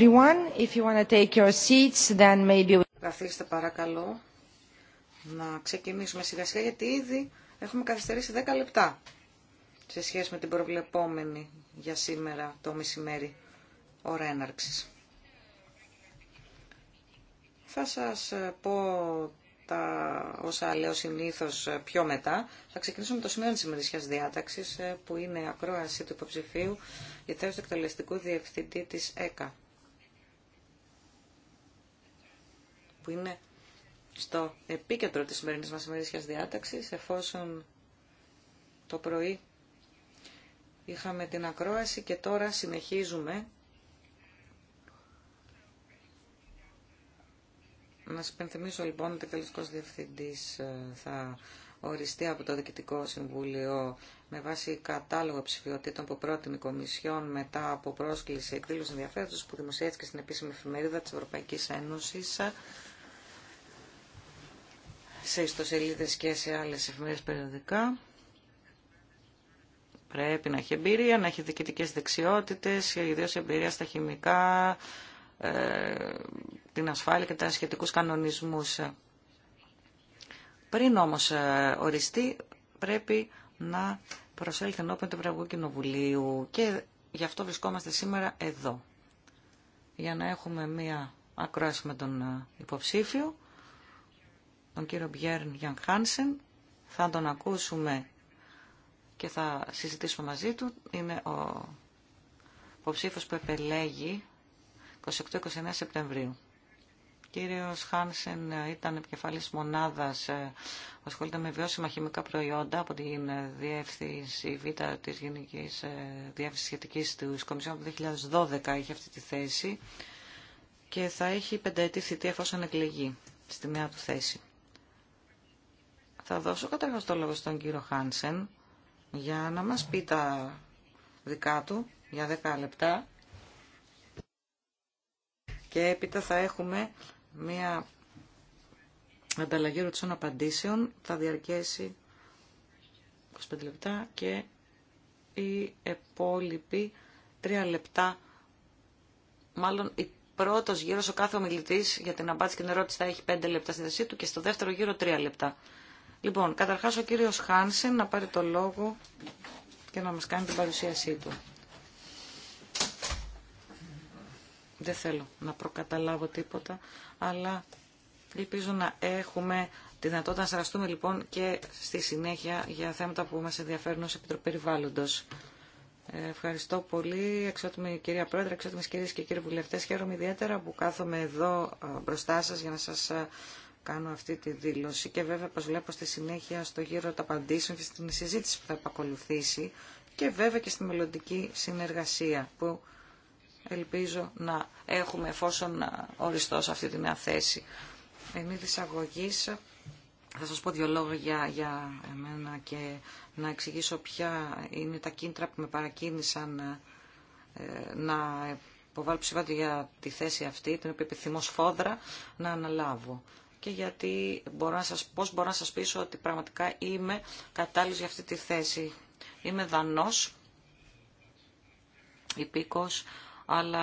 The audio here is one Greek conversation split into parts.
Everyone, if you want to take your seats, then maybe... Καθίστε παρακαλώ να ξεκινήσουμε σιγά σιγά γιατί ήδη έχουμε καθυστερήσει 10 λεπτά σε σχέση με την προβλεπόμενη για σήμερα το μεσημέρι ώρα έναρξης. Θα σας ε, πω τα όσα λέω συνήθως ε, πιο μετά. Θα ξεκινήσουμε το σημείο της ημερησιάς διάταξης ε, που είναι ακρόαση του υποψηφίου για θέση του εκτελεστικού διευθυντή της ΕΚΑ. που είναι στο επίκεντρο της σημερινής μας ημερήσιας διάταξης, εφόσον το πρωί είχαμε την ακρόαση και τώρα συνεχίζουμε Να σας υπενθυμίσω λοιπόν ότι ο τελικός διευθυντής ε, θα οριστεί από το Διοικητικό Συμβούλιο με βάση κατάλογο ψηφιότητων που πρότεινε η Κομισιόν μετά από πρόσκληση εκδήλωση ενδιαφέροντος που δημοσιεύτηκε στην επίσημη εφημερίδα της Ευρωπαϊκής Ένωσης σε ιστοσελίδες και σε άλλες εφημερίες περιοδικά. Πρέπει να έχει εμπειρία, να έχει διοικητικές δεξιότητες, ιδίως εμπειρία στα χημικά, ε, την ασφάλεια και τα σχετικούς κανονισμούς. Πριν όμως ε, οριστεί, πρέπει να προσέλθει ενώπιον του Ευρωπαϊκού Κοινοβουλίου και γι' αυτό βρισκόμαστε σήμερα εδώ. Για να έχουμε μία ακρόαση με τον ε, υποψήφιο τον κύριο Μπιέρν Γιάν Χάνσεν. Θα τον ακούσουμε και θα συζητήσουμε μαζί του. Είναι ο υποψήφος που επελέγει 28-29 Σεπτεμβρίου. Κύριος Χάνσεν ε, ήταν επικεφαλής μονάδας ε, ασχολείται με βιώσιμα χημικά προϊόντα από την ε, Διεύθυνση Β της Γενικής Διεύθυνσης Σχετικής του Κομισιόν από το 2012 είχε αυτή τη θέση και θα έχει πενταετή θητή εφόσον εκλεγεί στη νέα του θέση. Θα δώσω καταρχάς το λόγο στον κύριο Χάνσεν για να μας πει τα δικά του για 10 λεπτά και έπειτα θα έχουμε μία ανταλλαγή ρωτήσεων απαντήσεων. Θα διαρκέσει 25 λεπτά και οι υπόλοιποι 3 λεπτά. Μάλλον η πρώτος γύρος ο κάθε ομιλητής για την απάντηση και την ερώτηση θα έχει 5 λεπτά στη θέση του και στο δεύτερο γύρο 3 λεπτά. Λοιπόν, καταρχάς ο κύριος Χάνσεν να πάρει το λόγο και να μας κάνει την παρουσίασή του. Δεν θέλω να προκαταλάβω τίποτα, αλλά ελπίζω να έχουμε τη δυνατότητα να σαραστούμε λοιπόν και στη συνέχεια για θέματα που μας ενδιαφέρουν ως Επιτροπεριβάλλοντος. Ε, ευχαριστώ πολύ, εξότιμη κυρία Πρόεδρε, εξότιμες κυρίες και κύριοι βουλευτές. Χαίρομαι ιδιαίτερα που κάθομαι εδώ ε, μπροστά σας για να σας ε, κάνω αυτή τη δήλωση και βέβαια πως βλέπω στη συνέχεια στο γύρο τα απαντήσεων και στην συζήτηση που θα επακολουθήσει και βέβαια και στη μελλοντική συνεργασία που ελπίζω να έχουμε εφόσον οριστώ σε αυτή τη νέα θέση. Εν είδη αγωγής, θα σας πω δύο λόγια για εμένα και να εξηγήσω ποια είναι τα κίνητρα που με παρακίνησαν ε, να υποβάλω ψηφάτη για τη θέση αυτή, την οποία επιθυμώ σφόδρα να αναλάβω και γιατί μπορώ να σας, πώς μπορώ να σας πείσω ότι πραγματικά είμαι κατάλληλος για αυτή τη θέση. Είμαι δανός, υπήκος, αλλά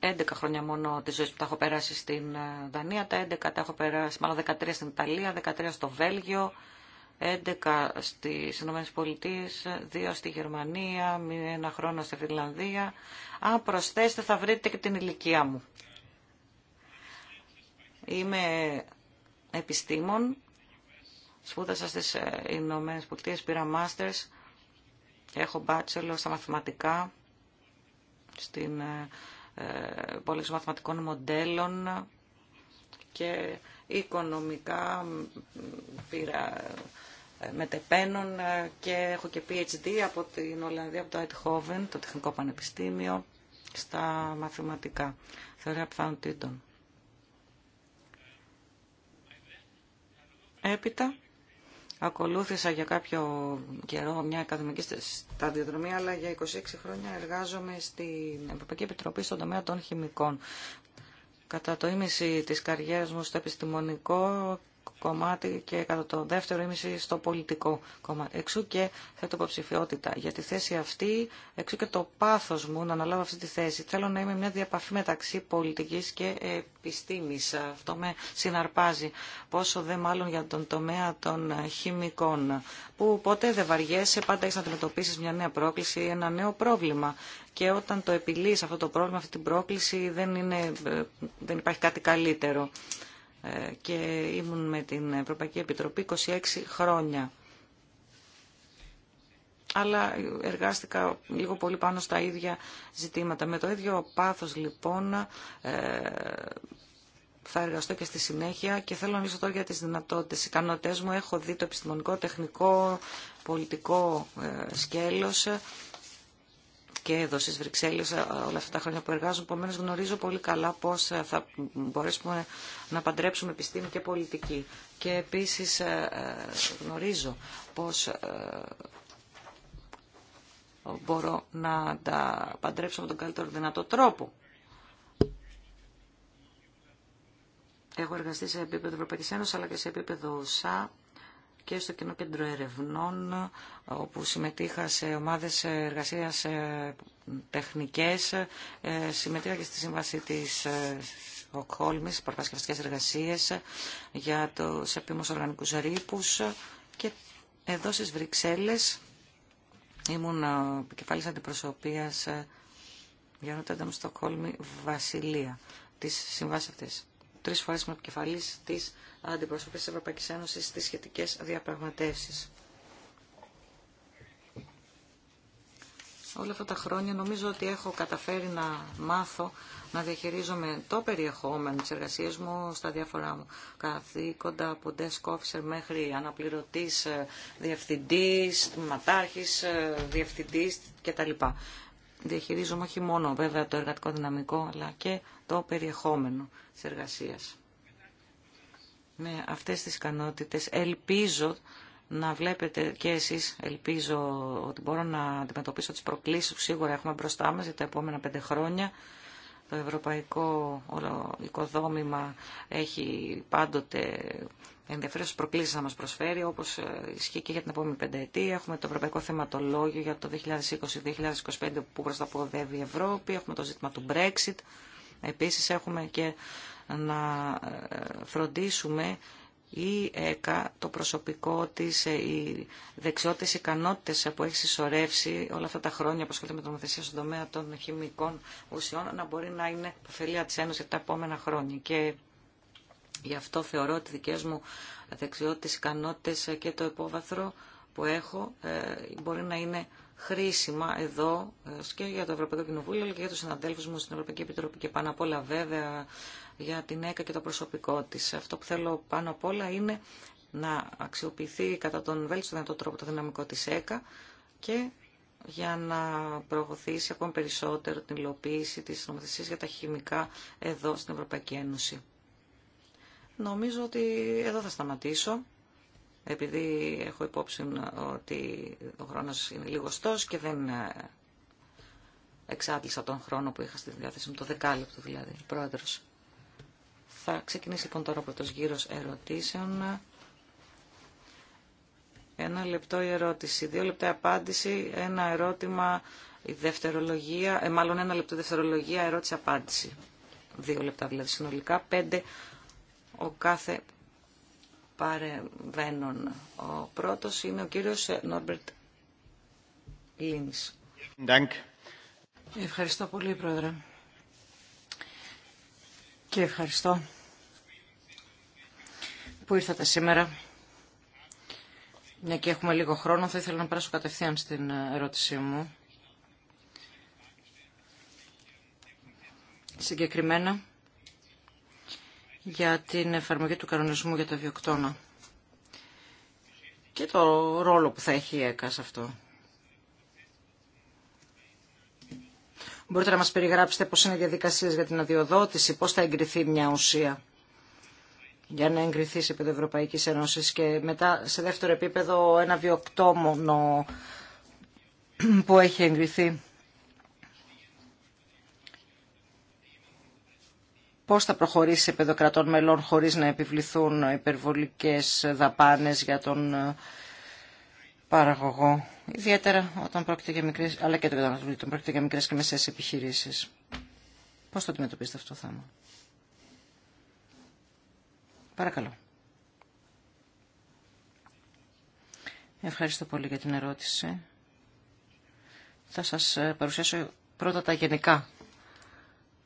11 ε, χρόνια μόνο τη ζωή που τα έχω περάσει στην ε, Δανία, τα 11 τα έχω περάσει, μάλλον 13 στην Ιταλία, 13 στο Βέλγιο, 11 στις Ηνωμένες Πολιτείες, 2 στη Γερμανία, 1 χρόνο στη Φιλανδία. Αν προσθέσετε θα βρείτε και την ηλικία μου. Είμαι επιστήμον, σπούδασα στις ε, Ηνωμένες Πολιτείες, πήρα μάστερς, έχω μπάτσελο στα μαθηματικά, στην ε, ε μαθηματικών μοντέλων και οικονομικά πήρα ε, μετεπένων και έχω και PhD από την Ολλανδία, από το Eindhoven, το Τεχνικό Πανεπιστήμιο, στα μαθηματικά, θεωρία πιθανότητων. Έπειτα ακολούθησα για κάποιο καιρό μια ακαδημική σταδιοδρομία, αλλά για 26 χρόνια εργάζομαι στην Ευρωπαϊκή Επιτροπή στον τομέα των χημικών. Κατά το ίμιση της καριέρας μου στο επιστημονικό κομμάτι και κατά το δεύτερο ήμιση στο πολιτικό κομμάτι. Εξού και θέτω υποψηφιότητα για τη θέση αυτή, εξού και το πάθος μου να αναλάβω αυτή τη θέση. Θέλω να είμαι μια διαπαφή μεταξύ πολιτικής και επιστήμης. Αυτό με συναρπάζει, πόσο δε μάλλον για τον τομέα των χημικών, που ποτέ δεν βαριέσαι, πάντα έχεις να αντιμετωπίσεις μια νέα πρόκληση, ένα νέο πρόβλημα και όταν το επιλύεις αυτό το πρόβλημα, αυτή την πρόκληση, δεν, είναι, ε, δεν υπάρχει κάτι καλύτερο. Ε, και ήμουν με την Ευρωπαϊκή Επιτροπή 26 χρόνια. Αλλά εργάστηκα λίγο πολύ πάνω στα ίδια ζητήματα. Με το ίδιο πάθος λοιπόν ε, θα εργαστώ και στη συνέχεια και θέλω να μιλήσω τώρα για τις δυνατότητες. Οι ικανότητες μου έχω δει το επιστημονικό, τεχνικό, πολιτικό ε, σκέλος και εδώ στις ε, όλα αυτά τα χρόνια που εργάζομαι. Επομένω γνωρίζω πολύ καλά πώς ε, θα μπορέσουμε να παντρέψουμε επιστήμη και πολιτική. Και επίσης ε, γνωρίζω πώς μπορώ να τα παντρέψω με τον καλύτερο δυνατό τρόπο. Έχω εργαστεί σε επίπεδο Ευρωπαϊκή Ένωση αλλά και σε επίπεδο ΣΑ και στο Κοινό Κέντρο Ερευνών, όπου συμμετείχα σε ομάδες εργασίας ε, τεχνικές, ε, συμμετείχα και στη σύμβαση της ε, Οκχόλμης, παρασκευαστικές εργασίες για το επίμους οργανικού ρήπους και εδώ στις Βρυξέλλες ήμουν επικεφαλής αντιπροσωπείας για να στο κόλμη Βασιλεία της συμβάσης αυτής τρεις φορές με επικεφαλής της αντιπροσωπής της Ευρωπαϊκής Ένωσης στις σχετικές διαπραγματεύσεις. Όλα αυτά τα χρόνια νομίζω ότι έχω καταφέρει να μάθω να διαχειρίζομαι το περιεχόμενο της εργασίας μου στα διάφορα μου καθήκοντα από desk officer μέχρι αναπληρωτής ε, διευθυντής, ματάρχης, ε, διευθυντής κτλ διαχειρίζομαι όχι μόνο βέβαια το εργατικό δυναμικό, αλλά και το περιεχόμενο της εργασίας. Με αυτές τις ικανότητες ελπίζω να βλέπετε και εσείς, ελπίζω ότι μπορώ να αντιμετωπίσω τις προκλήσεις που σίγουρα έχουμε μπροστά μας για τα επόμενα πέντε χρόνια το ευρωπαϊκό οικοδόμημα έχει πάντοτε ενδιαφέρουσες προκλήσεις να μας προσφέρει, όπως ε, ισχύει και για την επόμενη πενταετία. Έχουμε το Ευρωπαϊκό Θεματολόγιο για το 2020-2025 που προσταποδεύει η Ευρώπη. Έχουμε το ζήτημα του Brexit. Επίσης έχουμε και να ε, φροντίσουμε η ΕΚΑ, το προσωπικό της, ε, οι δεξιότητες, οι ικανότητες που έχει συσσωρεύσει όλα αυτά τα χρόνια που ασχολείται με το νομοθεσία στον τομέα των χημικών ουσιών να μπορεί να είναι υποφελία της Ένωσης τα επόμενα χρόνια. Και γι' αυτό θεωρώ ότι δικές μου δεξιότητες, ικανότητες και το υπόβαθρο που έχω ε, μπορεί να είναι χρήσιμα εδώ ε, και για το Ευρωπαϊκό Κοινοβούλιο αλλά και για τους συναντέλφους μου στην Ευρωπαϊκή Επιτροπή και πάνω απ' όλα βέβαια για την ΕΚΑ και το προσωπικό της. Αυτό που θέλω πάνω απ' όλα είναι να αξιοποιηθεί κατά τον βέλτιστο δυνατό τρόπο το δυναμικό της ΕΚΑ και για να προωθήσει ακόμη περισσότερο την υλοποίηση της νομοθεσίας για τα χημικά εδώ στην Ευρωπαϊκή Ένωση. Νομίζω ότι εδώ θα σταματήσω επειδή έχω υπόψη ότι ο χρόνος είναι λιγοστός και δεν ε, εξάντλησα τον χρόνο που είχα στη διάθεση μου, το δεκάλεπτο δηλαδή, πρόεδρος. Θα ξεκινήσει λοιπόν τώρα ο πρώτος γύρος ερωτήσεων. Ένα λεπτό η ερώτηση, δύο λεπτά η απάντηση, ένα ερώτημα, η δευτερολογία, ε, μάλλον ένα λεπτό δευτερολογία, ερώτηση-απάντηση. Δύο λεπτά δηλαδή συνολικά, πέντε ο κάθε ο πρώτος είναι ο κύριος Νόρμπερτ Λίνς. Ευχαριστώ πολύ, Πρόεδρε. Και ευχαριστώ που ήρθατε σήμερα. Μια και έχουμε λίγο χρόνο, θα ήθελα να περάσω κατευθείαν στην ερώτησή μου. Συγκεκριμένα, για την εφαρμογή του κανονισμού για τα βιοκτώνα και το ρόλο που θα έχει η ΕΚΑ σε αυτό. Μπορείτε να μας περιγράψετε πώς είναι οι διαδικασίες για την αδειοδότηση, πώς θα εγκριθεί μια ουσία για να εγκριθεί σε επίπεδο Ευρωπαϊκής Ένωσης και μετά σε δεύτερο επίπεδο ένα βιοκτόμονο που έχει εγκριθεί πώς θα προχωρήσει σε παιδοκρατών μελών χωρίς να επιβληθούν υπερβολικές δαπάνες για τον ε, παραγωγό. Ιδιαίτερα όταν πρόκειται για μικρές, αλλά και τον όταν πρόκειται για μικρές και μεσαίες επιχειρήσεις. Πώς το αντιμετωπίζετε αυτό το θέμα. Παρακαλώ. Ευχαριστώ πολύ για την ερώτηση. Θα σας ε, παρουσιάσω πρώτα τα γενικά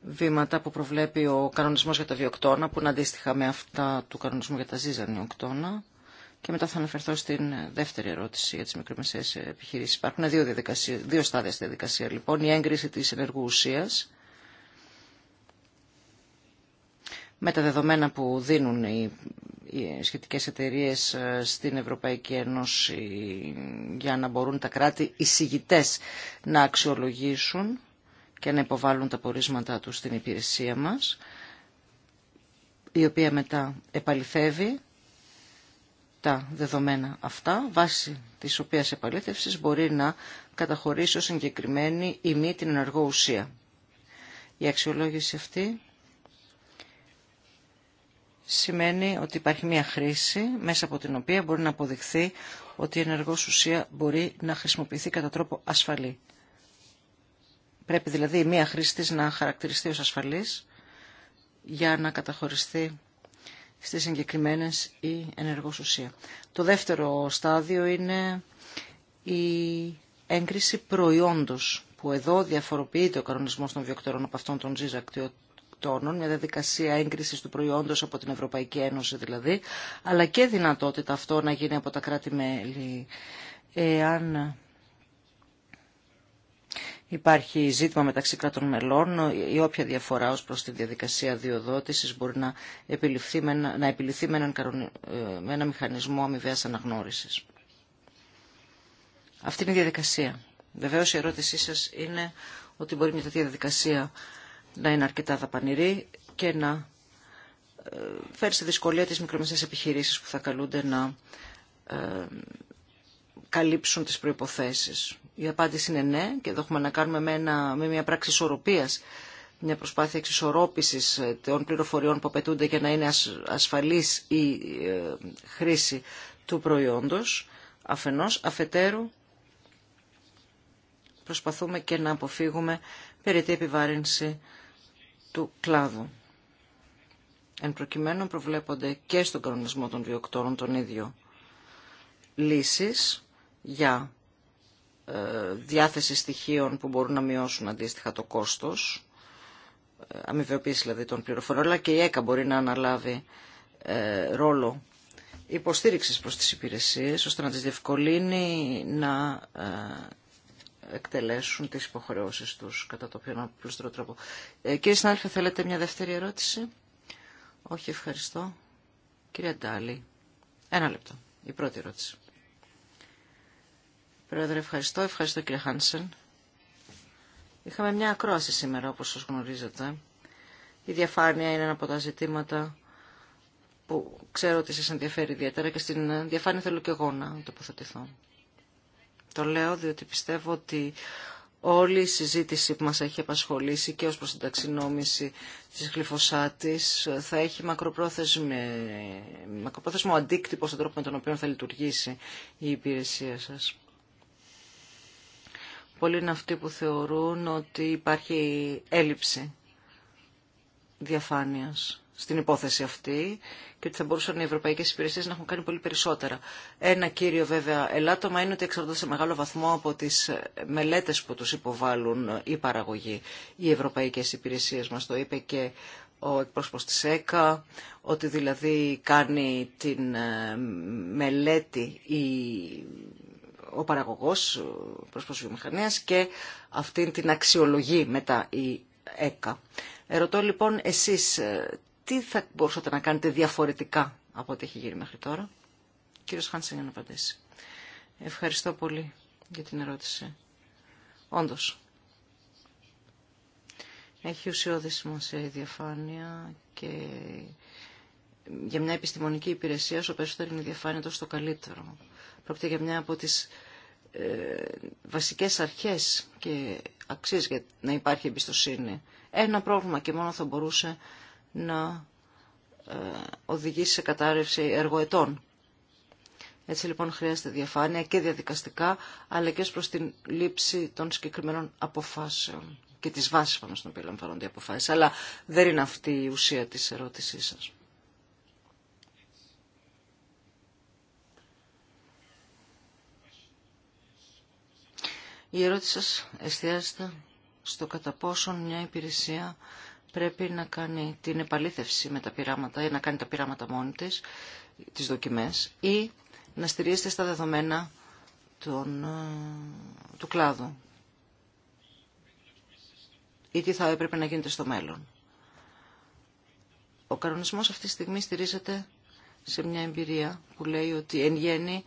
βήματα που προβλέπει ο κανονισμός για τα βιοκτώνα, που είναι αντίστοιχα με αυτά του κανονισμού για τα οκτώνα. Και μετά θα αναφερθώ στην δεύτερη ερώτηση για τις μικρομεσαίες επιχειρήσεις. Υπάρχουν δύο, δύο στάδια στη διαδικασία. Λοιπόν, η έγκριση της ενεργού ουσίας, με τα δεδομένα που δίνουν οι, οι σχετικές εταιρείες ε, στην Ευρωπαϊκή Ένωση για να μπορούν τα κράτη εισηγητές να αξιολογήσουν και να υποβάλουν τα πορίσματά τους στην υπηρεσία μας, η οποία μετά επαληθεύει τα δεδομένα αυτά, βάσει της οποίας επαλήθευσης μπορεί να καταχωρήσει ως συγκεκριμένη ή μη την ενεργό ουσία. Η αξιολόγηση αυτή σημαίνει ότι υπάρχει μια χρήση μέσα από την οποία μπορεί να αποδειχθεί ότι η ενεργός ουσία μπορεί να χρησιμοποιηθεί κατά τρόπο ασφαλή. Πρέπει δηλαδή η μία χρήση να χαρακτηριστεί ως ασφαλής για να καταχωριστεί στις συγκεκριμένες η ενεργός ουσία. Το δεύτερο στάδιο είναι η έγκριση προϊόντος που εδώ διαφοροποιείται ο κανονισμός των βιοκτωρών από αυτών των ζυζακτιωτώνων, μια διαδικασία έγκρισης του προϊόντος από την Ευρωπαϊκή Ένωση δηλαδή, αλλά και δυνατότητα αυτό να γίνει από τα κράτη-μέλη. Εάν Υπάρχει ζήτημα μεταξύ κρατών μελών, η όποια διαφορά ως προς τη διαδικασία διοδότησης μπορεί να επιληφθεί με, να έναν, ένα μηχανισμό αμοιβαίας αναγνώρισης. Αυτή είναι η διαδικασία. Βεβαίως η ερώτησή σας είναι ότι μπορεί μια τέτοια διαδικασία να είναι αρκετά δαπανηρή και να ε, φέρει σε δυσκολία τις μικρομεσαίες επιχειρήσεις που θα καλούνται να ε, καλύψουν τις προϋποθέσεις η απάντηση είναι ναι και εδώ έχουμε να κάνουμε με, ένα, με μια πράξη ισορροπίας μια προσπάθεια εξισορρόπησης ε, των πληροφοριών που απαιτούνται για να είναι ασφαλής η ε, χρήση του προϊόντος αφενός, αφετέρου προσπαθούμε και να αποφύγουμε περίτη επιβάρυνση του κλάδου. Εν προκειμένου προβλέπονται και στον κανονισμό των βιοκτώνων τον ίδιο λύσεις για ε, διάθεση στοιχείων που μπορούν να μειώσουν αντίστοιχα το κόστος, ε, αμοιβαιοποίηση δηλαδή των πληροφοριών, αλλά και η ΕΚΑ μπορεί να αναλάβει ε, ρόλο υποστήριξης προς τις υπηρεσίες, ώστε να τις διευκολύνει να εκτελέσουν τις υποχρεώσεις τους κατά το πιο πλούστερο τρόπο. κύριε Σνάλφε θέλετε μια δεύτερη ερώτηση. Όχι, ευχαριστώ. κύριε Ντάλη, ένα λεπτό. Η πρώτη ερώτηση. Πρόεδρε, ευχαριστώ. Ευχαριστώ κύριε Χάνσεν. Είχαμε μια ακρόαση σήμερα, όπως σας γνωρίζετε. Η διαφάνεια είναι ένα από τα ζητήματα που ξέρω ότι σας ενδιαφέρει ιδιαίτερα και στην διαφάνεια θέλω και εγώ να τοποθετηθώ. Το λέω διότι πιστεύω ότι όλη η συζήτηση που μας έχει απασχολήσει και ως προς την ταξινόμηση της γλυφοσάτης θα έχει μακροπρόθεσμο αντίκτυπο στον τρόπο με τον οποίο θα λειτουργήσει η υπηρεσία σας πολλοί είναι αυτοί που θεωρούν ότι υπάρχει έλλειψη διαφάνειας στην υπόθεση αυτή και ότι θα μπορούσαν οι ευρωπαϊκές υπηρεσίες να έχουν κάνει πολύ περισσότερα. Ένα κύριο βέβαια ελάττωμα είναι ότι εξαρτάται σε μεγάλο βαθμό από τις μελέτες που τους υποβάλλουν η παραγωγή. Οι ευρωπαϊκές υπηρεσίες μας το είπε και ο εκπρόσωπος της ΕΚΑ, ότι δηλαδή κάνει την ε, μελέτη η ο παραγωγός προς βιομηχανίας και αυτήν την αξιολογή μετά η ΕΚΑ. Ερωτώ λοιπόν εσείς ε, τι θα μπορούσατε να κάνετε διαφορετικά από ό,τι έχει γίνει μέχρι τώρα. Κύριος Χάνσεν για να απαντήσει. Ευχαριστώ πολύ για την ερώτηση. Όντως, έχει ουσιώδη σημασία η διαφάνεια και για μια επιστημονική υπηρεσία όσο περισσότερο είναι η διαφάνεια τόσο το καλύτερο. Πρόκειται για μια από τις ε, βασικές αρχές και αξίες για να υπάρχει εμπιστοσύνη. Ένα πρόβλημα και μόνο θα μπορούσε να ε, οδηγήσει σε κατάρρευση εργοετών. Έτσι λοιπόν χρειάζεται διαφάνεια και διαδικαστικά, αλλά και ως προς την λήψη των συγκεκριμένων αποφάσεων και τις βάσεις πάνω στον οποίο λαμβάνονται οι αποφάσεις. Αλλά δεν είναι αυτή η ουσία της ερώτησής σας. Η ερώτηση σας εστιάζεται στο κατά πόσον μια υπηρεσία πρέπει να κάνει την επαλήθευση με τα πειράματα ή να κάνει τα πειράματα μόνη της, τις δοκιμές, ή να στηρίζεται στα δεδομένα ε, του κλάδου ή τι θα έπρεπε να γίνεται στο μέλλον. Ο κανονισμός αυτή τη στιγμή στηρίζεται σε μια εμπειρία που λέει ότι εν γέννη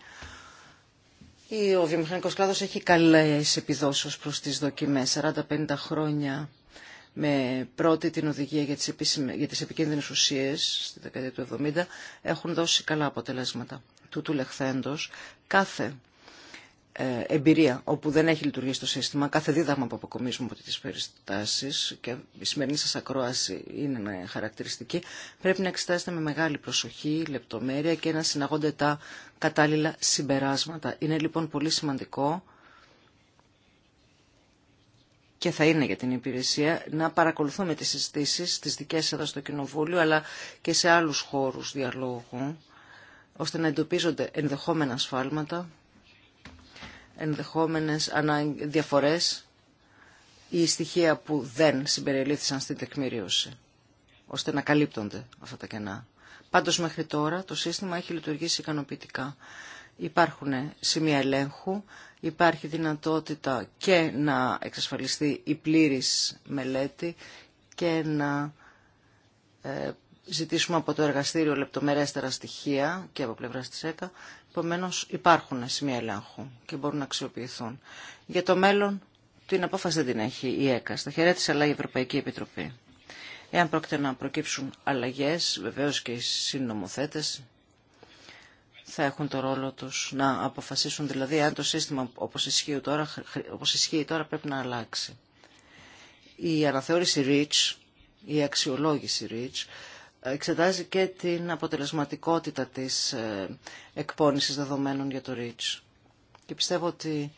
ο βιομηχανικός κλάδος έχει καλές επιδόσεις προς τις δοκιμές. 40-50 χρόνια με πρώτη την οδηγία για τις, επίσημε, για τις επικίνδυνες ουσίες στη δεκαετία του 70 έχουν δώσει καλά αποτελέσματα. Τούτου λεχθέντος κάθε ε, εμπειρία όπου δεν έχει λειτουργήσει το σύστημα, κάθε δίδαγμα που αποκομίζουμε από τις περιστάσεις και η σημερινή σας ακρόαση είναι χαρακτηριστική, πρέπει να εξετάζεται με μεγάλη προσοχή, λεπτομέρεια και να συναγόνται τα κατάλληλα συμπεράσματα. Είναι λοιπόν πολύ σημαντικό και θα είναι για την υπηρεσία να παρακολουθούμε τις συζητήσεις, τι δικές εδώ στο Κοινοβούλιο αλλά και σε άλλους χώρους διαλόγου ώστε να εντοπίζονται ενδεχόμενα σφάλματα ενδεχόμενες διαφορές ή στοιχεία που δεν συμπεριλήφθησαν στην τεκμηρίωση, ώστε να καλύπτονται αυτά τα κενά. Πάντως μέχρι τώρα το σύστημα έχει λειτουργήσει ικανοποιητικά. Υπάρχουν σημεία ελέγχου, υπάρχει δυνατότητα και να εξασφαλιστεί η πλήρης μελέτη και να ε, ζητήσουμε από το εργαστήριο λεπτομερέστερα στοιχεία και από πλευρά της ΕΚΑ Επομένω υπάρχουν σημεία ελέγχου και μπορούν να αξιοποιηθούν. Για το μέλλον την απόφαση δεν την έχει η ΕΚΑ. Τα χαιρέτησε αλλά η Ευρωπαϊκή Επιτροπή. Εάν πρόκειται να προκύψουν αλλαγέ, βεβαίω και οι συνομοθέτε θα έχουν το ρόλο τους να αποφασίσουν δηλαδή αν το σύστημα όπω ισχύει τώρα, ισχύει τώρα πρέπει να αλλάξει. Η αναθεώρηση REACH, η αξιολόγηση REACH εξετάζει και την αποτελεσματικότητα της ε, εκπόνησης δεδομένων για το REACH. Και πιστεύω ότι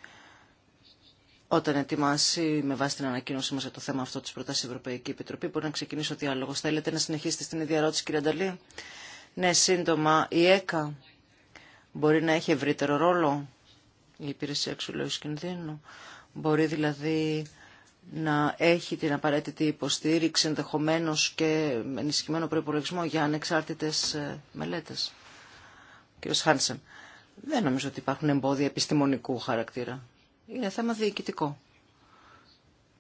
όταν ετοιμάσει με βάση την ανακοίνωσή μας για το θέμα αυτό της προτάσης Ευρωπαϊκή Επιτροπή μπορεί να ξεκινήσει ο διάλογος. Θέλετε να συνεχίσετε στην ίδια ερώτηση κύριε Ανταλή. Ναι, σύντομα η ΕΚΑ μπορεί να έχει ευρύτερο ρόλο η υπηρεσία Αξιολόγησης κινδύνου. Μπορεί δηλαδή να έχει την απαραίτητη υποστήριξη, ενδεχομένω και ενισχυμένο προπολογισμό για ανεξάρτητες ε, μελέτες. Κύριο Χάνσεν, δεν νομίζω ότι υπάρχουν εμπόδια επιστημονικού χαρακτήρα. Είναι θέμα διοικητικό.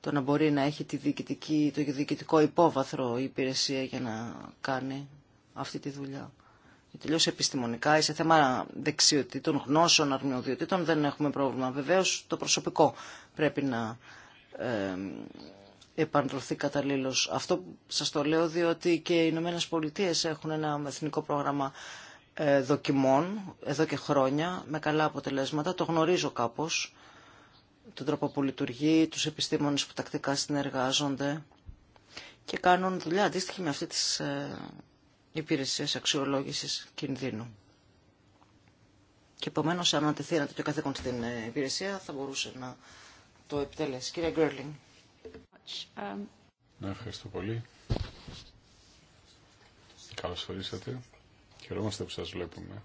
Το να μπορεί να έχει τη διοικητική, το διοικητικό υπόβαθρο η υπηρεσία για να κάνει αυτή τη δουλειά. Τελείως επιστημονικά ή σε θέμα δεξιοτήτων, γνώσεων, αρμοδιοτήτων δεν έχουμε πρόβλημα. Βεβαίως το προσωπικό πρέπει να επαντρωθεί καταλήλως. Αυτό σας το λέω διότι και οι Ηνωμένε Πολιτείε έχουν ένα εθνικό πρόγραμμα ε, δοκιμών εδώ και χρόνια με καλά αποτελέσματα. Το γνωρίζω κάπως, τον τρόπο που λειτουργεί, τους επιστήμονες που τακτικά συνεργάζονται και κάνουν δουλειά αντίστοιχη με αυτή της ε, υπηρεσίας αξιολόγησης κινδύνου. Και επομένω, αν αντεθεί ένα τέτοιο καθήκον στην ε, υπηρεσία, θα μπορούσε να το επιτέλεσε. Κύριε Γκέρλινγκ. Um, Να ευχαριστώ πολύ. Καλώ ορίσατε. Χαιρόμαστε που σα βλέπουμε.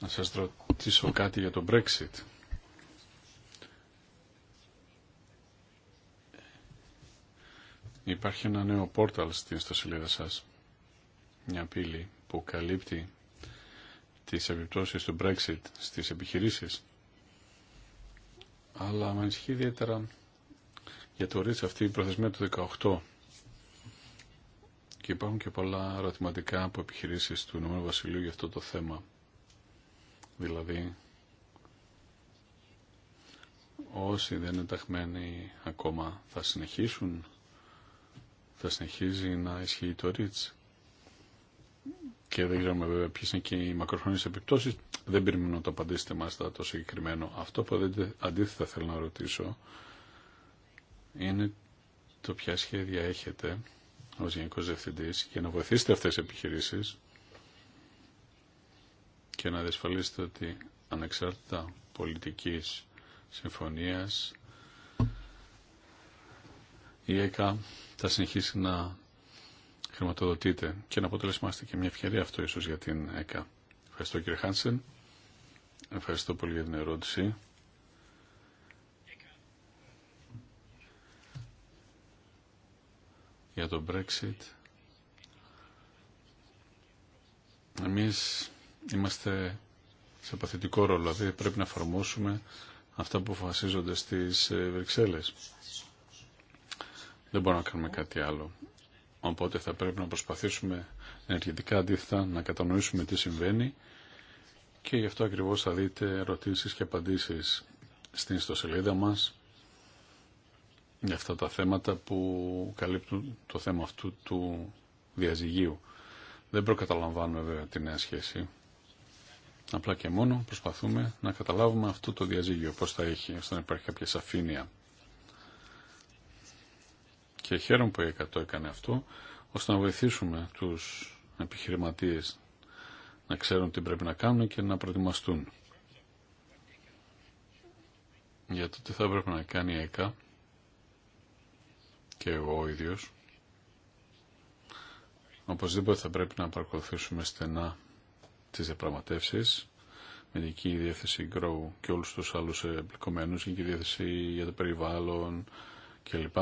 Να σας ρωτήσω κάτι για το Brexit. Υπάρχει ένα νέο πόρταλ στην ιστοσελίδα σας. Μια πύλη που καλύπτει τις επιπτώσεις του Brexit στις επιχειρήσεις αλλά με ανησυχεί ιδιαίτερα για το ρίτς αυτή η προθεσμία του 18 και υπάρχουν και πολλά ερωτηματικά από επιχειρήσεις του Ηνωμένου Βασιλείου για αυτό το θέμα. Δηλαδή, όσοι δεν είναι ταχμένοι ακόμα θα συνεχίσουν, θα συνεχίζει να ισχύει το ρίτς και δεν ξέρουμε βέβαια ποιες είναι και οι μακροχρόνιες επιπτώσει δεν περιμένω να το απαντήσετε μάλιστα το συγκεκριμένο. Αυτό που αντίθετα θέλω να ρωτήσω είναι το ποια σχέδια έχετε ως Γενικός Διευθυντής για να βοηθήσετε αυτές τις επιχειρήσεις και να διασφαλίσετε ότι ανεξάρτητα πολιτικής συμφωνίας η ΕΚΑ θα συνεχίσει να χρηματοδοτείται και να αποτελεσμάστε και μια ευκαιρία αυτό ίσως για την ΕΚΑ. Ευχαριστώ κύριε Χάνσεν. Ευχαριστώ πολύ για την ερώτηση. Για το Brexit. Εμείς είμαστε σε παθητικό ρόλο, δηλαδή πρέπει να εφαρμόσουμε αυτά που αποφασίζονται στις ε, Βρυξέλλες. Δεν μπορούμε να κάνουμε κάτι άλλο. Οπότε θα πρέπει να προσπαθήσουμε ενεργητικά αντίθετα να κατανοήσουμε τι συμβαίνει και γι' αυτό ακριβώς θα δείτε ερωτήσεις και απαντήσεις στην ιστοσελίδα μας για αυτά τα θέματα που καλύπτουν το θέμα αυτού του διαζυγίου. Δεν προκαταλαμβάνουμε βέβαια τη νέα σχέση. Απλά και μόνο προσπαθούμε να καταλάβουμε αυτό το διαζύγιο, πώς θα έχει, ώστε να υπάρχει κάποια σαφήνεια. Και χαίρομαι που η 100 έκανε αυτό, ώστε να βοηθήσουμε τους επιχειρηματίες να ξέρουν τι πρέπει να κάνουν και να προετοιμαστούν. Για το τι θα πρέπει να κάνει η ΕΚΑ και εγώ ο ίδιος οπωσδήποτε θα πρέπει να παρακολουθήσουμε στενά τις διαπραγματεύσει με την κοινή διεύθυνση Grow και όλους τους άλλους εμπλεκομένους, η διεύθυνση για το περιβάλλον κλπ.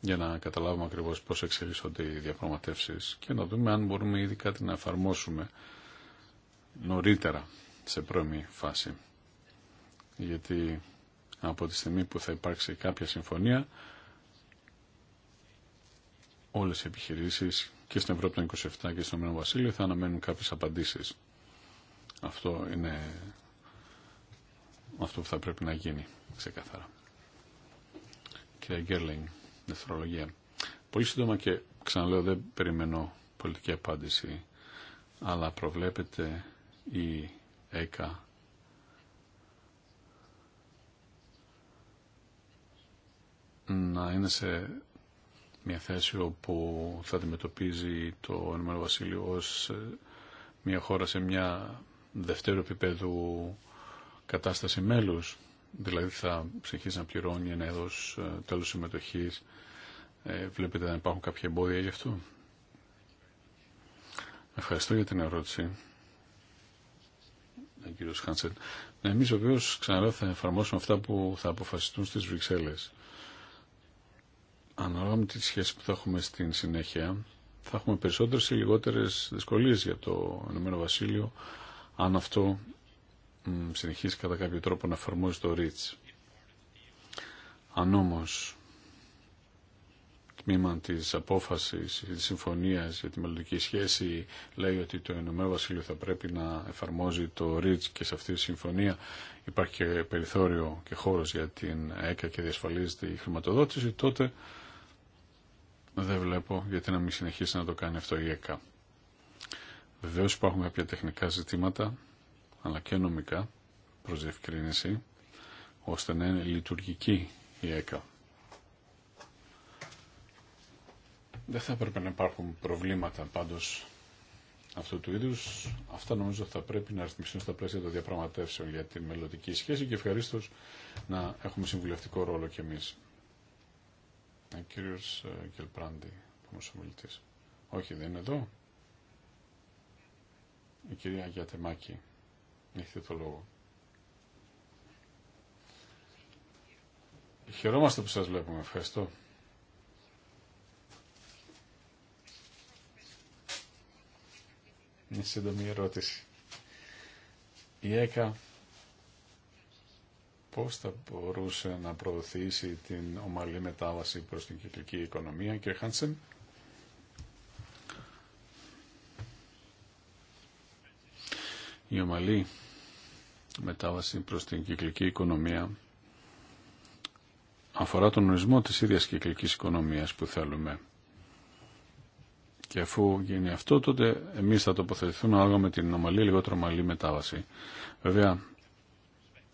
Για να καταλάβουμε ακριβώς πώς εξελίσσονται οι διαπραγματεύσει και να δούμε αν μπορούμε ήδη κάτι να εφαρμόσουμε νωρίτερα σε πρώιμη φάση. Γιατί από τη στιγμή που θα υπάρξει κάποια συμφωνία όλες οι επιχειρήσεις και στην Ευρώπη των 27 και στον Μένο Βασίλειο θα αναμένουν κάποιες απαντήσεις. Αυτό είναι αυτό που θα πρέπει να γίνει ξεκάθαρα. Κύριε Γκέρλινγκ, δευτερολογία. Πολύ σύντομα και ξαναλέω δεν περιμένω πολιτική απάντηση αλλά προβλέπεται η ΕΚΑ να είναι σε μια θέση όπου θα αντιμετωπίζει το ΕΒ Βασίλειο ως ε, μια χώρα σε μια δευτέρου επίπεδου κατάσταση μέλους. Δηλαδή θα συνεχίσει να πληρώνει ένα έδος ε, τέλος συμμετοχής. Ε, βλέπετε να υπάρχουν κάποια εμπόδια γι' αυτό. Ευχαριστώ για την ερώτηση ο κύριο Χάνσεν. Εμεί βεβαίω ξαναλέω θα εφαρμόσουμε αυτά που θα αποφασιστούν στι Βρυξέλλε. Ανάλογα με τη σχέση που θα έχουμε στην συνέχεια, θα έχουμε περισσότερε ή λιγότερε δυσκολίε για το Ηνωμένο Βασίλειο, αν αυτό συνεχίσει κατά κάποιο τρόπο να εφαρμόζει το ριτς Αν όμως τμήμα τη απόφαση τη συμφωνία για τη μελλοντική σχέση λέει ότι το Ηνωμένο Βασίλειο θα πρέπει να εφαρμόζει το ΡΙΤΣ και σε αυτή τη συμφωνία υπάρχει και περιθώριο και χώρος για την ΕΚΑ και διασφαλίζεται η χρηματοδότηση, τότε δεν βλέπω γιατί να μην συνεχίσει να το κάνει αυτό η ΕΚΑ. Βεβαίω υπάρχουν κάποια τεχνικά ζητήματα, αλλά και νομικά, προς διευκρίνηση, ώστε να είναι λειτουργική η ΕΚΑ. Δεν θα έπρεπε να υπάρχουν προβλήματα πάντως αυτού του είδου. Αυτά νομίζω θα πρέπει να ρυθμιστούν στα πλαίσια των διαπραγματεύσεων για τη μελλοντική σχέση και ευχαρίστω να έχουμε συμβουλευτικό ρόλο κι εμεί. Ο κύριο ε, Κελπράντη, ομιλητή. Όχι, δεν είναι εδώ. Η κυρία Γιατεμάκη, έχετε το λόγο. Χαιρόμαστε που σας βλέπουμε. Ευχαριστώ. Μια σύντομη ερώτηση. Η ΕΚΑ πώς θα μπορούσε να προωθήσει την ομαλή μετάβαση προς την κυκλική οικονομία, κύριε Χάνσεν. Η ομαλή μετάβαση προς την κυκλική οικονομία αφορά τον ορισμό της ίδιας κυκλικής οικονομίας που θέλουμε. Και αφού γίνει αυτό, τότε εμεί θα τοποθετηθούμε ανάλογα με την ομαλή, λιγότερο ομαλή μετάβαση. Βέβαια,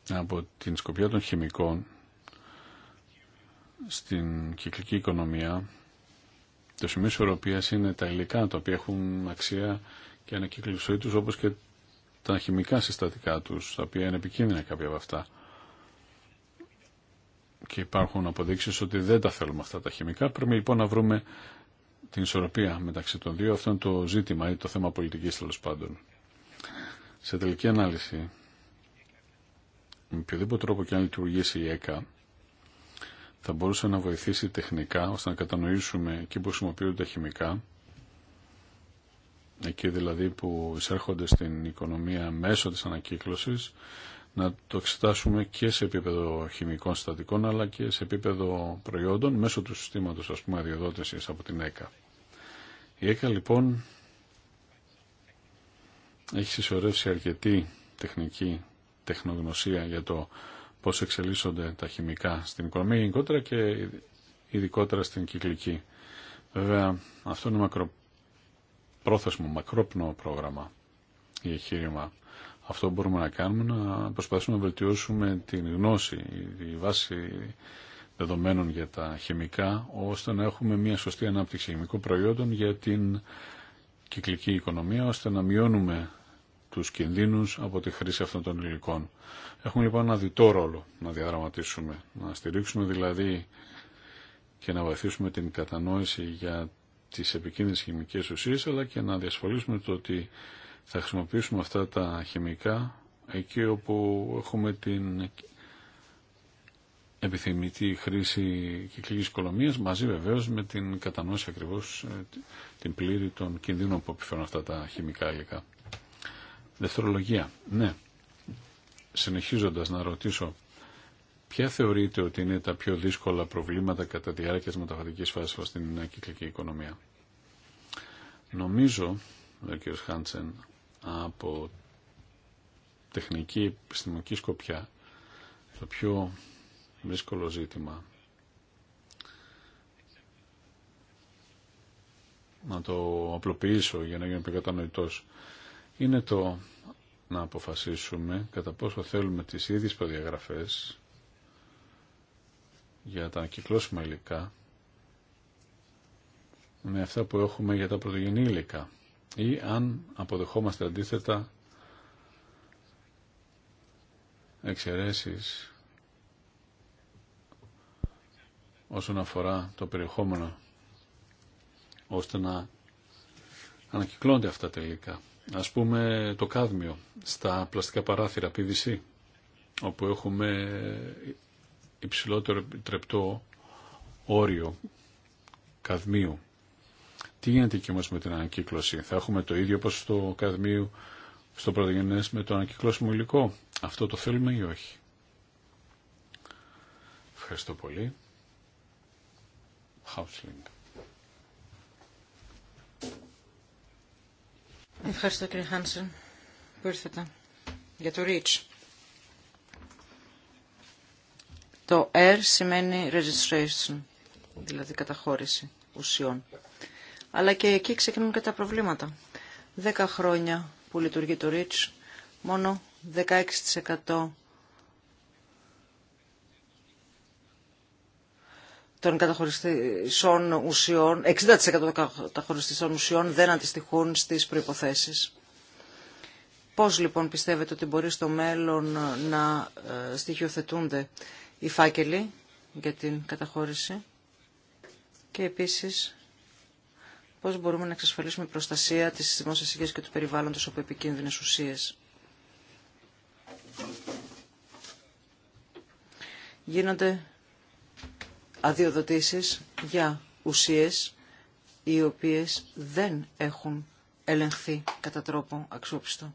από την σκοπιά των χημικών στην κυκλική οικονομία το σημείο ισορροπία είναι τα υλικά τα οποία έχουν αξία και ανακύκλωση του, όπω όπως και τα χημικά συστατικά του, τα οποία είναι επικίνδυνα κάποια από αυτά και υπάρχουν αποδείξει ότι δεν τα θέλουμε αυτά τα χημικά πρέπει λοιπόν να βρούμε την ισορροπία μεταξύ των δύο. Αυτό είναι το ζήτημα ή το θέμα πολιτικής τέλο πάντων. Σε τελική ανάλυση, με οποιοδήποτε τρόπο και αν λειτουργήσει η ΕΚΑ, θα μπορούσε να βοηθήσει τεχνικά ώστε να κατανοήσουμε εκεί που χρησιμοποιούνται τα χημικά, εκεί δηλαδή που εισέρχονται στην οικονομία μέσω της ανακύκλωσης να το εξετάσουμε και σε επίπεδο χημικών συστατικών αλλά και σε επίπεδο προϊόντων μέσω του συστήματος ας αδειοδότησης από την ΕΚΑ. Η ΕΚΑ λοιπόν έχει συσσωρεύσει αρκετή τεχνική τεχνογνωσία για το πώς εξελίσσονται τα χημικά στην οικονομία γενικότερα και ειδικότερα στην κυκλική. Βέβαια αυτό είναι μακροπρόθεσμο, μακρόπνοο πρόγραμμα ή εγχείρημα αυτό που μπορούμε να κάνουμε να προσπαθήσουμε να βελτιώσουμε την γνώση, τη βάση δεδομένων για τα χημικά, ώστε να έχουμε μια σωστή ανάπτυξη χημικών προϊόντων για την κυκλική οικονομία, ώστε να μειώνουμε τους κινδύνους από τη χρήση αυτών των υλικών. Έχουμε λοιπόν ένα διτό ρόλο να διαδραματίσουμε, να στηρίξουμε δηλαδή και να βοηθήσουμε την κατανόηση για τις επικίνδυνες χημικές ουσίες, αλλά και να διασφαλίσουμε το ότι θα χρησιμοποιήσουμε αυτά τα χημικά εκεί όπου έχουμε την επιθυμητή χρήση κυκλικής οικονομίας μαζί βεβαίως με την κατανόηση ακριβώς ε, την πλήρη των κινδύνων που επιφέρουν αυτά τα χημικά υλικά. Δευτερολογία. Ναι. Συνεχίζοντας να ρωτήσω ποια θεωρείτε ότι είναι τα πιο δύσκολα προβλήματα κατά τη διάρκεια της μεταβατικής φάσης στην κυκλική οικονομία. Νομίζω, ο κ. Χάντσεν, από τεχνική επιστημονική σκοπιά το πιο δύσκολο ζήτημα να το απλοποιήσω για να γίνει πιο κατανοητός είναι το να αποφασίσουμε κατά πόσο θέλουμε τις ίδιες προδιαγραφές για τα ανακυκλώσιμα υλικά με αυτά που έχουμε για τα πρωτογενή υλικά ή αν αποδεχόμαστε αντίθετα εξαιρέσεις όσον αφορά το περιεχόμενο ώστε να ανακυκλώνται αυτά τελικά. Ας πούμε το κάδμιο στα πλαστικά παράθυρα PVC όπου έχουμε υψηλότερο τρεπτό όριο καδμίου τι γίνεται εκεί όμως με την ανακύκλωση. Θα έχουμε το ίδιο όπως στο καδμίου στο Πρωτογενέ με το ανακυκλώσιμο υλικό. Αυτό το θέλουμε ή όχι. Ευχαριστώ πολύ. Housling. Ευχαριστώ κύριε Χάνσεν που ήρθατε για το REACH. Το R σημαίνει registration, δηλαδή καταχώρηση ουσιών αλλά και εκεί ξεκινούν και τα προβλήματα. Δέκα χρόνια που λειτουργεί το REACH, μόνο 16% των καταχωριστικών ουσιών, 60% των καταχωριστικών ουσιών δεν αντιστοιχούν στις προϋποθέσεις. Πώς λοιπόν πιστεύετε ότι μπορεί στο μέλλον να ε, στοιχειοθετούνται οι φάκελοι για την καταχώρηση και επίσης πώς μπορούμε να εξασφαλίσουμε προστασία τη δημόσια υγεία και του περιβάλλοντος από επικίνδυνε ουσίες. Γίνονται αδειοδοτήσει για ουσίες οι οποίες δεν έχουν ελεγχθεί κατά τρόπο αξιόπιστο.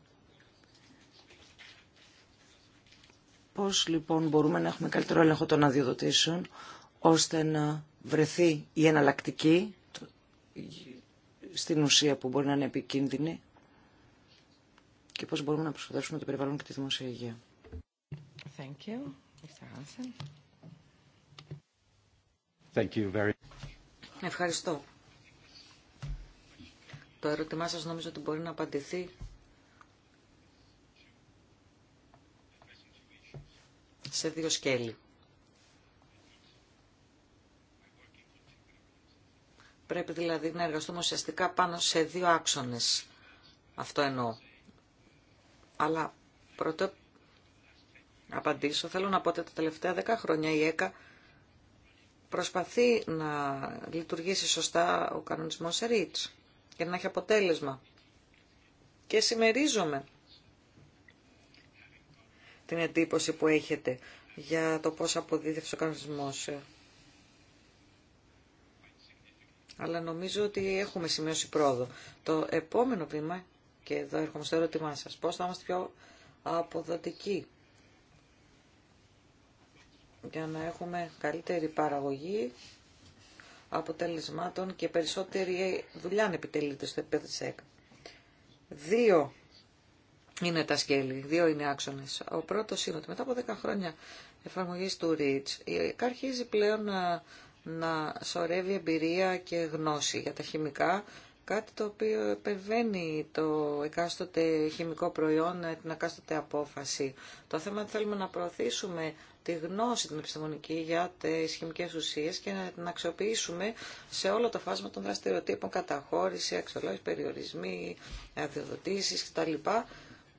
Πώς λοιπόν μπορούμε να έχουμε καλύτερο έλεγχο των αδειοδοτήσεων ώστε να βρεθεί η εναλλακτική στην ουσία που μπορεί να είναι επικίνδυνη και πώς μπορούμε να προστατεύσουμε το περιβάλλον και τη δημόσια υγεία. Thank you. Thank you very... Ευχαριστώ. Το ερώτημά σας νομίζω ότι μπορεί να απαντηθεί σε δύο σκέλη. Πρέπει δηλαδή να εργαστούμε ουσιαστικά πάνω σε δύο άξονες. Αυτό εννοώ. Αλλά πρώτα απαντήσω, θέλω να πω ότι τα τελευταία δέκα χρόνια η ΕΚΑ προσπαθεί να λειτουργήσει σωστά ο κανονισμός σε και να έχει αποτέλεσμα. Και συμμερίζομαι την εντύπωση που έχετε για το πώς αποδίδευσε ο κανονισμός αλλά νομίζω ότι έχουμε σημειώσει πρόοδο. Το επόμενο βήμα, και εδώ έρχομαι στο ερώτημά σας, πώς θα είμαστε πιο αποδοτικοί για να έχουμε καλύτερη παραγωγή αποτελεσμάτων και περισσότερη δουλειά να επιτελείται στο επίπεδο ΕΚ. Δύο είναι τα σκέλη, δύο είναι άξονες. Ο πρώτος είναι ότι μετά από 10 χρόνια εφαρμογής του REACH, η αρχίζει πλέον να να σωρεύει εμπειρία και γνώση για τα χημικά, κάτι το οποίο επεμβαίνει το εκάστοτε χημικό προϊόν, την εκάστοτε απόφαση. Το θέμα είναι ότι θέλουμε να προωθήσουμε τη γνώση την επιστημονική για τις χημικές ουσίες και να την αξιοποιήσουμε σε όλο το φάσμα των δραστηριοτήτων, καταχώρηση, αξιολόγηση, περιορισμοί, αδειοδοτήσεις κτλ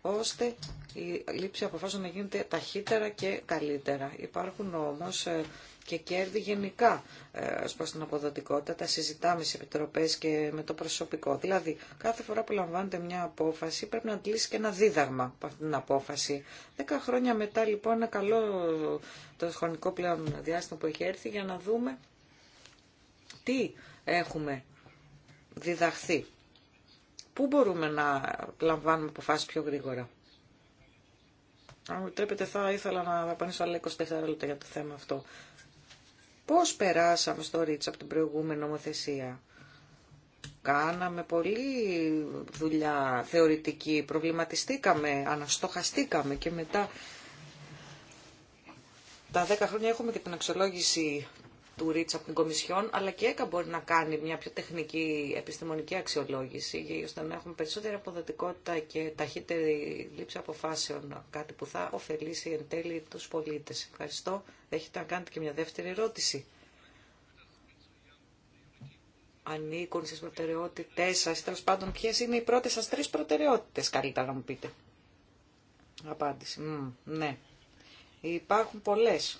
ώστε η λήψη αποφάσεων να γίνεται ταχύτερα και καλύτερα. Υπάρχουν όμως ε, και κέρδη γενικά ε, ως προς την αποδοτικότητα. Τα συζητάμε σε επιτροπές και με το προσωπικό. Δηλαδή, κάθε φορά που λαμβάνεται μια απόφαση πρέπει να αντλήσει και ένα δίδαγμα από αυτή την απόφαση. Δέκα χρόνια μετά λοιπόν ένα καλό το χρονικό πλέον διάστημα που έχει έρθει για να δούμε τι έχουμε διδαχθεί. Πού μπορούμε να λαμβάνουμε αποφάσεις πιο γρήγορα. Αν μου επιτρέπετε θα ήθελα να απαντήσω άλλα 24 λεπτά για το θέμα αυτό. Πώς περάσαμε στο ρίτσα από την προηγούμενη νομοθεσία. Κάναμε πολλή δουλειά θεωρητική, προβληματιστήκαμε, αναστοχαστήκαμε και μετά τα 10 χρόνια έχουμε και την αξιολόγηση του Ριτς από την Κομισιόν, αλλά και ΕΚΑ μπορεί να κάνει μια πιο τεχνική επιστημονική αξιολόγηση, ώστε να έχουμε περισσότερη αποδοτικότητα και ταχύτερη λήψη αποφάσεων, κάτι που θα ωφελήσει εν τέλει τους πολίτες. Ευχαριστώ. Έχετε να κάνετε και μια δεύτερη ερώτηση. Ανήκουν στις προτεραιότητές σας, τέλο πάντων ποιες είναι οι πρώτες σας τρεις προτεραιότητες, καλύτερα να μου πείτε. Απάντηση. Μ, ναι. Υπάρχουν πολλές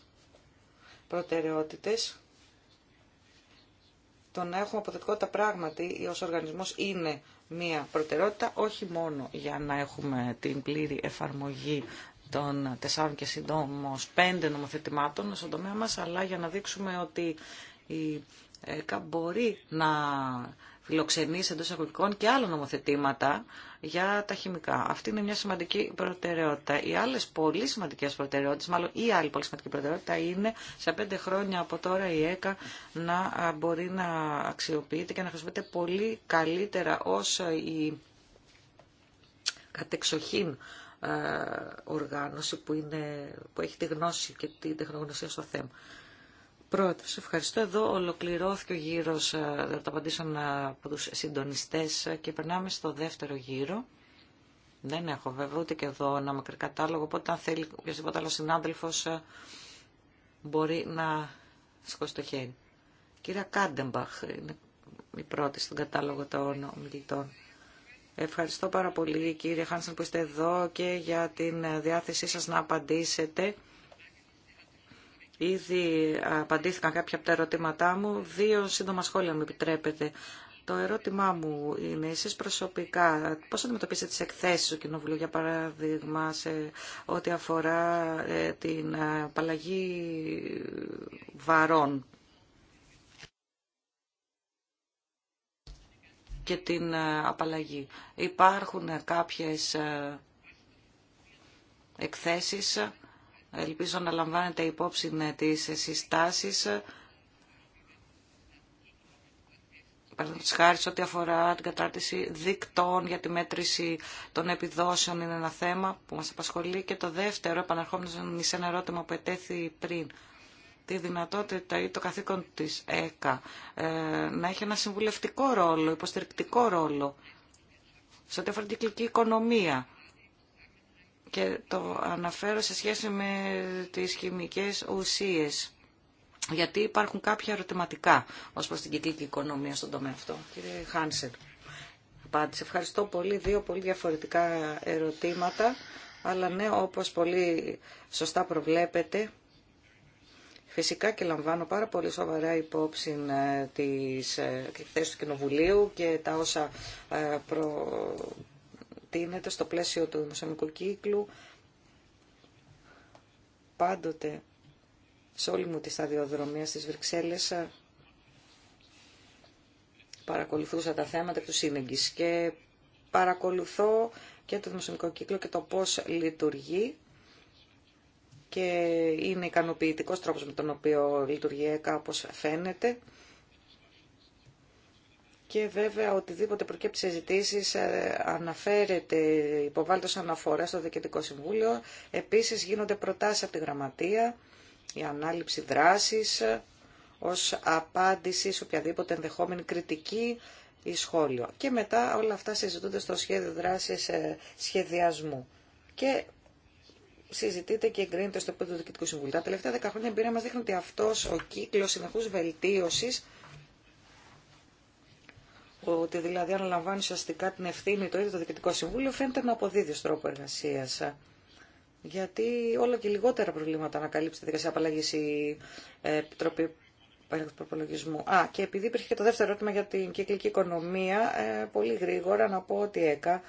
προτεραιότητε το να έχουμε αποδοτικότητα πράγματι ως οργανισμός είναι μία προτεραιότητα, όχι μόνο για να έχουμε την πλήρη εφαρμογή των τεσσάρων και συντόμως πέντε νομοθετημάτων στον τομέα μας, αλλά για να δείξουμε ότι η ΕΚΑ μπορεί να φιλοξενήσει εντός εισαγωγικών και άλλα νομοθετήματα για τα χημικά. Αυτή είναι μια σημαντική προτεραιότητα. Οι άλλε πολύ σημαντικέ προτεραιότητε, μάλλον η άλλη πολύ σημαντική προτεραιότητα είναι σε πέντε χρόνια από τώρα η ΕΚΑ να μπορεί να αξιοποιείται και να χρησιμοποιείται πολύ καλύτερα ω η κατεξοχήν ε, οργάνωση που, που έχει τη γνώση και την τεχνογνωσία στο θέμα σε Ευχαριστώ. Εδώ ολοκληρώθηκε ο γύρος ε, τα απαντήσεων από του συντονιστέ ε, και περνάμε στο δεύτερο γύρο. Δεν έχω βέβαια ούτε και εδώ ένα μακρύ κατάλογο, οπότε αν θέλει οποιοδήποτε άλλο ε, μπορεί να σηκώσει το χέρι. Κυρία Κάντεμπαχ είναι η πρώτη στον κατάλογο των ομιλητών. Ευχαριστώ πάρα πολύ κύριε Χάνσεν που είστε εδώ και για την διάθεσή σας να απαντήσετε. Ήδη απαντήθηκαν κάποια από τα ερωτήματά μου. Δύο σύντομα σχόλια μου επιτρέπετε. Το ερώτημά μου είναι εσεί προσωπικά πώ αντιμετωπίσετε τι εκθέσει του Κοινοβουλίου, για παράδειγμα, σε ό,τι αφορά ε, την απαλλαγή βαρών και την ε, απαλλαγή. Υπάρχουν κάποιες ε, εκθέσεις Ελπίζω να λαμβάνετε υπόψη τις συστάσεις παραδείγματο χάρη ό,τι αφορά την κατάρτιση δικτών για τη μέτρηση των επιδόσεων είναι ένα θέμα που μας απασχολεί. Και το δεύτερο, επαναρχόμενο σε ένα ερώτημα που ετέθη πριν, τη δυνατότητα ή το καθήκον της ΕΚΑ ε, να έχει ένα συμβουλευτικό ρόλο, υποστηρικτικό ρόλο σε ό,τι αφορά την κυκλική οικονομία και το αναφέρω σε σχέση με τις χημικές ουσίες. Γιατί υπάρχουν κάποια ερωτηματικά ως προς την κυκλική οικονομία στον τομέα αυτό. Κύριε Χάνσερ, απάντησε. Ευχαριστώ πολύ. Δύο πολύ διαφορετικά ερωτήματα. Αλλά ναι, όπως πολύ σωστά προβλέπετε, Φυσικά και λαμβάνω πάρα πολύ σοβαρά υπόψη ε, ε, τις θέσεις του Κοινοβουλίου και τα όσα ε, προ στο πλαίσιο του δημοσιονομικού κύκλου. Πάντοτε, σε όλη μου τη σταδιοδρομία στις Βρυξέλλες, παρακολουθούσα τα θέματα του σύνεγγις και παρακολουθώ και το δημοσιονομικό κύκλο και το πώς λειτουργεί και είναι ικανοποιητικός τρόπος με τον οποίο λειτουργεί όπως φαίνεται και βέβαια οτιδήποτε προκύπτει συζητήσει ε, αναφέρεται, υποβάλλεται αναφορά στο Διοικητικό Συμβούλιο. Επίσης γίνονται προτάσεις από τη Γραμματεία, η ανάληψη δράσης ε, ως απάντηση σε οποιαδήποτε ενδεχόμενη κριτική ή σχόλιο. Και μετά όλα αυτά συζητούνται στο σχέδιο δράσης ε, σχεδιασμού. Και συζητείται και εγκρίνεται στο επίπεδο του Διοικητικού Συμβουλίου. Τα τελευταία 10 χρόνια η σχολιο και μετα ολα αυτα συζητουνται στο σχεδιο δρασης σχεδιασμου και συζητειται και εγκρινεται στο επιπεδο του διοικητικου συμβουλιου τα τελευταια 10 χρονια εμπειρια μα δείχνει ότι αυτό ο κύκλος συνεχού βελτίωση ότι δηλαδή αναλαμβάνει ουσιαστικά την ευθύνη το ίδιο το Διοικητικό Συμβούλιο, φαίνεται να αποδίδει τρόπο εργασία. Γιατί όλο και λιγότερα προβλήματα ανακαλύψει τη δικασία απαλλαγή η ε, Επιτροπή Προπολογισμού. Α, και επειδή υπήρχε και το δεύτερο ερώτημα για την κυκλική οικονομία, ε, πολύ γρήγορα να πω ότι ΕΚΑ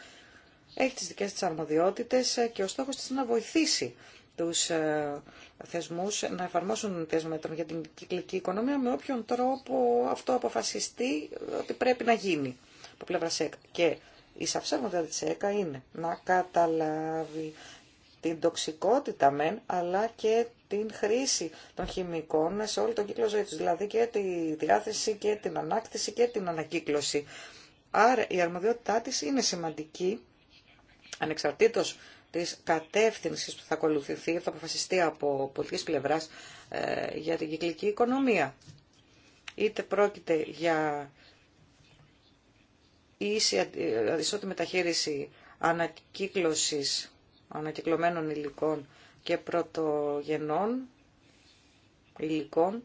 έχει τι δικέ τη αρμοδιότητε ε, και ο στόχο τη είναι να βοηθήσει τους ε, θεσμούς να εφαρμόσουν δεσμέτρων για την κυκλική οικονομία με όποιον τρόπο αυτό αποφασιστεί ε, ότι πρέπει να γίνει από πλευρά ΣΕΚ. Και η σαυσάρμοντα της ΕΚΑ είναι να καταλάβει την τοξικότητα μεν, αλλά και την χρήση των χημικών σε όλο τον κύκλο ζωής τους, δηλαδή και τη διάθεση και την ανάκτηση και την ανακύκλωση. Άρα η αρμοδιότητά της είναι σημαντική, ανεξαρτήτως της κατεύθυνσης που θα ακολουθηθεί, θα αποφασιστεί από πολιτικής πλευράς ε, για την κυκλική οικονομία. Είτε πρόκειται για ίση αντισώτη ε, μεταχείριση ανακύκλωσης ανακυκλωμένων υλικών και πρωτογενών υλικών,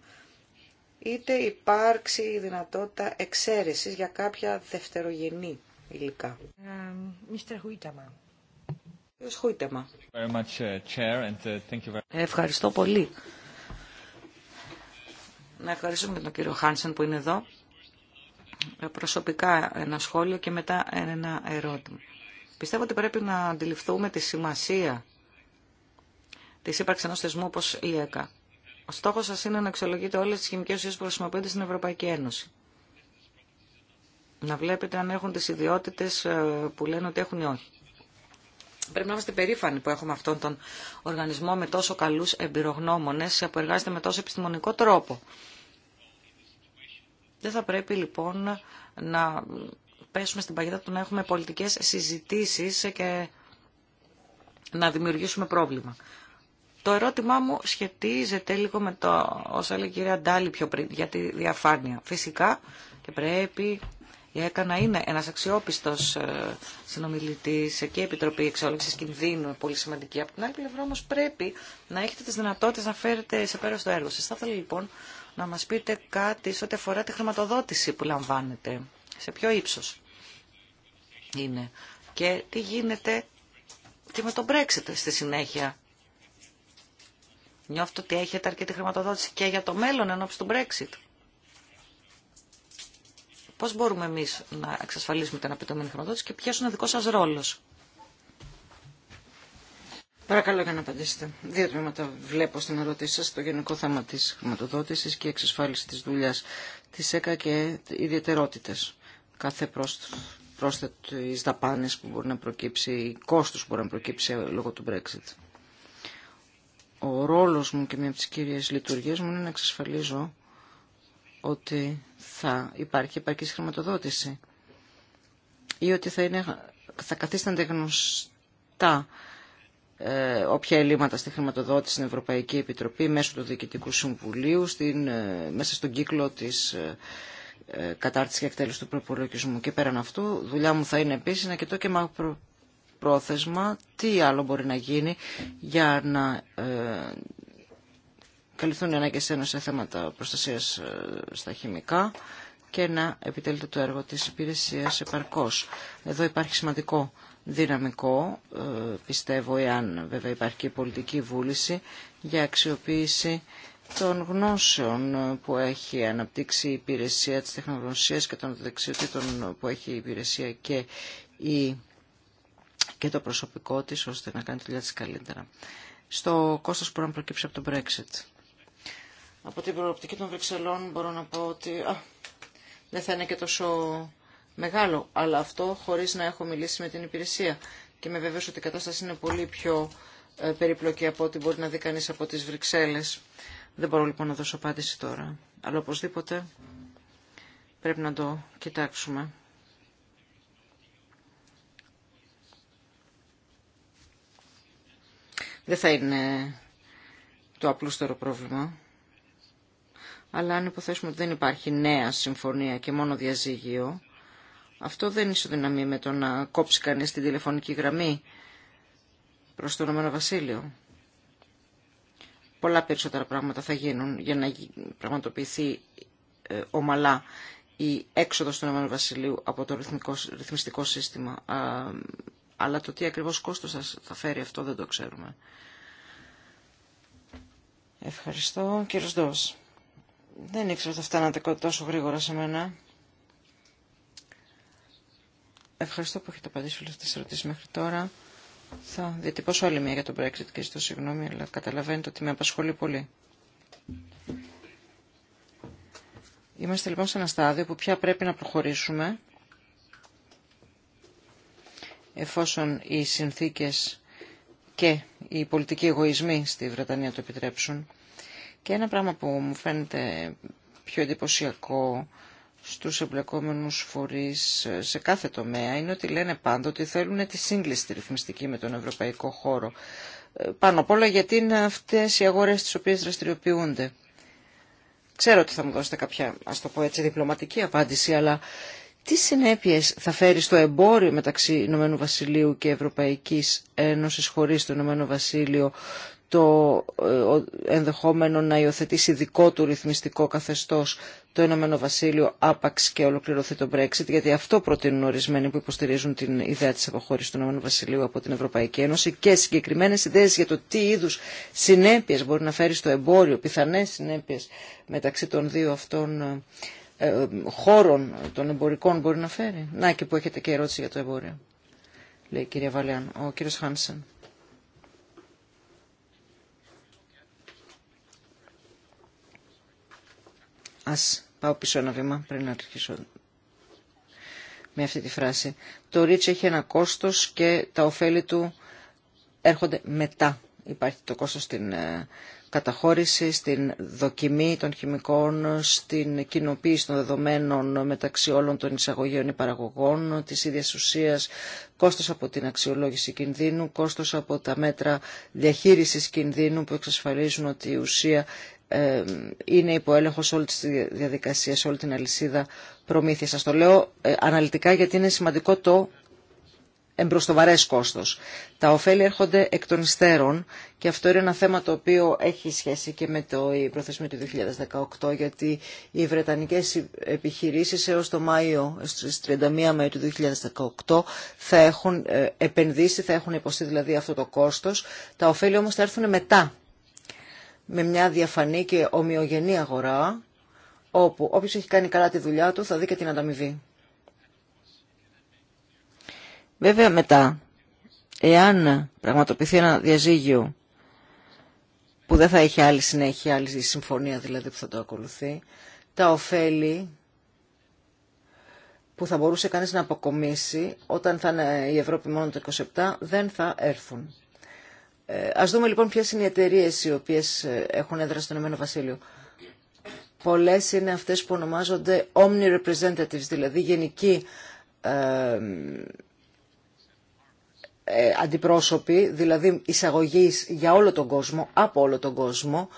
είτε υπάρξει η δυνατότητα εξαίρεσης για κάποια δευτερογενή υλικά. Ε, Ευχαριστώ πολύ. Να ευχαριστούμε τον κύριο Χάνσεν που είναι εδώ. Ε, προσωπικά ένα σχόλιο και μετά ένα ερώτημα. Πιστεύω ότι πρέπει να αντιληφθούμε τη σημασία τη ύπαρξη ενό θεσμού όπω η ΕΚΑ. Ο στόχο σα είναι να αξιολογείτε όλε τι χημικέ ουσίε που χρησιμοποιούνται στην Ευρωπαϊκή Ένωση. Να βλέπετε αν έχουν τι ιδιότητε ε, που λένε ότι έχουν ή όχι. Πρέπει να είμαστε περήφανοι που έχουμε αυτόν τον οργανισμό με τόσο καλούς εμπειρογνώμονες που εργάζεται με τόσο επιστημονικό τρόπο. Δεν θα πρέπει λοιπόν να πέσουμε στην παγίδα του να έχουμε πολιτικές συζητήσεις και να δημιουργήσουμε πρόβλημα. Το ερώτημά μου σχετίζεται λίγο με το όσα έλεγε η κυρία Ντάλη πιο πριν για τη διαφάνεια. Φυσικά και πρέπει η ΕΚΑ να είναι ένας αξιόπιστος ε, συνομιλητής και η Επιτροπή Εξόλυξης Κινδύνου είναι πολύ σημαντική. Από την άλλη πλευρά όμως πρέπει να έχετε τις δυνατότητες να φέρετε σε πέρα στο έργο σας. Θα ήθελα λοιπόν να μας πείτε κάτι σε ό,τι αφορά τη χρηματοδότηση που λαμβάνετε. Σε ποιο ύψος είναι. Και τι γίνεται και με τον Brexit στη συνέχεια. Νιώθω ότι έχετε αρκετή χρηματοδότηση και για το μέλλον ενώπιση του Brexit. Πώ μπορούμε εμεί να εξασφαλίσουμε την απαιτούμενη χρηματοδότηση και ποιο είναι ο δικό σα ρόλο. Παρακαλώ για να απαντήσετε. Δύο τμήματα βλέπω στην ερώτησή σα το γενικό θέμα τη χρηματοδότηση και εξασφάλιση τη δουλειά, τη ΕΚΑ και ιδιαιτερότητε. κάθε πρόσθετη δαπάνη που μπορεί να προκύψει, κόστο που μπορεί να προκύψει λόγω του Brexit. Ο ρόλο μου και μια από τι κύριε λειτουργίε μου είναι να εξασφαλίζω ότι θα υπάρχει επαρκή χρηματοδότηση ή ότι θα, είναι, θα καθίστανται γνωστά ε, όποια ελλείμματα στη χρηματοδότηση στην Ευρωπαϊκή Επιτροπή μέσω του Διοικητικού Συμβουλίου στην, ε, μέσα στον κύκλο της ε, ε, κατάρτισης και εκτέλεσης του προπολογισμού. Και πέραν αυτού, δουλειά μου θα είναι επίσης να κοιτώ και μακροπρόθεσμα τι άλλο μπορεί να γίνει για να ε, καλυφθούν οι ανάγκες ένωση σε θέματα προστασίας ε, στα χημικά και να επιτελείται το έργο της υπηρεσίας επαρκώς. Εδώ υπάρχει σημαντικό δυναμικό, ε, πιστεύω, εάν βέβαια υπάρχει και πολιτική βούληση για αξιοποίηση των γνώσεων που έχει αναπτύξει η υπηρεσία της τεχνογνωσίας και των δεξιοτήτων που έχει η υπηρεσία και, η, και το προσωπικό της ώστε να κάνει τη δουλειά της καλύτερα. Στο κόστος που να προκύψει από το Brexit από την προοπτική των Βρυξελών μπορώ να πω ότι α, δεν θα είναι και τόσο μεγάλο, αλλά αυτό χωρίς να έχω μιλήσει με την υπηρεσία. Και με βέβαιος ότι η κατάσταση είναι πολύ πιο ε, περίπλοκη από ό,τι μπορεί να δει κανείς από τις Βρυξέλλες. Δεν μπορώ λοιπόν να δώσω απάντηση τώρα, αλλά οπωσδήποτε πρέπει να το κοιτάξουμε. Δεν θα είναι το απλούστερο πρόβλημα αλλά αν υποθέσουμε ότι δεν υπάρχει νέα συμφωνία και μόνο διαζύγιο, αυτό δεν ισοδυναμεί με το να κόψει κανείς την τηλεφωνική γραμμή προς το Ηνωμένο Βασίλειο. Πολλά περισσότερα πράγματα θα γίνουν για να πραγματοποιηθεί ε, ομαλά η έξοδος του Ηνωμένου Βασιλείου από το ρυθμιστικό σύστημα. αλλά το τι ακριβώς κόστος θα φέρει αυτό δεν το ξέρουμε. Ευχαριστώ. Κύριος Ντός. Δεν ήξερα ότι θα φτάνατε τόσο γρήγορα σε μένα. Ευχαριστώ που έχετε απαντήσει αυτέ τις ερωτήσεις μέχρι τώρα. Θα διατυπώσω άλλη μία για τον Brexit και ζητώ συγγνώμη, αλλά καταλαβαίνετε ότι με απασχολεί πολύ. Είμαστε λοιπόν σε ένα στάδιο που πια πρέπει να προχωρήσουμε εφόσον οι συνθήκες και οι πολιτικοί εγωισμοί στη Βρετανία το επιτρέψουν και ένα πράγμα που μου φαίνεται πιο εντυπωσιακό στους εμπλεκόμενους φορείς σε κάθε τομέα είναι ότι λένε πάντοτε ότι θέλουν τη σύγκληση τη ρυθμιστική με τον ευρωπαϊκό χώρο. Ε, πάνω απ' όλα γιατί είναι αυτές οι αγορές τις οποίες δραστηριοποιούνται. Ξέρω ότι θα μου δώσετε κάποια, ας το πω έτσι, διπλωματική απάντηση, αλλά τι συνέπειες θα φέρει στο εμπόριο μεταξύ Ηνωμένου Βασιλείου και Ευρωπαϊκής Ένωσης χωρίς το Ηνωμένο Βασίλειο το ε, ενδεχόμενο να υιοθετήσει δικό του ρυθμιστικό καθεστώς το Ηνωμένο Βασίλειο άπαξ και ολοκληρωθεί το Brexit, γιατί αυτό προτείνουν ορισμένοι που υποστηρίζουν την ιδέα της αποχώρησης του Ηνωμένου Βασιλείου από την Ευρωπαϊκή Ένωση και συγκεκριμένες ιδέες για το τι είδους συνέπειες μπορεί να φέρει στο εμπόριο, πιθανές συνέπειες μεταξύ των δύο αυτών ε, ε χώρων των εμπορικών μπορεί να φέρει. Να και που έχετε και ερώτηση για το εμπόριο, λέει η κυρία Βαλιάν, ο κύριος Χάνσεν. Ας πάω πίσω ένα βήμα πριν να αρχίσω με αυτή τη φράση. Το ρίτς έχει ένα κόστος και τα ωφέλη του έρχονται μετά. Υπάρχει το κόστος στην ε, καταχώρηση, στην δοκιμή των χημικών, στην κοινοποίηση των δεδομένων μεταξύ όλων των εισαγωγείων ή παραγωγών, της ίδιας ουσίας, κόστος από την αξιολόγηση κινδύνου, κόστος από τα μέτρα διαχείρισης κινδύνου που εξασφαλίζουν ότι η ουσία είναι υπό έλεγχο σε όλη τη διαδικασία, σε όλη την αλυσίδα προμήθεια. Σα το λέω ε, αναλυτικά γιατί είναι σημαντικό το εμπροστοβαρέ κόστο. Τα ωφέλη έρχονται εκ των υστέρων και αυτό είναι ένα θέμα το οποίο έχει σχέση και με το προθεσμίο του 2018 γιατί οι βρετανικέ επιχειρήσει έω το Μάιο, στι 31 Μαΐου του 2018 θα έχουν ε, επενδύσει, θα έχουν υποστεί δηλαδή αυτό το κόστο. Τα ωφέλη όμω θα έρθουν μετά με μια διαφανή και ομοιογενή αγορά, όπου όποιος έχει κάνει καλά τη δουλειά του θα δει και την ανταμοιβή. Βέβαια μετά, εάν πραγματοποιηθεί ένα διαζύγιο που δεν θα έχει άλλη συνέχεια, άλλη συμφωνία δηλαδή που θα το ακολουθεί, τα ωφέλη που θα μπορούσε κανείς να αποκομίσει όταν θα είναι η Ευρώπη μόνο το 27 δεν θα έρθουν. Ε, ας δούμε λοιπόν ποιε είναι οι εταιρείε οι οποίες ε, έχουν έδρα στον Ηνωμένο Βασίλειο. Πολλές είναι αυτές που ονομάζονται omni-representatives, δηλαδή γενικοί ε, αντιπρόσωποι, δηλαδή εισαγωγή για όλο τον κόσμο, από όλο τον κόσμο,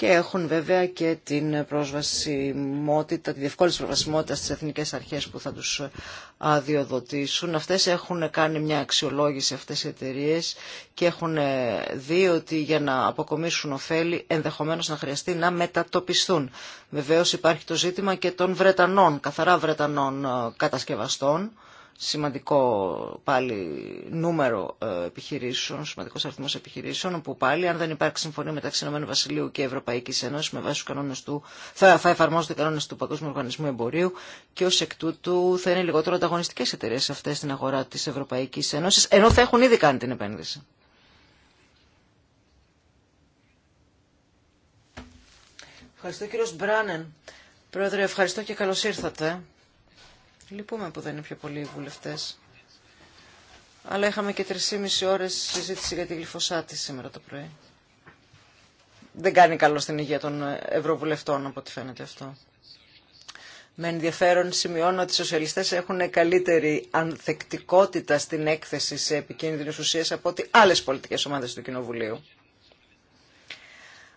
και έχουν βέβαια και την προσβασιμότητα, τη διευκόλυνση προσβασιμότητα στις εθνικές αρχές που θα τους αδειοδοτήσουν. Αυτές έχουν κάνει μια αξιολόγηση αυτές οι εταιρείε και έχουν δει ότι για να αποκομίσουν ωφέλη ενδεχομένως να χρειαστεί να μετατοπιστούν. Βεβαίως υπάρχει το ζήτημα και των Βρετανών, καθαρά Βρετανών ε, κατασκευαστών σημαντικό πάλι νούμερο ε, επιχειρήσεων, σημαντικός αριθμός επιχειρήσεων, όπου πάλι αν δεν υπάρχει συμφωνία μεταξύ ΗΠΑ και Ευρωπαϊκής Ένωσης με βάση τους κανόνες του, θα, θα εφαρμόζονται οι κανόνες του Παγκόσμιου Οργανισμού Εμπορίου και ως εκ τούτου θα είναι λιγότερο ανταγωνιστικές εταιρείε αυτές στην αγορά της Ευρωπαϊκής Ένωσης, ενώ θα έχουν ήδη κάνει την επένδυση. Ευχαριστώ κύριος Μπράνεν. Πρόεδρε, ευχαριστώ και καλώς ήρθατε. Λυπούμε που δεν είναι πιο πολλοί οι βουλευτές. Αλλά είχαμε και 3,5 ώρες συζήτηση για τη γλυφοσάτη σήμερα το πρωί. Δεν κάνει καλό στην υγεία των ευρωβουλευτών από ό,τι φαίνεται αυτό. Με ενδιαφέρον σημειώνω ότι οι σοσιαλιστέ έχουν καλύτερη ανθεκτικότητα στην έκθεση σε επικίνδυνες ουσίες από ότι άλλε πολιτικέ ομάδε του Κοινοβουλίου.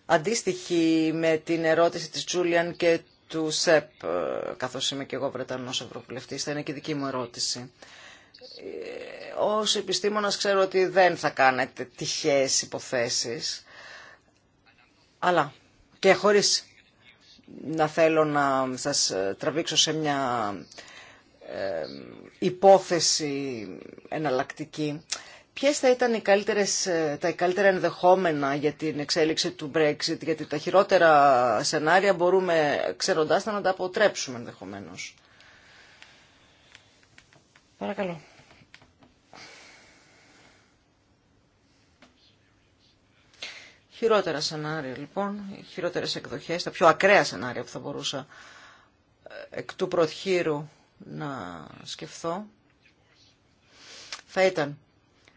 Αντίστοιχη με την ερώτηση της Τζούλιαν και του ΣΕΠ, καθώς είμαι και εγώ Βρετανός Ευρωβουλευτής, θα είναι και δική μου ερώτηση. Ε, ως επιστήμονας ξέρω ότι δεν θα κάνετε τυχαίες υποθέσεις, αλλά και χωρίς να θέλω να σας τραβήξω σε μια ε, υπόθεση εναλλακτική, Ποιε θα ήταν οι καλύτερες, ε, τα καλύτερα ενδεχόμενα για την εξέλιξη του Brexit, γιατί τα χειρότερα σενάρια μπορούμε ξέροντάς τα να τα αποτρέψουμε ενδεχομένω. Παρακαλώ. Χειρότερα σενάρια λοιπόν, οι χειρότερες εκδοχές, τα πιο ακραία σενάρια που θα μπορούσα ε, εκ του προχείρου να σκεφτώ, θα ήταν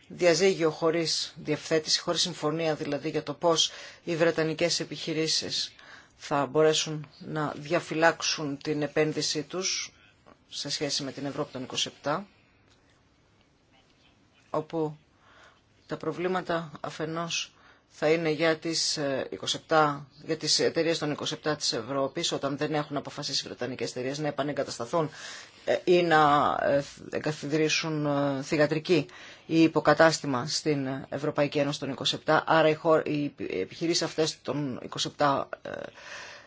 διαζύγιο χωρίς διευθέτηση, χωρίς συμφωνία δηλαδή για το πώς οι βρετανικές επιχειρήσεις θα μπορέσουν να διαφυλάξουν την επένδυσή τους σε σχέση με την Ευρώπη των 27, όπου τα προβλήματα αφενός θα είναι για τις, 27, ε, για τις εταιρείες των 27 της Ευρώπης, όταν δεν έχουν αποφασίσει οι Βρετανικές εταιρείες να επανεγκατασταθούν ή να ε, εγκαθιδρύσουν ε, θηγατρική ή υποκατάστημα στην Ευρωπαϊκή Ένωση των 27. Άρα οι επιχειρήσεις αυτές των 27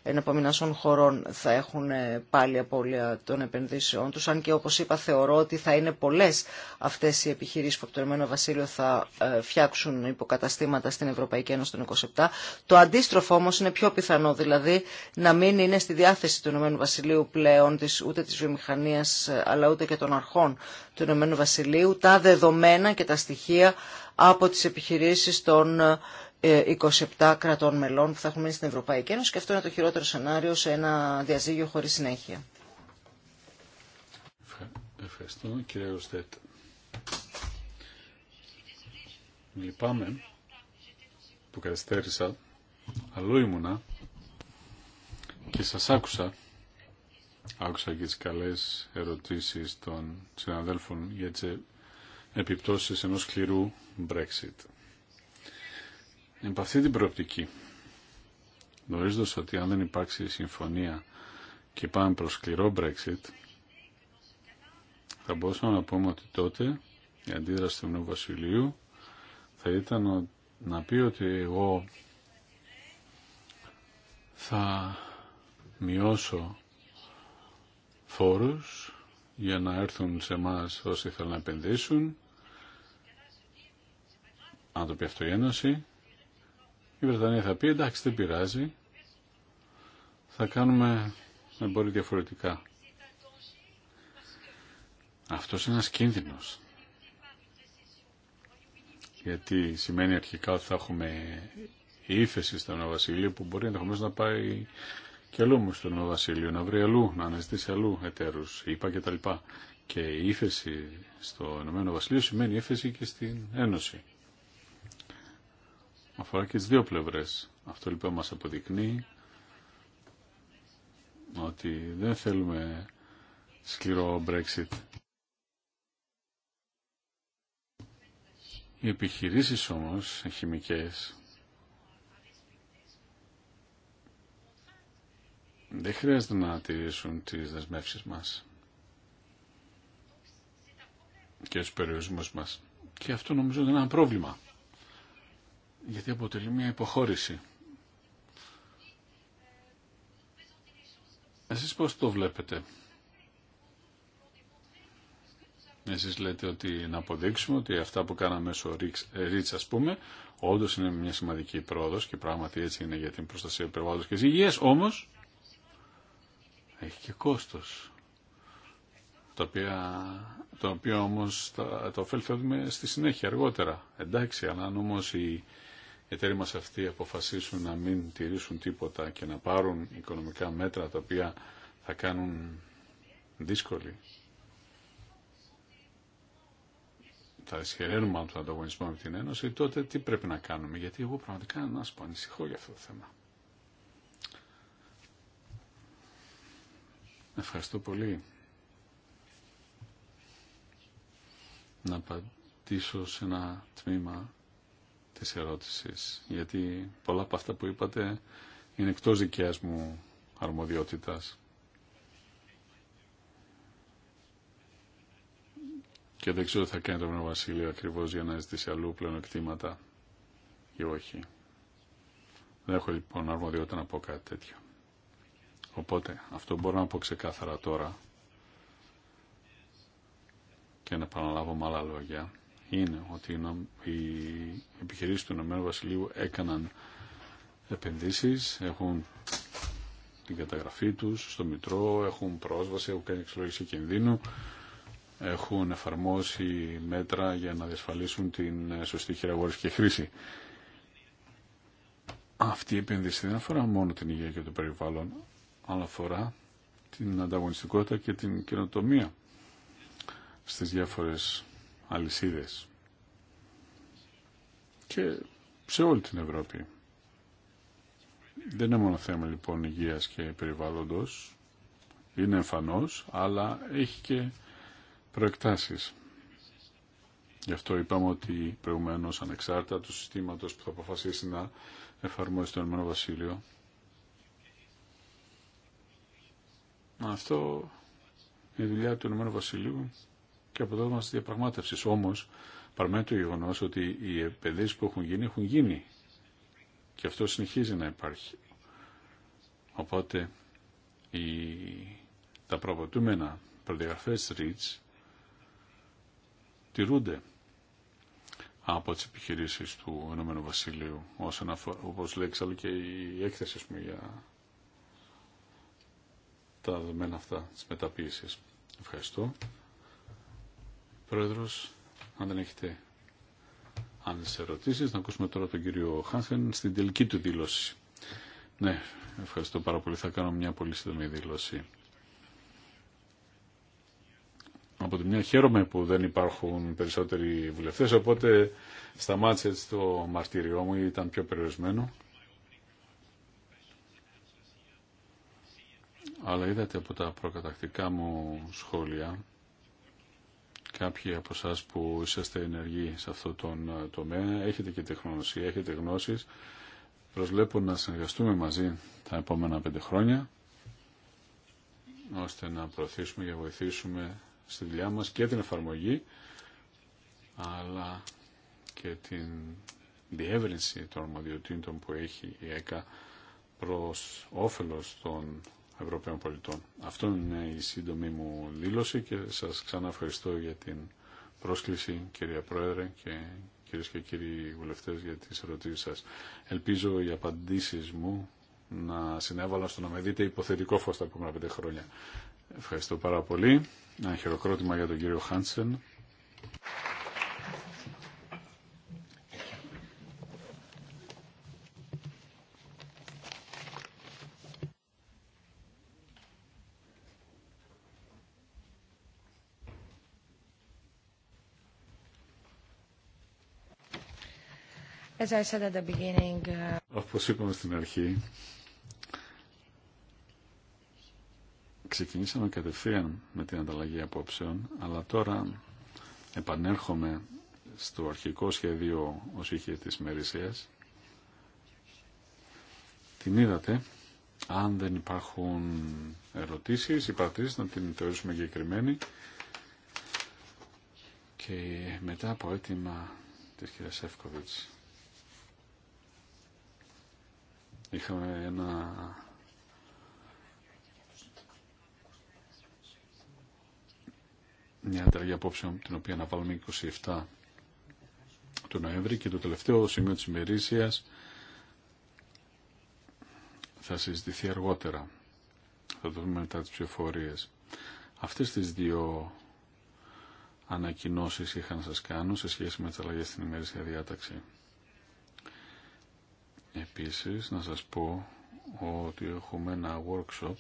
εναπομεινασών χωρών θα έχουν ε, πάλι απώλεια των επενδύσεών τους. Αν και όπως είπα θεωρώ ότι θα είναι πολλές αυτές οι επιχειρήσεις που από το Ηνωμένο Βασίλειο θα ε, φτιάξουν υποκαταστήματα στην Ευρωπαϊκή Ένωση των 27. Το αντίστροφο όμως είναι πιο πιθανό, δηλαδή να μην είναι στη διάθεση του Ηνωμένου Βασιλείου πλέον ούτε της βιομηχανίας ε, αλλά ούτε και των αρχών του Ηνωμένου Βασιλείου τα δεδομένα και τα στοιχεία από τις επιχειρήσεις των 27 ε, κρατών μελών που θα έχουν μείνει στην Ευρωπαϊκή Ένωση και αυτό είναι το χειρότερο σενάριο σε ένα διαζύγιο χωρίς συνέχεια. Ευχαριστώ κύριε Ροστέτ. Λυπάμαι που καθυστέρησα, αλλού ήμουνα και σας άκουσα. Άκουσα και τις καλές ερωτήσεις των συναδέλφων για τις επιπτώσεις ενός σκληρού Brexit. Επ' αυτή την προοπτική, γνωρίζοντα ότι αν δεν υπάρξει συμφωνία και πάμε προς σκληρό Brexit, θα μπορούσαμε να πούμε ότι τότε η αντίδραση του Νέου Βασιλείου θα ήταν να πει ότι εγώ θα μειώσω φόρους για να έρθουν σε εμά όσοι θέλουν να επενδύσουν, αν το πει αυτό η Ένωση, η Βρετανία θα πει εντάξει δεν πειράζει, θα κάνουμε με πολύ διαφορετικά. Αυτός είναι ένα κίνδυνο. Γιατί σημαίνει αρχικά ότι θα έχουμε ύφεση στο Νέο Βασίλειο που μπορεί ενδεχομένω να πάει και αλλού μου στο Νέο Βασίλειο, να βρει αλλού, να αναζητήσει αλλού εταίρου, είπα και λοιπά. Και η ύφεση στο Ηνωμένο Βασίλειο σημαίνει ύφεση και στην Ένωση αφορά και τις δύο πλευρές. Αυτό λοιπόν μας αποδεικνύει ότι δεν θέλουμε σκληρό Brexit. Οι επιχειρήσεις όμως οι χημικές δεν χρειάζεται να τηρήσουν τις δεσμεύσεις μας και τους περιορισμούς μας. Και αυτό νομίζω είναι ένα πρόβλημα γιατί αποτελεί μια υποχώρηση. Εσείς πώς το βλέπετε. Εσείς λέτε ότι να αποδείξουμε ότι αυτά που κάναμε στο ρίτς ε, ας πούμε, όντως είναι μια σημαντική πρόοδος και πράγματι έτσι είναι για την προστασία του περιβάλλοντος και της υγείας, όμως έχει και κόστος. Το οποίο, το οποίο όμως το ωφέλη στη συνέχεια αργότερα. Εντάξει, αλλά αν όμως η εταίροι μας αυτοί αποφασίσουν να μην τηρήσουν τίποτα και να πάρουν οικονομικά μέτρα τα οποία θα κάνουν δύσκολη θα ισχυρένουμε από τον ανταγωνισμό με την Ένωση, τότε τι πρέπει να κάνουμε. Γιατί εγώ πραγματικά να σου πω ανησυχώ για αυτό το θέμα. Ευχαριστώ πολύ. Να απαντήσω σε ένα τμήμα της ερώτησης, γιατί πολλά από αυτά που είπατε είναι εκτός δικιάς μου αρμοδιότητας. Και δεν ξέρω τι θα κάνει το Βασίλειο ακριβώς για να ζητήσει αλλού εκτήματα ή όχι. Δεν έχω λοιπόν αρμοδιότητα να πω κάτι τέτοιο. Οπότε αυτό μπορώ να πω ξεκάθαρα τώρα και να επαναλάβω με άλλα λόγια είναι ότι οι επιχειρήσεις του Ηνωμένου Βασιλείου έκαναν επενδύσεις, έχουν την καταγραφή τους στο Μητρό, έχουν πρόσβαση, έχουν κάνει εξολογήση κινδύνου, έχουν εφαρμόσει μέτρα για να διασφαλίσουν την ε, σωστή χειραγώρηση και χρήση. Αυτή η επένδυση δεν αφορά μόνο την υγεία και το περιβάλλον, αλλά αφορά την ανταγωνιστικότητα και την καινοτομία στις διάφορες αλυσίδες και σε όλη την Ευρώπη. Δεν είναι μόνο θέμα λοιπόν υγείας και περιβάλλοντος, είναι εμφανώς, αλλά έχει και προεκτάσεις. Γι' αυτό είπαμε ότι προηγουμένω ανεξάρτητα του συστήματος που θα αποφασίσει να εφαρμόσει το Ενωμένο Βασίλειο, αυτό η δουλειά του Ενωμένου Βασιλείου και αποτέλεσμα τη διαπραγμάτευση. Όμω, παραμένει το γεγονό ότι οι επενδύσει που έχουν γίνει έχουν γίνει. Και αυτό συνεχίζει να υπάρχει. Οπότε, οι... τα προποτούμενα προδιαγραφέ REACH τηρούνται από τις επιχειρήσεις του Ηνωμένου Βασιλείου, όσον όπως λέξα, και η έκθεση πούμε, για τα δεδομένα αυτά της μεταποίησης. Ευχαριστώ. Πρόεδρος, αν δεν έχετε άλλες ερωτήσεις, να ακούσουμε τώρα τον κύριο Χάνθεν στην τελική του δήλωση. Ναι, ευχαριστώ πάρα πολύ. Θα κάνω μια πολύ σύντομη δήλωση. Από τη μια χαίρομαι που δεν υπάρχουν περισσότεροι βουλευτές, οπότε σταμάτησε το μαρτύριό μου, ήταν πιο περιορισμένο. Αλλά είδατε από τα προκατακτικά μου σχόλια κάποιοι από εσά που είσαστε ενεργοί σε αυτό το ε, τομέα, έχετε και τεχνογνωσία, έχετε γνώσεις. Προσλέπω να συνεργαστούμε μαζί τα επόμενα πέντε χρόνια, ώστε να προωθήσουμε και βοηθήσουμε στη δουλειά μας και την εφαρμογή, αλλά και την διεύρυνση των αρμοδιοτήτων που έχει η ΕΚΑ προς όφελος των Ευρωπαίων πολιτών. Αυτό είναι η σύντομη μου δήλωση και σας ξανά ευχαριστώ για την πρόσκληση κυρία Πρόεδρε και κυρίε και κύριοι βουλευτέ για τις ερωτήσεις σας. Ελπίζω οι απαντήσεις μου να συνέβαλαν στο να με δείτε υποθετικό φως τα επόμενα πέντε χρόνια. Ευχαριστώ πάρα πολύ. Ένα χειροκρότημα για τον κύριο Χάντσεν. As uh, Όπως είπαμε στην αρχή, ξεκινήσαμε κατευθείαν με την ανταλλαγή απόψεων, αλλά τώρα επανέρχομαι στο αρχικό σχέδιο ως είχε της μερισίας. Την είδατε. Αν δεν υπάρχουν ερωτήσεις ή να την θεωρήσουμε εγκεκριμένη. Και μετά από έτοιμα της κυρίας Σεύκοβιτς. Είχαμε ένα μια ανταλλαγή απόψεων την οποία αναβάλουμε 27 του Νοέμβρη και το τελευταίο σημείο της ημερήσιας θα συζητηθεί αργότερα. Θα το δούμε μετά τις ψηφοφορίες. Αυτές τις δύο ανακοινώσεις είχα να σας κάνω σε σχέση με τις αλλαγές στην ημερήσια διάταξη. Επίσης, να σας πω ότι έχουμε ένα workshop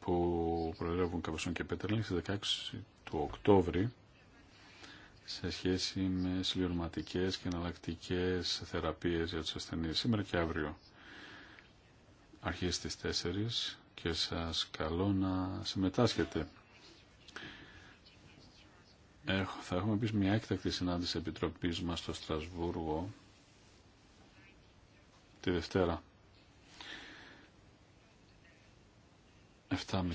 που προεδρεύουν Καπασόν και Πέτερλινγκ στις 16 του Οκτώβρη σε σχέση με συμπληρωματικές και εναλλακτικέ θεραπείες για τους ασθενείς σήμερα και αύριο. Αρχίζει στις 4 και σας καλώ να συμμετάσχετε θα έχουμε επίσης μια έκτακτη συνάντηση επιτροπής μας στο Στρασβούργο τη Δευτέρα. 7.30.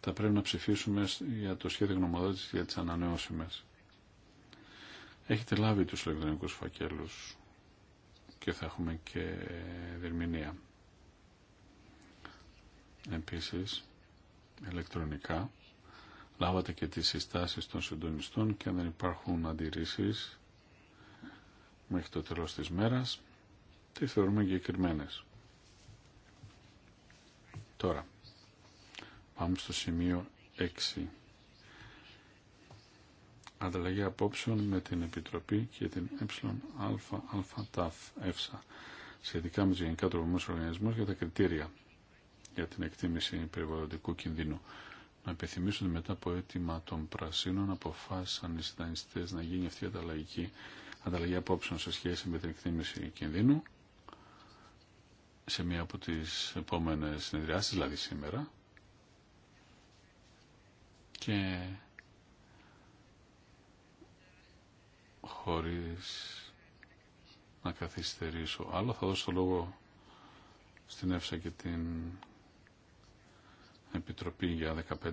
Θα πρέπει να ψηφίσουμε για το σχέδιο γνωμοδότησης για τις ανανεώσιμες. Έχετε λάβει τους ηλεκτρονικούς φακέλους και θα έχουμε και δερμηνία. Επίσης, ηλεκτρονικά λάβατε και τις συστάσεις των συντονιστών και αν δεν υπάρχουν αντιρρήσεις μέχρι το τέλος της μέρας, τι θεωρούμε εγκεκριμένε. Τώρα, πάμε στο σημείο 6. Ανταλλαγή απόψεων με την Επιτροπή και την εααταφ σχετικά με τους γενικά τροπομένους οργανισμούς για τα κριτήρια για την εκτίμηση περιβαλλοντικού κινδύνου να επιθυμίσω ότι μετά από αίτημα των πρασίνων αποφάσισαν οι συντανιστέ να γίνει αυτή η ανταλλαγή, ανταλλαγή απόψεων σε σχέση με την εκτίμηση κινδύνου σε μία από τις επόμενες συνεδριάσεις, δηλαδή σήμερα. Και χωρίς να καθυστερήσω άλλο, θα δώσω το λόγο στην Εύσα και την Επιτροπή για 15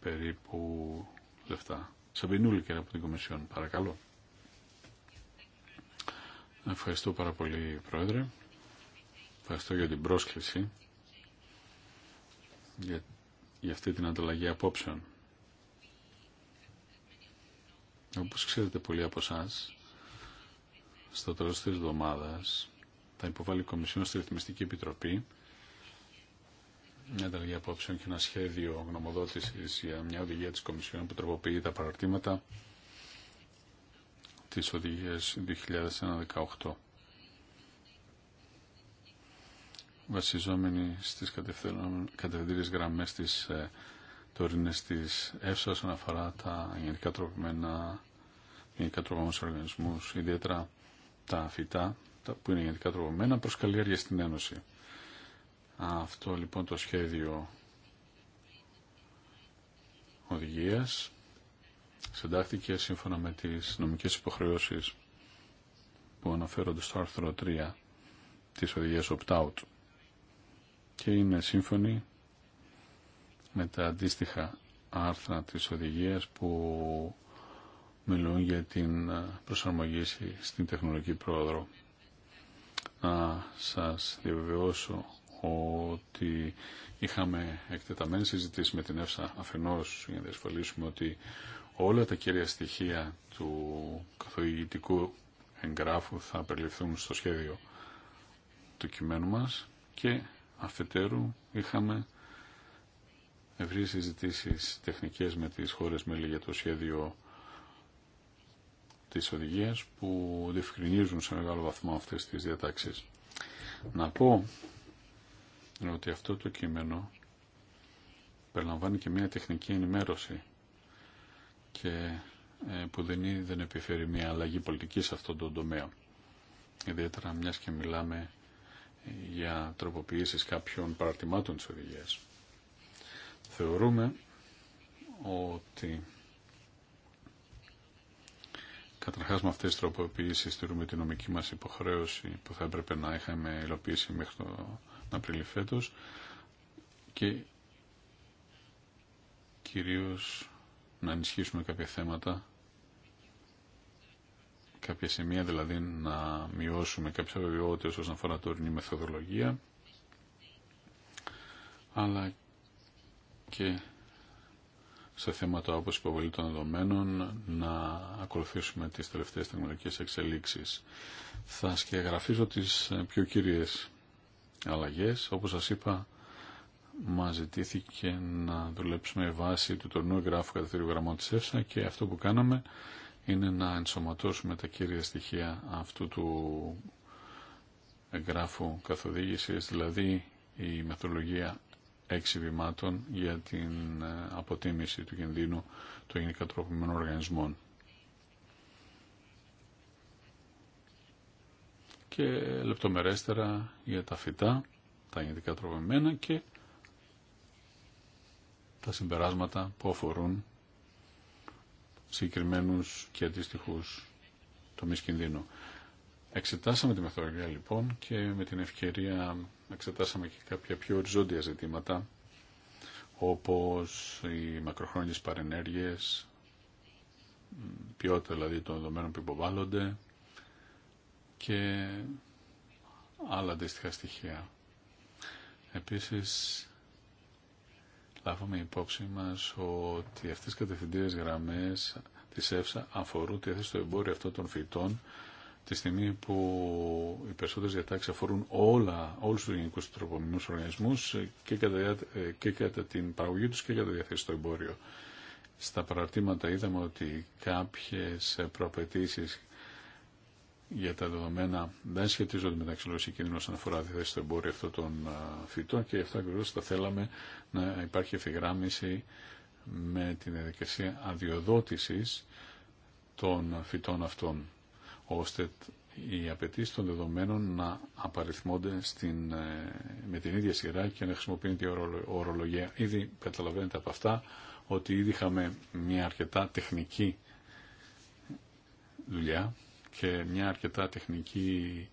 περίπου λεφτά. Σαμπινούλη και από την Κομισιόν, παρακαλώ. Ευχαριστώ πάρα πολύ, Πρόεδρε. Ευχαριστώ για την πρόσκληση για, αυτή την ανταλλαγή απόψεων. Όπως ξέρετε πολλοί από εσά, στο τέλος της εβδομάδας θα υποβάλει η Κομισιόν στη Ρυθμιστική Επιτροπή μια ανταλλαγή απόψεων και ένα σχέδιο γνωμοδότησης για μια οδηγία της Κομισιόν που τροποποιεί τα παραρτήματα της οδηγίας 2018. Βασιζόμενοι στις κατευθυντήριες γραμμές της ε, τωρινές της ΕΦΣΑ όσον αφορά τα γενικά τροπημένα γενικά οργανισμούς, ιδιαίτερα τα φυτά τα που είναι γενικά τροπημένα προς καλλιέργεια στην Ένωση. Αυτό λοιπόν το σχέδιο οδηγίας συντάχθηκε σύμφωνα με τις νομικές υποχρεώσεις που αναφέρονται στο άρθρο 3 της οδηγίας opt-out και είναι σύμφωνη με τα αντίστοιχα άρθρα της οδηγίας που μιλούν για την προσαρμογή στην τεχνολογική πρόοδο. Να σας διαβεβαιώσω ότι είχαμε εκτεταμένες συζητήσει με την ΕΦΣΑ αφενός για να διασφαλίσουμε ότι όλα τα κύρια στοιχεία του καθοηγητικού εγγράφου θα περιληφθούν στο σχέδιο του κειμένου μας και αφετέρου είχαμε ευρύ συζητήσει τεχνικές με τις χώρες μέλη για το σχέδιο της οδηγίας που διευκρινίζουν σε μεγάλο βαθμό αυτές τις διατάξεις. Να πω ότι αυτό το κείμενο περιλαμβάνει και μια τεχνική ενημέρωση και ε, που δεν, δεν επιφέρει μια αλλαγή πολιτικής σε αυτόν τον τομέα. Ιδιαίτερα μιας και μιλάμε ε, για τροποποιήσεις κάποιων παρατημάτων της οδηγίας. Θεωρούμε ότι καταρχάς με αυτές τις τροποποιήσεις στηρούμε τη νομική μας υποχρέωση που θα έπρεπε να είχαμε υλοποιήσει μέχρι το Απρίλη και κυρίως να ενισχύσουμε κάποια θέματα κάποια σημεία δηλαδή να μειώσουμε κάποιε αβεβαιότητε όσον αφορά τωρινή μεθοδολογία αλλά και σε θέματα όπως υποβολή των δεδομένων να ακολουθήσουμε τις τελευταίες τεχνολογικές εξελίξεις. Θα σκεγγραφίζω τις πιο κύριες αλλαγές. Όπως σας είπα, μα ζητήθηκε να δουλέψουμε βάση του τωρινού εγγράφου τη γραμμών της ΕΦΣΑ και αυτό που κάναμε είναι να ενσωματώσουμε τα κύρια στοιχεία αυτού του εγγράφου καθοδήγησης, δηλαδή η μεθολογία έξι βημάτων για την ε, αποτίμηση του κινδύνου των γενικά οργανισμών. και λεπτομερέστερα για τα φυτά, τα γενικά τροπεμένα και τα συμπεράσματα που αφορούν συγκεκριμένου και αντίστοιχους τομεί κινδύνου. Εξετάσαμε τη μεθοδολογία λοιπόν και με την ευκαιρία εξετάσαμε και κάποια πιο οριζόντια ζητήματα όπως οι μακροχρόνιες παρενέργειες, ποιότητα δηλαδή των δεδομένων που υποβάλλονται, και άλλα αντίστοιχα στοιχεία. Επίσης, λάβαμε υπόψη μας ότι αυτές οι κατευθυντήρες γραμμές της ΕΦΣΑ αφορούν τη θέση στο εμπόριο αυτών των φυτών τη στιγμή που οι περισσότερες διατάξεις αφορούν όλα, όλους τους γενικούς τροπομινούς οργανισμούς και κατά, κατά την παραγωγή τους και κατά τη διαθέση στο εμπόριο. Στα παραρτήματα είδαμε ότι κάποιες προαπαιτήσεις για τα δεδομένα δεν σχετίζονται μεταξύ και κίνδυνο όσον αφορά τη θέση του εμπόριου αυτών των φυτών και γι' αυτό ακριβώ θα θέλαμε να υπάρχει ευθυγράμμιση με την διαδικασία αδειοδότηση των φυτών αυτών, ώστε οι απαιτήσει των δεδομένων να απαριθμώνται στην, ε, με την ίδια σειρά και να χρησιμοποιείται η ορολογία. Ήδη καταλαβαίνετε από αυτά ότι ήδη είχαμε μια αρκετά τεχνική δουλειά και μια αρκετά τεχνική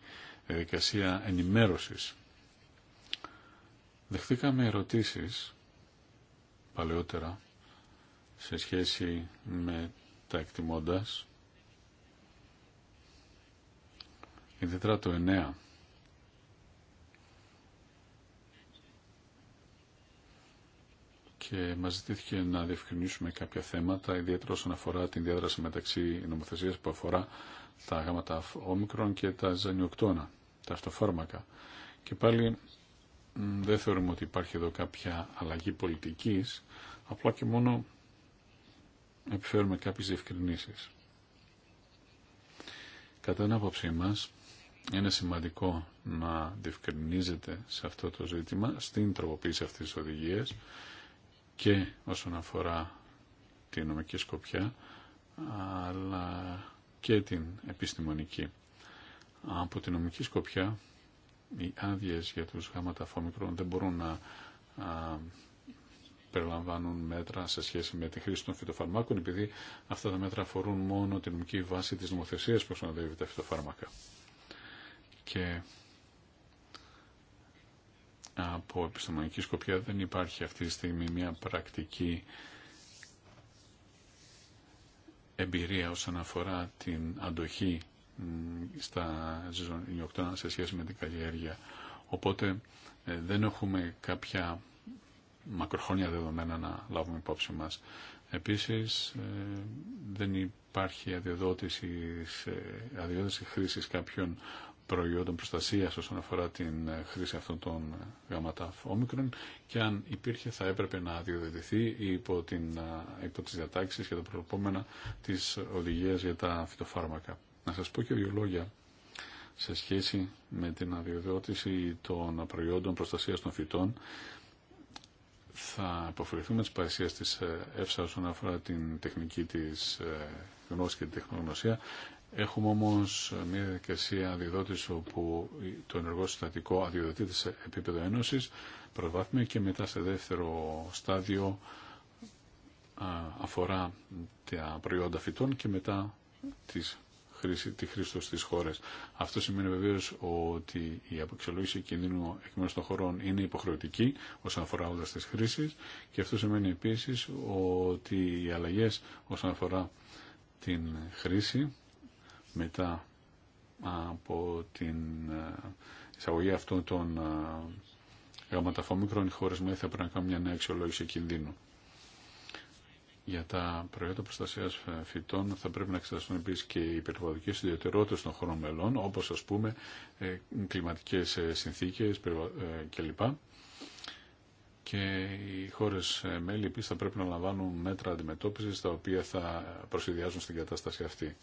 διαδικασία ενημέρωσης. Δεχτήκαμε ερωτήσεις παλαιότερα σε σχέση με τα εκτιμώντας ιδιαίτερα το 9 και μας ζητήθηκε να διευκρινίσουμε κάποια θέματα ιδιαίτερα όσον αφορά την διάδραση μεταξύ νομοθεσίας που αφορά τα γάματα όμικρον και τα ζανιοκτώνα, τα αυτοφάρμακα. Και πάλι δεν θεωρούμε ότι υπάρχει εδώ κάποια αλλαγή πολιτικής, απλά και μόνο επιφέρουμε κάποιες διευκρινήσεις. Κατά την άποψή μας, είναι σημαντικό να διευκρινίζεται σε αυτό το ζήτημα, στην τροποποίηση αυτής της οδηγίας και όσον αφορά τη νομική σκοπιά, αλλά και την επιστημονική. Από την νομική σκοπιά, οι άδειε για τους γάμματα φωμικρών δεν μπορούν να περιλαμβάνουν μέτρα σε σχέση με τη χρήση των φυτοφαρμάκων, επειδή αυτά τα μέτρα αφορούν μόνο την νομική βάση της νομοθεσίας που συνοδεύει τα φυτοφάρμακα. Και από επιστημονική σκοπιά δεν υπάρχει αυτή τη στιγμή μια πρακτική εμπειρία όσον αφορά την αντοχή στα ζωνιοκτώνα σε σχέση με την καλλιέργεια. Οπότε ε, δεν έχουμε κάποια μακροχρόνια δεδομένα να λάβουμε υπόψη μας. Επίσης ε, δεν υπάρχει αδειοδότηση, αδειοδότηση χρήσης κάποιων προϊόντων προστασία όσον αφορά την ε, χρήση αυτών των ε, γαμματάφ όμικρον και αν υπήρχε θα έπρεπε να διοδετηθεί υπό, την, ε, υπό τις διατάξεις και τα προπόμενα της οδηγίας για τα φυτοφάρμακα. Να σας πω και δύο λόγια σε σχέση με την αδειοδότηση των προϊόντων προστασίας των φυτών θα αποφεληθούμε τις της ΕΦΣΑ όσον αφορά την τεχνική της γνώση και την τεχνογνωσία Έχουμε όμως μια διαδικασία αδειοδότηση όπου το ενεργό συστατικό αδειοδοτείται σε επίπεδο ένωσης, προβάθμια και μετά σε δεύτερο στάδιο αφορά τα προϊόντα φυτών και μετά τις χρήση, τη χρήση του στις χώρες. Αυτό σημαίνει βεβαίως ότι η αποξελόγηση κινδύνου εκ μέρους των χωρών είναι υποχρεωτική όσον αφορά όλες τις χρήσεις και αυτό σημαίνει επίσης ότι οι αλλαγές όσον αφορά την χρήση μετά από την ε, εισαγωγή αυτών των ε, γαμματαφόμικρων οι χώρες μέλη θα πρέπει να κάνουν μια νέα αξιολόγηση κινδύνου. Για τα προϊόντα προστασία ε, φυτών θα πρέπει να εξεταστούν επίση και οι περιβαλλοντικέ ιδιαιτερότητε των χωρών μελών, όπω α πούμε κλιματικέ συνθήκε κλπ. Και οι χώρε μέλη επίση θα πρέπει να λαμβάνουν μέτρα αντιμετώπιση τα οποία θα προσυδειάζουν στην κατάσταση αυτή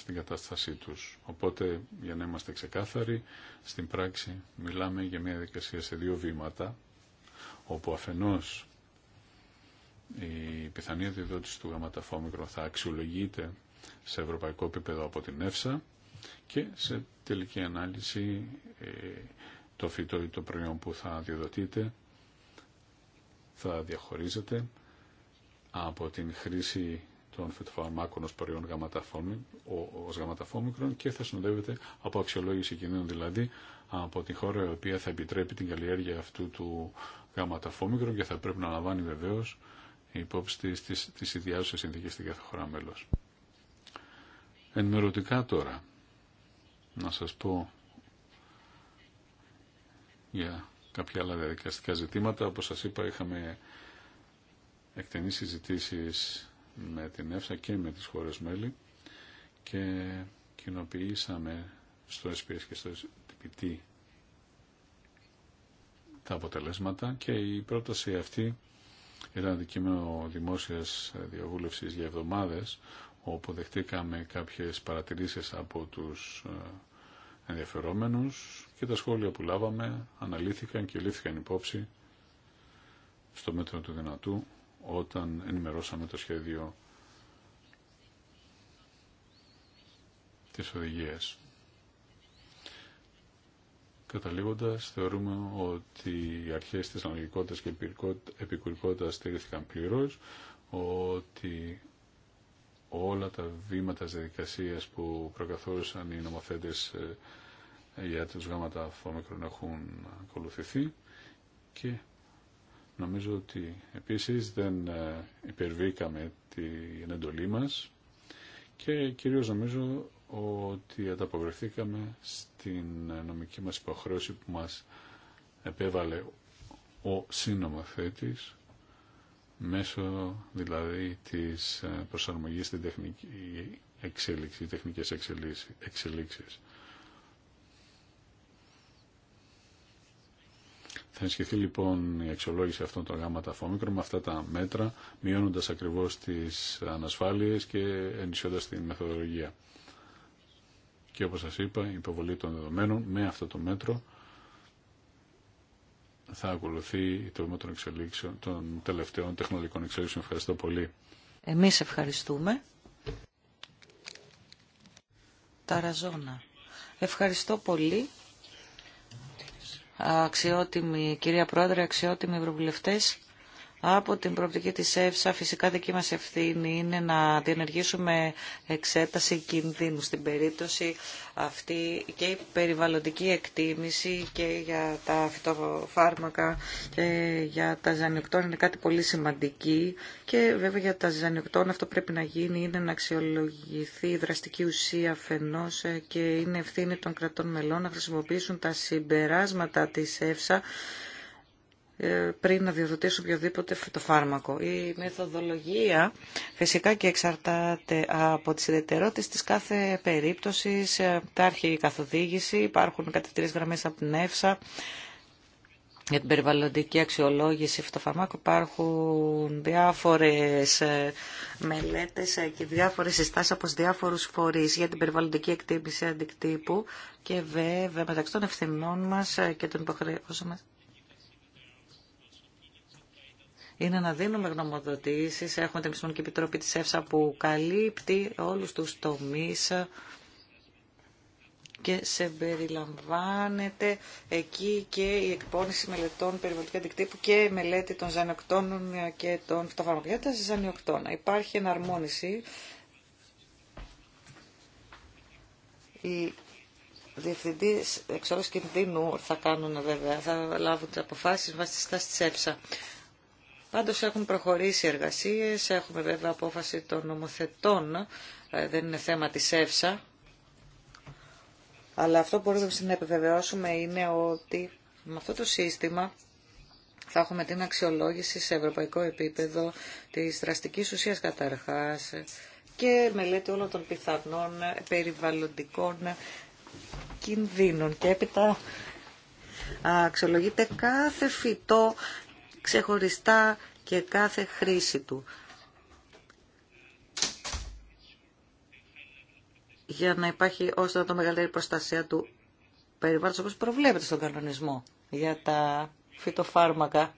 στην κατάστασή τους. Οπότε, για να είμαστε ξεκάθαροι, στην πράξη μιλάμε για μια διαδικασία σε δύο βήματα, όπου αφενός η πιθανή αντιδότηση του γαματαφόμικρου θα αξιολογείται σε ευρωπαϊκό επίπεδο από την ΕΦΣΑ και σε τελική ανάλυση ε, το φυτό ή το προϊόν που θα διδοτείτε θα διαχωρίζεται από την χρήση των φυτοφαρμάκων ω προϊόν ως γαματαφόμικρον και θα συνοδεύεται από αξιολόγηση κινδύνων, δηλαδή από την χώρα η οποία θα επιτρέπει την καλλιέργεια αυτού του γαματαφόμικρον και θα πρέπει να λαμβάνει βεβαίως υπόψη τη τι της συνθήκε στην κάθε χώρα μέλο. Ενημερωτικά τώρα, να σα πω για κάποια άλλα διαδικαστικά ζητήματα. Όπως σας είπα, είχαμε εκτενείς συζητήσεις με την ΕΦΣΑ και με τις χώρες μέλη και κοινοποιήσαμε στο SPS και στο TPT τα αποτελέσματα και η πρόταση αυτή ήταν αντικείμενο δημόσιας διαβούλευσης για εβδομάδες όπου δεχτήκαμε κάποιες παρατηρήσεις από τους ε, ενδιαφερόμενους και τα σχόλια που λάβαμε αναλύθηκαν και λήφθηκαν υπόψη στο μέτρο του δυνατού όταν ενημερώσαμε το σχέδιο της οδηγίας. Καταλήγοντας, θεωρούμε ότι οι αρχές της αναλογικότητας και επικουρικότητας στήριχθηκαν πλήρως, ότι όλα τα βήματα της διαδικασίας που προκαθόρισαν οι νομοθέτες ε, για τους γάμματα φωμικρών έχουν ακολουθηθεί και Νομίζω ότι επίσης δεν ε, υπερβήκαμε την εντολή μας και κυρίως νομίζω ότι ανταποκριθήκαμε στην ε, νομική μας υποχρέωση που μας επέβαλε ο σύνομαθέτης μέσω δηλαδή της ε, προσαρμογής στην τεχνική εξέλιξη, τεχνικές εξελίξεις. Θα ενισχυθεί λοιπόν η αξιολόγηση αυτών των γάμματα φόμικρων με αυτά τα μέτρα, μειώνοντας ακριβώς τις ανασφάλειες και ενισχύοντας τη μεθοδολογία. Και όπως σας είπα, η υποβολή των δεδομένων με αυτό το μέτρο θα ακολουθεί το βήμα των, των τελευταίων τεχνολογικών εξελίξεων. Ευχαριστώ πολύ. Εμείς ευχαριστούμε. Ταραζόνα. Ευχαριστώ πολύ αξιότιμη κυρία Πρόεδρε, αξιότιμοι ευρωβουλευτές. Από την προοπτική της ΕΦΣΑ φυσικά δική μας ευθύνη είναι να διενεργήσουμε εξέταση κινδύνου στην περίπτωση αυτή και η περιβαλλοντική εκτίμηση και για τα φυτοφάρμακα και για τα ζανιοκτώνα είναι κάτι πολύ σημαντική και βέβαια για τα ζανιοκτώνα αυτό πρέπει να γίνει είναι να αξιολογηθεί η δραστική ουσία αφενός και είναι ευθύνη των κρατών μελών να χρησιμοποιήσουν τα συμπεράσματα της ΕΦΣΑ ε, πριν να διοδοτήσουν οποιοδήποτε φυτοφάρμακο. Η μεθοδολογία φυσικά και εξαρτάται από τις ιδιαιτερότητες της κάθε περίπτωσης. Υπάρχει ε, η καθοδήγηση, υπάρχουν κατευθυντήρες γραμμές από την ΕΦΣΑ. Για την περιβαλλοντική αξιολόγηση φυτοφαρμάκου υπάρχουν διάφορες ε, μελέτες και διάφορες συστάσεις από διάφορους φορείς για την περιβαλλοντική εκτίμηση αντικτύπου και βέβαια μεταξύ των ευθυνών μας και των υποχρεώσεων μας είναι να δίνουμε γνωμοδοτήσεις. Έχουμε την Επιστημονική Επιτροπή τη ΕΦΣΑ που καλύπτει όλους τους τομείς και σε περιλαμβάνεται εκεί και η εκπόνηση μελετών περιβαλλοντικού αντικτύπου και η μελέτη των ζανιοκτώνων και των φυτοφαρμακευτών τα ζανιοκτώνα. Υπάρχει εναρμόνιση. Οι διευθυντή εξόρου κινδύνου θα κάνουν βέβαια, θα λάβουν τι αποφάσει βάσει τη τη ΕΦΣΑ. Πάντως έχουν προχωρήσει εργασίες, έχουμε βέβαια απόφαση των νομοθετών, ε, δεν είναι θέμα της ΕΦΣΑ. Αλλά αυτό που μπορούμε να επιβεβαιώσουμε είναι ότι με αυτό το σύστημα θα έχουμε την αξιολόγηση σε ευρωπαϊκό επίπεδο της δραστικής ουσίας καταρχάς και μελέτη όλων των πιθανών περιβαλλοντικών κινδύνων. Και έπειτα αξιολογείται κάθε φυτό ξεχωριστά και κάθε χρήση του. για να υπάρχει ώστε να το μεγαλύτερη προστασία του περιβάλλοντος όπως προβλέπεται στον κανονισμό για τα φυτοφάρμακα.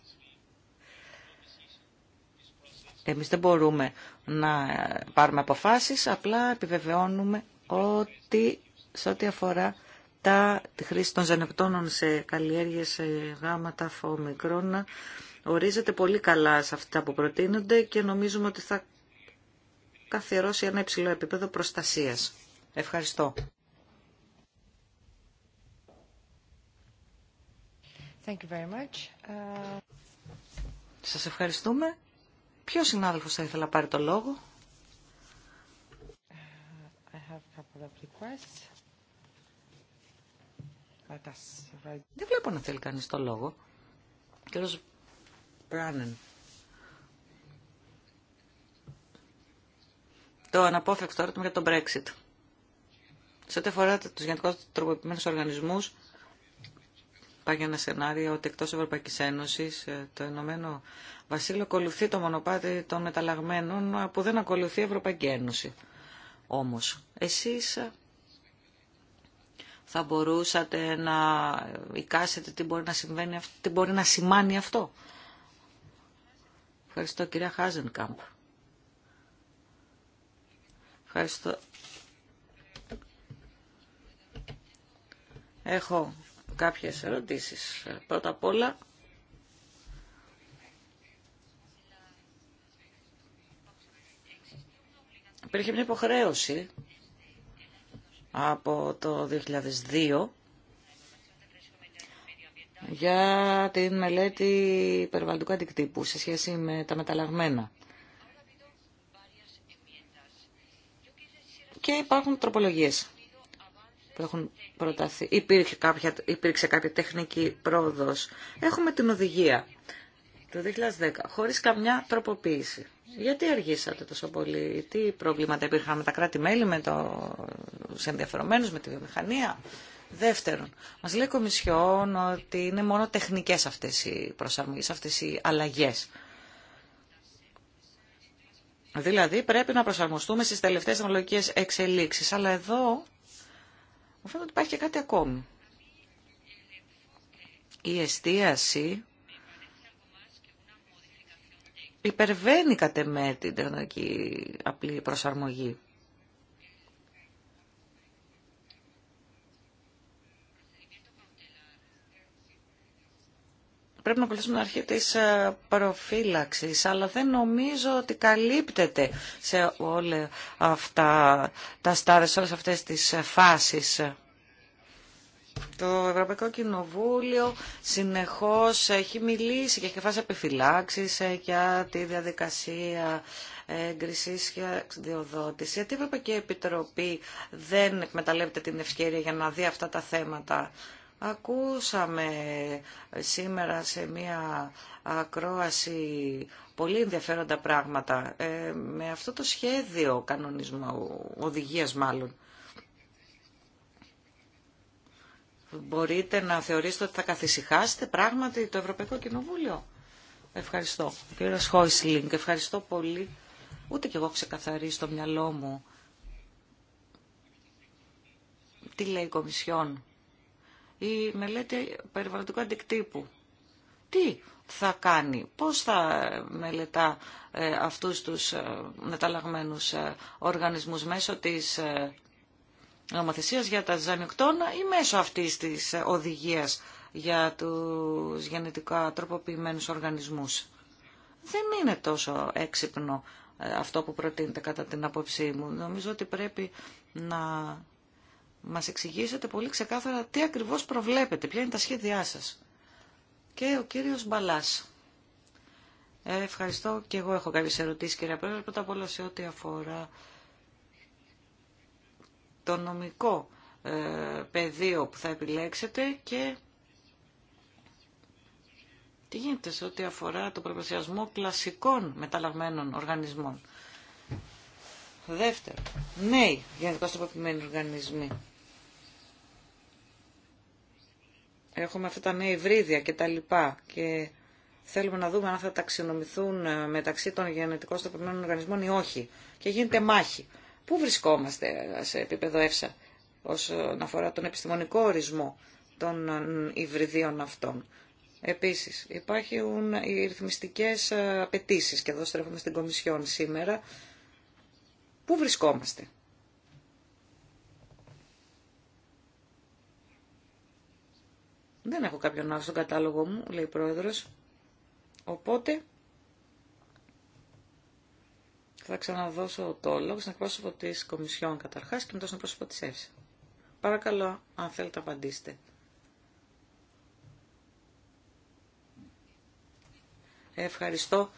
Εμείς δεν μπορούμε να πάρουμε αποφάσεις, απλά επιβεβαιώνουμε ότι σε ό,τι αφορά τα, τη χρήση των ζενεπτώνων σε καλλιέργειες σε γάμματα φωμικρόνα, ορίζεται πολύ καλά σε αυτά που προτείνονται και νομίζουμε ότι θα καθιερώσει ένα υψηλό επίπεδο προστασίας. Ευχαριστώ. Thank you very much. Uh, Σας ευχαριστούμε. Ποιος συνάδελφος θα ήθελα να πάρει το λόγο. Uh, Δεν βλέπω να θέλει κανείς το λόγο. Κύριος το αναπόφευκτο ερώτημα για το Brexit. Σε ό,τι αφορά του γενικώ τροποποιημένου οργανισμού, υπάρχει ένα σενάριο ότι εκτό Ευρωπαϊκή Ένωση ε, το Ηνωμένο Βασίλειο ακολουθεί το μονοπάτι των μεταλλαγμένων ε, που δεν ακολουθεί η Ευρωπαϊκή Ένωση. Όμω, εσεί ε, θα μπορούσατε να εικάσετε τι μπορεί να, συμβαίνει, τι μπορεί να σημάνει αυτό Ευχαριστώ κυρία Χάζενκαμπ. Ευχαριστώ. Έχω κάποιες ερωτήσεις. Πρώτα απ' όλα, υπήρχε μια υποχρέωση από το 2002 για την μελέτη περιβαλλοντικού αντικτύπου σε σχέση με τα μεταλλαγμένα. Και υπάρχουν τροπολογίες που έχουν προταθεί. Υπήρχε, κάποια, υπήρξε κάποια τεχνική πρόοδος. Έχουμε την οδηγία το 2010, χωρίς καμιά τροποποίηση. Γιατί αργήσατε τόσο πολύ, τι προβλήματα υπήρχαν με τα κράτη-μέλη, με τους ενδιαφερομένους, με τη βιομηχανία. Δεύτερον, μας λέει η Κομισιόν ότι είναι μόνο τεχνικές αυτές οι προσαρμογές, αυτές οι αλλαγές. Δηλαδή πρέπει να προσαρμοστούμε στις τελευταίες τεχνολογικέ εξελίξεις. Αλλά εδώ μου φαίνεται ότι υπάρχει και κάτι ακόμη. Η εστίαση υπερβαίνει κατ' την τεχνολογική απλή προσαρμογή. πρέπει να ακολουθήσουμε την αρχή της ε, προφύλαξης, αλλά δεν νομίζω ότι καλύπτεται σε όλα αυτά τα στάδια, σε όλες αυτές τις ε, φάσεις. Το Ευρωπαϊκό Κοινοβούλιο συνεχώς έχει μιλήσει και έχει φάσει επιφυλάξεις ε, για τη διαδικασία έγκριση και διοδότηση. Γιατί η Ευρωπαϊκή Επιτροπή δεν εκμεταλλεύεται την ευκαιρία για να δει αυτά τα θέματα Ακούσαμε σήμερα σε μία ακρόαση πολύ ενδιαφέροντα πράγματα ε, με αυτό το σχέδιο κανονισμού, οδηγίας μάλλον. Μπορείτε να θεωρήσετε ότι θα καθησυχάσετε πράγματι το Ευρωπαϊκό Κοινοβούλιο. Ευχαριστώ. Κύριε Χόισλινγκ, ευχαριστώ πολύ. Ούτε κι εγώ ξεκαθαρίσω το μυαλό μου τι λέει η Κομισιόν η μελέτη περιβαλλοντικού αντικτύπου. Τι θα κάνει, πώς θα μελετά ε, αυτούς τους ε, μεταλλαγμένους ε, οργανισμούς μέσω της νομοθεσίας για τα ζανιοκτώνα ή μέσω αυτής της οδηγίας για τους γενετικά τροποποιημένους οργανισμούς. Δεν είναι τόσο έξυπνο αυτό που προτείνεται κατά την απόψή μου. Νομίζω ότι πρέπει να μας εξηγήσετε πολύ ξεκάθαρα τι ακριβώς προβλέπετε, ποια είναι τα σχέδιά σας. Και ο κύριος Μπαλάς. Ε, ευχαριστώ και εγώ έχω κάποιες ερωτήσεις κύριε Πρόεδρε, πρώτα απ' όλα σε ό,τι αφορά το νομικό ε, πεδίο που θα επιλέξετε και τι γίνεται σε ό,τι αφορά το προπλασιασμό κλασικών μεταλλαγμένων οργανισμών. Δεύτερο, νέοι γενικώ τοποποιημένοι οργανισμοί. έχουμε αυτά τα νέα υβρίδια και τα λοιπά και θέλουμε να δούμε αν θα ταξινομηθούν ε, μεταξύ των γενετικών στοπημένων οργανισμών ή όχι. Και γίνεται μάχη. Πού βρισκόμαστε ε, σε επίπεδο ΕΦΣΑ όσον ε, αφορά τον επιστημονικό ορισμό των υβριδίων αυτών. Επίσης, υπάρχουν οι ρυθμιστικές απαιτήσει και εδώ στρέφουμε στην Κομισιόν σήμερα. Πού βρισκόμαστε Δεν έχω κάποιον άλλο στον κατάλογο μου, λέει ο πρόεδρος. Οπότε θα ξαναδώσω το λόγο στον εκπρόσωπο της Κομισιόν καταρχάς και μετά στον πρόσωπο της ΕΦΣΑ. Παρακαλώ, αν θέλετε, απαντήστε. Ευχαριστώ.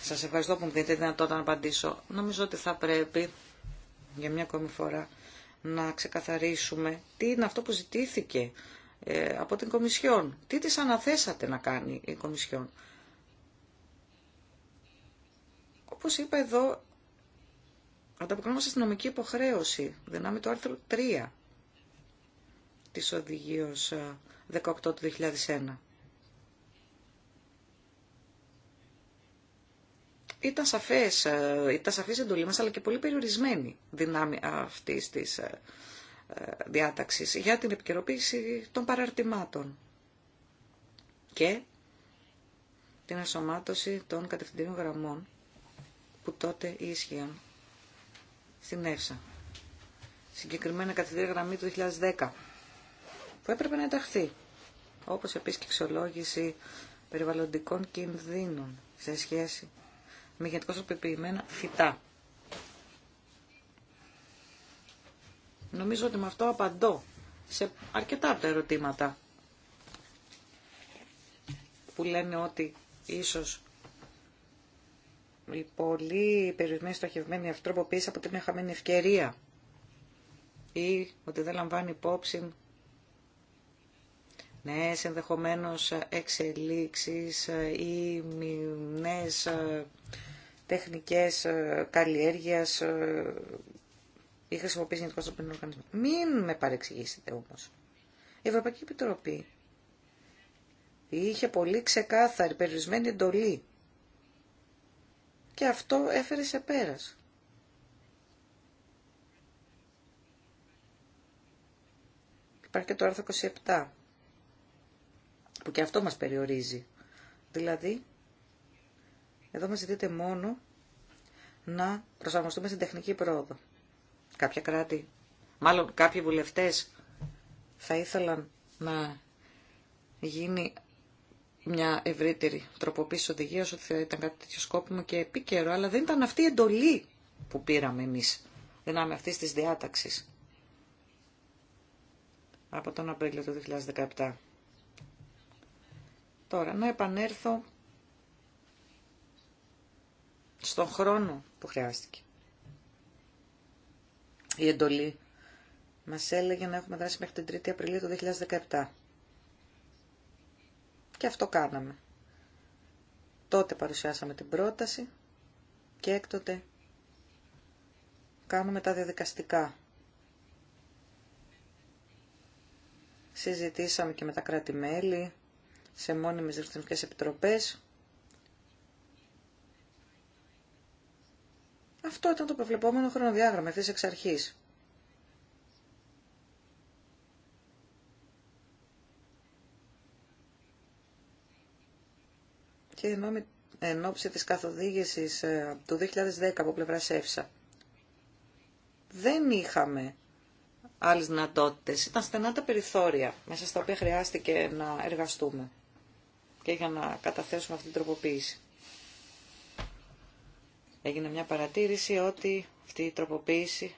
Σας ευχαριστώ που μου δίνετε δυνατότητα να απαντήσω. Νομίζω ότι θα πρέπει για μια ακόμη φορά να ξεκαθαρίσουμε τι είναι αυτό που ζητήθηκε ε, από την Κομισιόν. Τι της αναθέσατε να κάνει η Κομισιόν. Όπως είπα εδώ, ανταποκρινόμαστε στην νομική υποχρέωση, δυνάμει το άρθρο 3 της οδηγίας 18 ε, του 2001. Ήταν σαφές, ε, ήταν σαφής εντολή μας, αλλά και πολύ περιορισμένη δυνάμη αυτής της ε, ε, διάταξης για την επικαιροποίηση των παραρτημάτων και την ενσωμάτωση των κατευθυντήριων γραμμών που τότε ίσχυαν στην ΕΦΣΑ. Συγκεκριμένα κατευθυντήρια γραμμή του 2010 που έπρεπε να ενταχθεί όπως επίσης και εξολόγηση περιβαλλοντικών κινδύνων σε σχέση με γενικώ αποποιημένα φυτά. Νομίζω ότι με αυτό απαντώ σε αρκετά από τα ερωτήματα που λένε ότι ίσως η πολύ περιορισμένη στοχευμένη αυτοτροποποίηση από αποτελεί μια χαμένη ευκαιρία ή ότι δεν λαμβάνει υπόψη νέες ενδεχομένως εξελίξεις ή νέες ε, τεχνικές ε, καλλιέργειας ε, ή χρησιμοποιήσει γενικώς των ποινών οργανισμό. Μην με παρεξηγήσετε όμως. Η Ευρωπαϊκή Επιτροπή είχε πολύ ξεκάθαρη περιορισμένη εντολή και αυτό έφερε σε πέρας. Υπάρχει και το άρθρο 27 που και αυτό μας περιορίζει. Δηλαδή, εδώ μας ζητείτε μόνο να προσαρμοστούμε στην τεχνική πρόοδο. Κάποια κράτη, μάλλον κάποιοι βουλευτές θα ήθελαν να γίνει μια ευρύτερη τροποποίηση οδηγία ότι θα ήταν κάτι τέτοιο σκόπιμο και επίκαιρο, αλλά δεν ήταν αυτή η εντολή που πήραμε εμείς, δυνάμει αυτή τη διάταξη. από τον Απρίλιο του 2017. Τώρα, να επανέλθω στον χρόνο που χρειάστηκε. Η εντολή μας έλεγε να έχουμε δράσει μέχρι την 3η Απριλίου του 2017. Και αυτό κάναμε. Τότε παρουσιάσαμε την πρόταση και έκτοτε κάνουμε τα διαδικαστικά. Συζητήσαμε και με τα κράτη-μέλη σε μόνιμες διευθυντικές επιτροπές. Αυτό ήταν το προβλεπόμενο χρονοδιάγραμμα ευθύς εξ αρχής. Και εν ώψη της καθοδήγησης ε, του 2010 από πλευρά ΕΦΣΑ, δεν είχαμε άλλες δυνατότητε. Ήταν στενά τα περιθώρια μέσα στα οποία χρειάστηκε να εργαστούμε και για να καταθέσουμε αυτή την τροποποίηση. Έγινε μια παρατήρηση ότι αυτή η τροποποίηση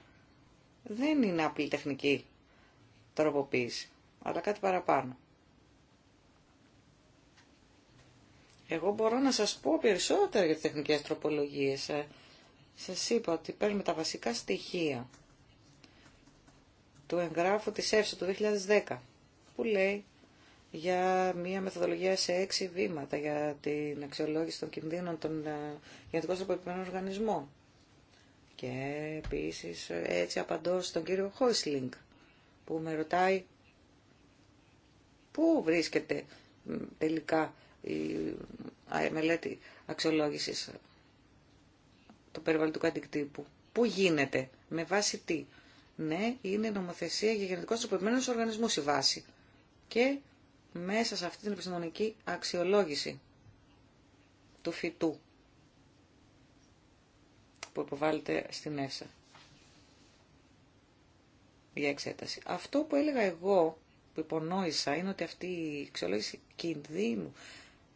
δεν είναι απλή τεχνική τροποποίηση, αλλά κάτι παραπάνω. Εγώ μπορώ να σας πω περισσότερα για τις τεχνικές τροπολογίες. Ε, σας είπα ότι παίρνουμε τα βασικά στοιχεία του εγγράφου της ΕΦΣΑ του 2010, που λέει για μια μεθοδολογία σε έξι βήματα για την αξιολόγηση των κινδύνων των ε, γενετικών στροποποιημένων οργανισμών. Και επίσης ε, έτσι απαντώ στον κύριο Χόισλινγκ που με ρωτάει πού βρίσκεται τελικά η μελέτη αξιολόγησης του περιβαλλοντικού αντικτύπου. Πού γίνεται, με βάση τι. Ναι, είναι νομοθεσία για γενετικώς τροποποιημένους οργανισμούς η βάση. Και μέσα σε αυτή την επιστημονική αξιολόγηση του φυτού που υποβάλλεται στην ΕΦΣΑ για εξέταση. Αυτό που έλεγα εγώ, που υπονόησα, είναι ότι αυτή η αξιολόγηση κινδύνου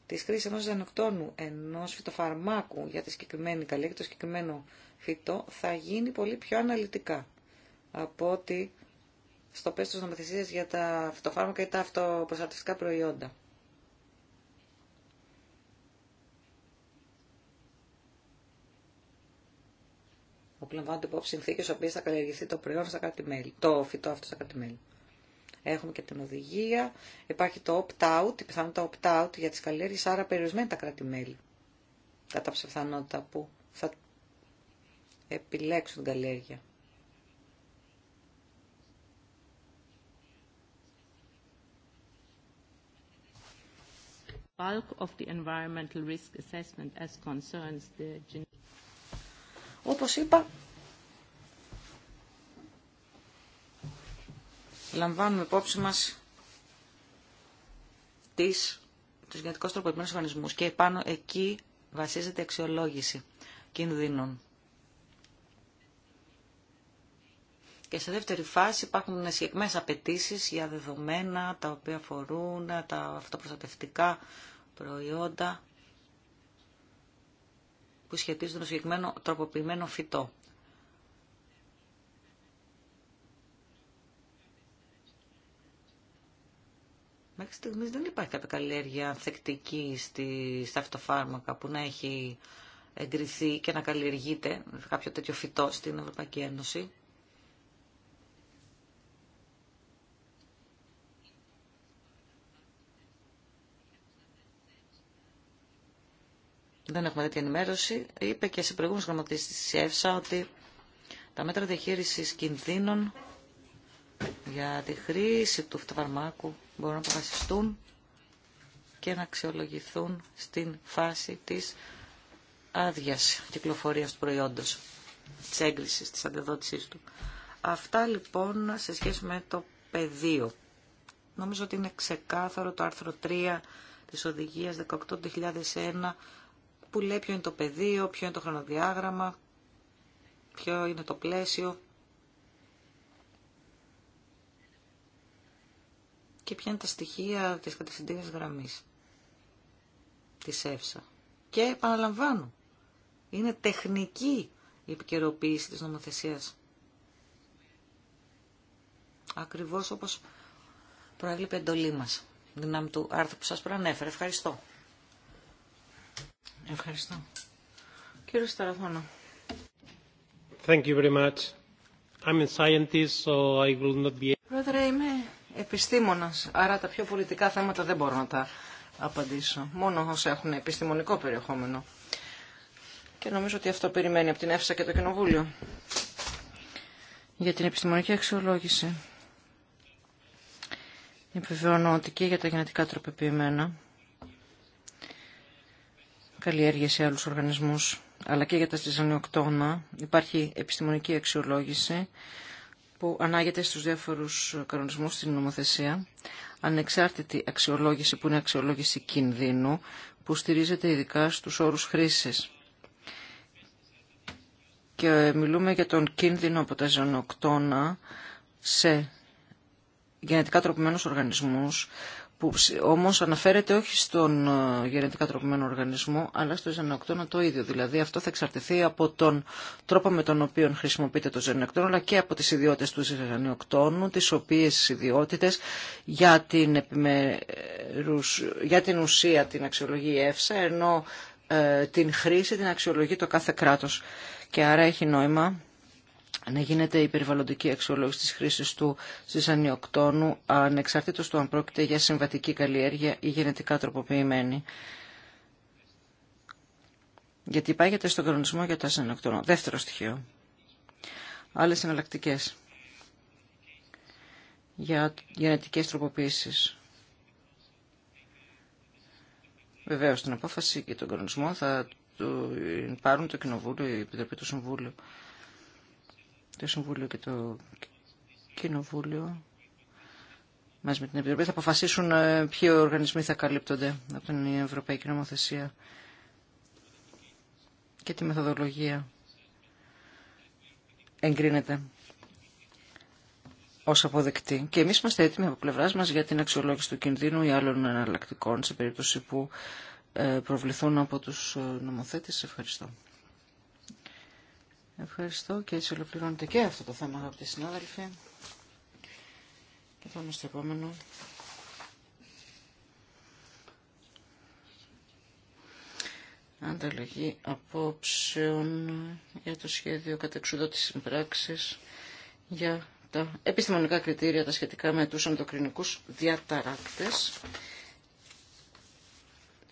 της χρήσης ενός ζανοκτώνου, ενός φυτοφαρμάκου για τη συγκεκριμένη καλλιέργεια, το συγκεκριμένο φυτό, θα γίνει πολύ πιο αναλυτικά από ότι στο πέστος νομοθεσίας για τα φυτοφάρμακα ή τα αυτοπροστατευτικά προϊόντα. όπου λαμβάνονται υπόψη συνθήκε στι οποίε θα καλλιεργηθεί το προϊόν στα μελη το φυτό αυτό στα κράτη-μέλη. Έχουμε και την οδηγία, υπάρχει το opt-out, η πιθανότητα opt-out για τι καλλιέργειε, άρα περιορισμένα τα κράτη-μέλη. Κατά ψευθανότητα που θα επιλέξουν την καλλιέργεια. bulk of the environmental risk assessment as concerns the Όπως είπα, λαμβάνουμε υπόψη μας τις, τους γενετικούς τροποποιημένους οργανισμούς και επάνω εκεί βασίζεται η αξιολόγηση κινδύνων. Και σε δεύτερη φάση υπάρχουν συγκεκριμένε απαιτήσει για δεδομένα τα οποία αφορούν τα αυτοπροστατευτικά προϊόντα που σχετίζονται με συγκεκριμένο τροποποιημένο φυτό. Μέχρι στιγμής δεν υπάρχει κάποια καλλιέργεια ανθεκτική στη, στα αυτοφάρμακα που να έχει εγκριθεί και να καλλιεργείται κάποιο τέτοιο φυτό στην Ευρωπαϊκή Ένωση. δεν έχουμε τέτοια ενημέρωση. Είπε και σε προηγούμενους γραμματείς της ΕΦΣΑ ότι τα μέτρα διαχείριση κινδύνων για τη χρήση του φτωφαρμάκου μπορούν να αποφασιστούν και να αξιολογηθούν στην φάση της άδεια κυκλοφορίας του προϊόντος, της έγκρισης, της αντιδότησής του. Αυτά λοιπόν σε σχέση με το πεδίο. Νομίζω ότι είναι ξεκάθαρο το άρθρο 3 της Οδηγίας 18.001 που λέει ποιο είναι το πεδίο, ποιο είναι το χρονοδιάγραμμα, ποιο είναι το πλαίσιο και ποια είναι τα στοιχεία της κατευθυντήριας γραμμής της ΕΦΣΑ. Και επαναλαμβάνω, είναι τεχνική η επικαιροποίηση της νομοθεσίας. Ακριβώς όπως προέβλεπε εντολή μας, δυνάμει του άρθρου που σας προανέφερα. Ευχαριστώ. Ευχαριστώ. Κύριε Σταραθώνα. Thank you very much. I'm a scientist, so I will not be... Πρόεδρε, είμαι επιστήμονας, άρα τα πιο πολιτικά θέματα δεν μπορώ να τα απαντήσω. Μόνο όσα έχουν επιστημονικό περιεχόμενο. Και νομίζω ότι αυτό περιμένει από την ΕΦΣΑ και το Κοινοβούλιο. Για την επιστημονική αξιολόγηση. Επιβεβαιώνω ότι και για τα γενετικά τροπεποιημένα καλλιέργεια σε άλλους οργανισμούς, αλλά και για τα στιζανιοκτώνα. Υπάρχει επιστημονική αξιολόγηση που ανάγεται στους διάφορους κανονισμούς στην νομοθεσία, ανεξάρτητη αξιολόγηση που είναι αξιολόγηση κινδύνου, που στηρίζεται ειδικά στους όρους χρήσης. Και ε, μιλούμε για τον κίνδυνο από τα ζωνοκτώνα σε γενετικά τροπημένους οργανισμούς, που όμως αναφέρεται όχι στον ε, γενετικά τροπημένο οργανισμό, αλλά στο ζενεοκτόνο το ίδιο. Δηλαδή αυτό θα εξαρτηθεί από τον τρόπο με τον οποίο χρησιμοποιείται το ζενεοκτόνο, αλλά και από τις ιδιότητες του ζενεοκτόνου, τις οποίες ιδιότητες για την, επιμερούς, για την ουσία την αξιολογεί η ΕΦΣΑ, ενώ ε, την χρήση την αξιολογεί το κάθε κράτος. Και άρα έχει νόημα να γίνεται η περιβαλλοντική αξιολόγηση της χρήσης του ζυζανιοκτώνου ανεξαρτήτως του αν πρόκειται για συμβατική καλλιέργεια ή γενετικά τροποποιημένη. Γιατί υπάγεται στον κανονισμό για τα ζυζανιοκτώνα. Δεύτερο στοιχείο. Άλλες εναλλακτικέ για γενετικές τροποποίησεις. Βεβαίως την απόφαση και τον κανονισμό θα του πάρουν το Κοινοβούλιο, η Επιτροπή του Συμβούλου το Συμβούλιο και το Κοινοβούλιο μαζί με την Επιτροπή θα αποφασίσουν ε, ποιοι οργανισμοί θα καλύπτονται από την Ευρωπαϊκή Νομοθεσία και τη μεθοδολογία εγκρίνεται ως αποδεκτή. Και εμείς είμαστε έτοιμοι από πλευράς μας για την αξιολόγηση του κινδύνου ή άλλων εναλλακτικών σε περίπτωση που ε, προβληθούν από τους ε, νομοθέτες. Ευχαριστώ. Ευχαριστώ και έτσι ολοκληρώνεται και αυτό το θέμα αγαπητοί συνάδελφοι. Και πάμε στο επόμενο. Ανταλλαγή απόψεων για το σχέδιο κατεξουδότησης συμπράξης για τα επιστημονικά κριτήρια τα σχετικά με τους αντοκρινικού διαταράκτες.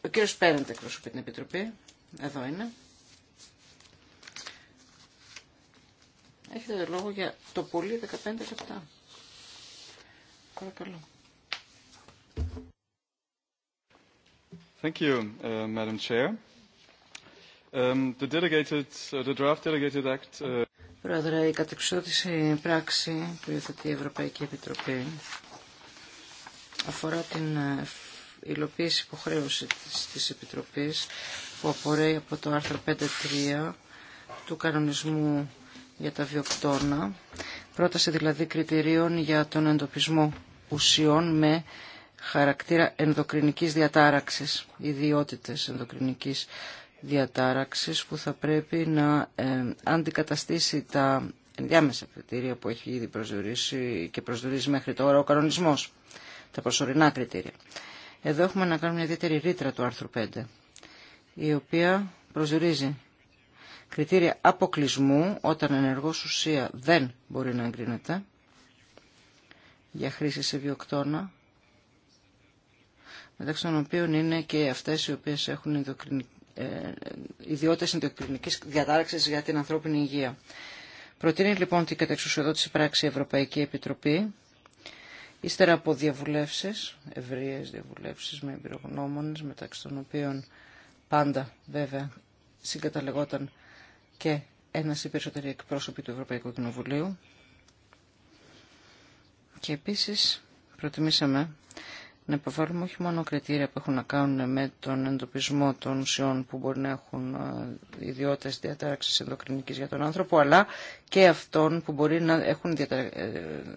Ο κύριος Πέραντε εκπροσωπεί την Επιτροπή. Εδώ είναι. Έχετε λόγο για το πολύ 15 λεπτά. Παρακαλώ. Thank you, uh, Madam Chair. Um, uh, the, draft delegated act. Uh... Πρόεδρε, η κατεξότηση πράξη που υιοθετεί η Ευρωπαϊκή Επιτροπή αφορά την ε, υλοποίηση υποχρέωση της, της Επιτροπής που απορρέει από το άρθρο 5.3 του κανονισμού για τα βιοκτώνα, πρόταση δηλαδή κριτηρίων για τον εντοπισμό ουσιών με χαρακτήρα ενδοκρινικής διατάραξης, ιδιότητες ενδοκρινικής διατάραξης που θα πρέπει να ε, αντικαταστήσει τα ενδιάμεσα κριτήρια που έχει ήδη προσδιορίσει και προσδιορίζει μέχρι τώρα ο κανονισμός, τα προσωρινά κριτήρια. Εδώ έχουμε να κάνουμε μια ιδιαίτερη ρήτρα του άρθρου 5, η οποία προσδιορίζει κριτήρια αποκλεισμού όταν ενεργός ουσία δεν μπορεί να εγκρίνεται για χρήση σε βιοκτώνα, μεταξύ των οποίων είναι και αυτές οι οποίες έχουν ε, ιδιότητες ενδοκρινικής διατάραξης για την ανθρώπινη υγεία. Προτείνει λοιπόν την κατεξουσιοδότηση πράξη Ευρωπαϊκή Επιτροπή, ύστερα από διαβουλεύσεις, ευρείες διαβουλεύσεις με εμπειρογνώμονες, μεταξύ των οποίων πάντα βέβαια συγκαταλεγόταν και ένας ή περισσότεροι εκπρόσωποι του Ευρωπαϊκού Κοινοβουλίου. Και επίσης προτιμήσαμε να υποβάλουμε όχι μόνο κριτήρια που έχουν να κάνουν με τον εντοπισμό των ουσιών που μπορεί να έχουν ε, ιδιότητες διατάραξης ενδοκρινικής για τον άνθρωπο, αλλά και αυτών που μπορεί να έχουν ε,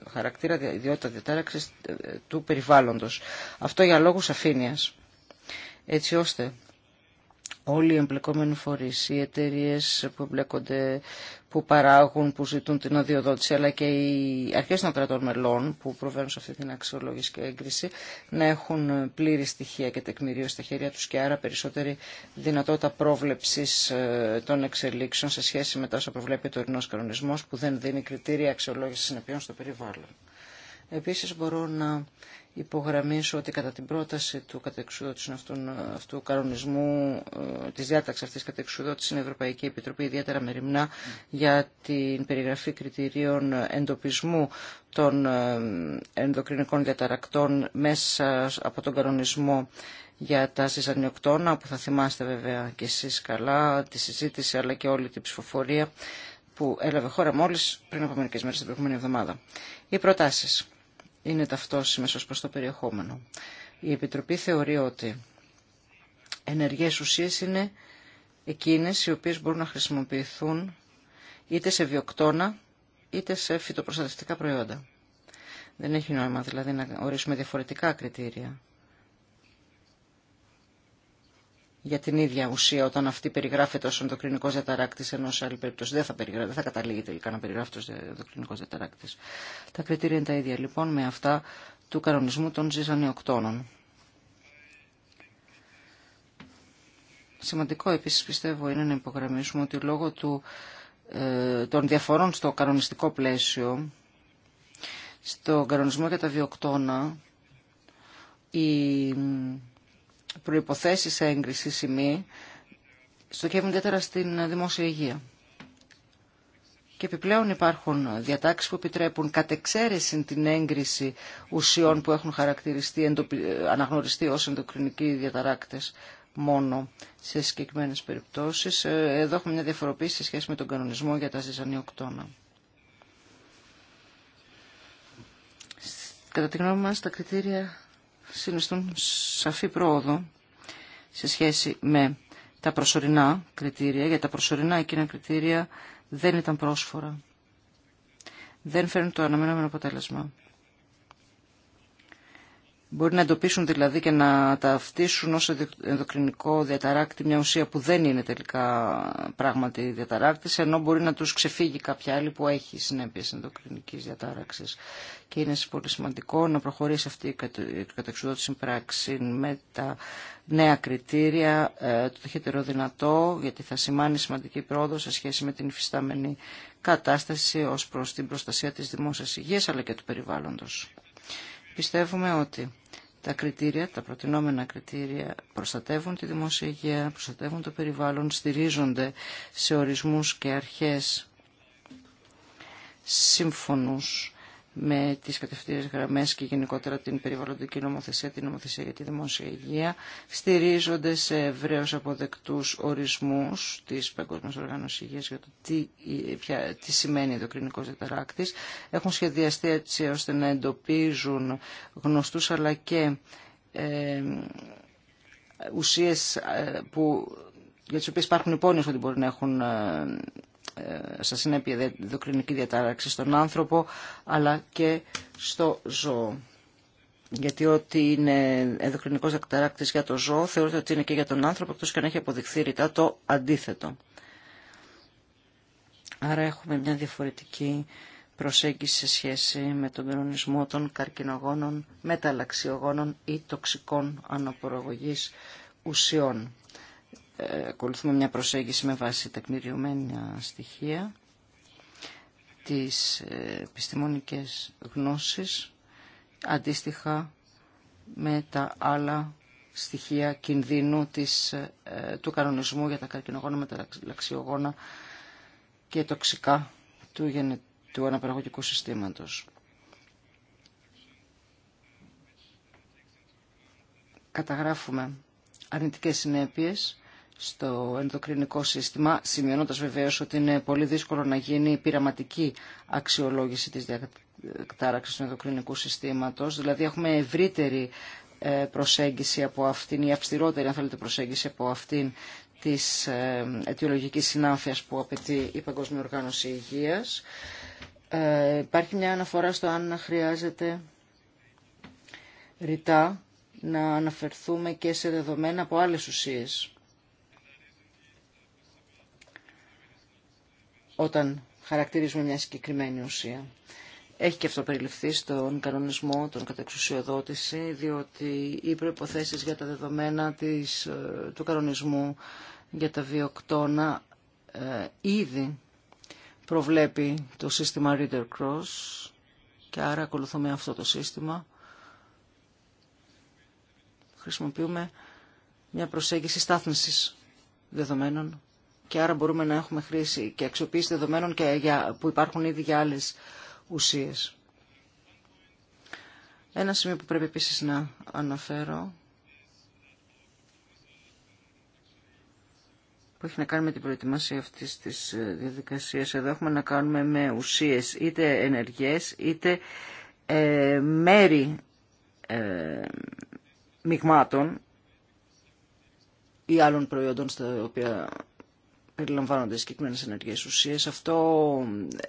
χαρακτήρα ιδιότητα διατάραξης ε, του περιβάλλοντος. Αυτό για λόγους αφήνειας. Έτσι ώστε όλοι οι εμπλεκόμενοι φορεί, οι εταιρείε που εμπλέκονται, που παράγουν, που ζητούν την αδειοδότηση, αλλά και οι αρχέ των κρατών μελών που προβαίνουν σε αυτή την αξιολόγηση και έγκριση, να έχουν πλήρη στοιχεία και τεκμηρίωση στα χέρια του και άρα περισσότερη δυνατότητα πρόβλεψης ε, των εξελίξεων σε σχέση με τα όσα προβλέπει ο τωρινό κανονισμό που δεν δίνει κριτήρια αξιολόγηση συνεπειών στο περιβάλλον. Επίση μπορώ να υπογραμμίσω ότι κατά την πρόταση του κατεξουδότησης αυτού, του κανονισμού, ε, της διάταξης αυτής κατεξουδότησης, στην Ευρωπαϊκή Επιτροπή ιδιαίτερα μεριμνά για την περιγραφή κριτηρίων εντοπισμού των ε, ενδοκρινικών διαταρακτών μέσα από τον κανονισμό για τα συζανιοκτώνα, που θα θυμάστε βέβαια και εσείς καλά, τη συζήτηση αλλά και όλη την ψηφοφορία που έλαβε χώρα μόλις πριν από μερικές μέρες την προηγούμενη εβδομάδα. Οι προτάσεις είναι ταυτόσιμες ως προς το περιεχόμενο. Η Επιτροπή θεωρεί ότι ενεργές ουσίες είναι εκείνες οι οποίες μπορούν να χρησιμοποιηθούν είτε σε βιοκτώνα είτε σε φυτοπροστατευτικά προϊόντα. Δεν έχει νόημα δηλαδή να ορίσουμε διαφορετικά κριτήρια για την ίδια ουσία όταν αυτή περιγράφεται ως ενδοκρινικός διαταράκτης ενώ σε άλλη περίπτωση δεν θα, δεν θα καταλήγει τελικά να περιγράφεται ως ενδοκρινικός διαταράκτης. Τα κριτήρια είναι τα ίδια λοιπόν με αυτά του κανονισμού των ζυζανιοκτώνων. Σημαντικό επίσης πιστεύω είναι να υπογραμμίσουμε ότι λόγω του, ε, των διαφορών στο κανονιστικό πλαίσιο, στον κανονισμό για τα βιοκτώνα, η Προποθέσει έγκριση ή μη στοχεύουν ιδιαίτερα στην δημόσια υγεία. Και επιπλέον υπάρχουν διατάξεις που επιτρέπουν κατ' εξαίρεση την έγκριση ουσιών που έχουν χαρακτηριστεί, αναγνωριστεί ως ενδοκρινικοί διαταράκτες μόνο σε συγκεκριμένες περιπτώσεις. Ε, εδώ έχουμε μια διαφοροποίηση σε σχέση με τον κανονισμό για τα ζυζανιοκτώνα. Κατά τη γνώμη μας, τα κριτήρια συνιστούν σαφή πρόοδο σε σχέση με τα προσωρινά κριτήρια, γιατί τα προσωρινά εκείνα κριτήρια δεν ήταν πρόσφορα. Δεν φέρνουν το αναμενόμενο αποτέλεσμα. Μπορεί να εντοπίσουν δηλαδή και να ταυτίσουν ως ενδοκρινικό διαταράκτη μια ουσία που δεν είναι τελικά πράγματι διαταράκτης, ενώ μπορεί να τους ξεφύγει κάποια άλλη που έχει συνέπειες ενδοκρινικής διατάραξης. Και είναι πολύ σημαντικό να προχωρήσει αυτή η κατεξουδότηση πράξη με τα νέα κριτήρια, ε, το ταχύτερο δυνατό, γιατί θα σημάνει σημαντική πρόοδο σε σχέση με την υφιστάμενη κατάσταση ως προς την προστασία της δημόσιας υγείας αλλά και του περιβάλλοντος. Πιστεύουμε ότι τα κριτήρια, τα προτινόμενα κριτήρια προστατεύουν τη δημόσια υγεία, προστατεύουν το περιβάλλον, στηρίζονται σε ορισμούς και αρχές σύμφωνους με τις κατευθείαν γραμμές και γενικότερα την περιβαλλοντική νομοθεσία, την νομοθεσία για τη δημόσια υγεία, στηρίζονται σε ευρέως αποδεκτούς ορισμούς της Παγκόσμιας Οργάνωσης Υγείας για το τι, ποια, τι σημαίνει ενδοκρινικός διαταράκτης. Έχουν σχεδιαστεί έτσι ώστε να εντοπίζουν γνωστούς αλλά και ε, ε που για τις οποίες υπάρχουν υπόνοιες ότι μπορεί να έχουν ε, ε, στα συνέπεια δοκρινική διατάραξη στον άνθρωπο αλλά και στο ζώο. Γιατί ό,τι είναι ενδοκρινικός διαταράκτης για το ζώο θεωρείται ότι είναι και για τον άνθρωπο εκτός και να έχει αποδειχθεί ρητά το αντίθετο. Άρα έχουμε μια διαφορετική προσέγγιση σε σχέση με τον κανονισμό των καρκινογόνων, μεταλλαξιογόνων ή τοξικών αναπορογωγής ουσιών ακολουθούμε μια προσέγγιση με βάση τεκμηριωμένα στοιχεία, τις επιστημονικές γνώσεις, αντίστοιχα με τα άλλα στοιχεία κινδύνου της, ε, του κανονισμού για τα καρκινογόνα, μεταλλαξιογόνα και τοξικά του, γενε, του αναπαραγωγικού συστήματος. Καταγράφουμε αρνητικές συνέπειες στο ενδοκρινικό σύστημα, σημειώνοντας βεβαίω ότι είναι πολύ δύσκολο να γίνει η πειραματική αξιολόγηση της διατάραξη του ενδοκρινικού συστήματος. Δηλαδή έχουμε ευρύτερη ε, προσέγγιση από αυτήν ή αυστηρότερη αν θέλετε προσέγγιση από αυτήν της ε, αιτιολογικής συνάφειας που απαιτεί η Παγκόσμια Οργάνωση απαιτει η παγκοσμια οργανωση Υγεία. Ε, υπάρχει μια αναφορά στο αν χρειάζεται ρητά να αναφερθούμε και σε δεδομένα από άλλες ουσίες. όταν χαρακτηρίζουμε μια συγκεκριμένη ουσία. Έχει και αυτό περιληφθεί στον κανονισμό, τον κατεξουσιοδότηση, διότι οι προϋποθέσεις για τα δεδομένα της, ε, του κανονισμού για τα βιοκτώνα ε, ήδη προβλέπει το σύστημα Reader Cross και άρα ακολουθούμε αυτό το σύστημα. Χρησιμοποιούμε μια προσέγγιση στάθμισης δεδομένων και άρα μπορούμε να έχουμε χρήση και αξιοποίηση δεδομένων και για, που υπάρχουν ήδη για άλλε ουσίες. Ένα σημείο που πρέπει επίσης να αναφέρω που έχει να κάνει με την προετοιμασία αυτής της ε, διαδικασίας. Εδώ έχουμε να κάνουμε με ουσίες είτε ενεργές είτε ε, μέρη ε, μειγμάτων ή άλλων προϊόντων στα οποία περιλαμβάνονται συγκεκριμένε ενεργέ ουσίε. Αυτό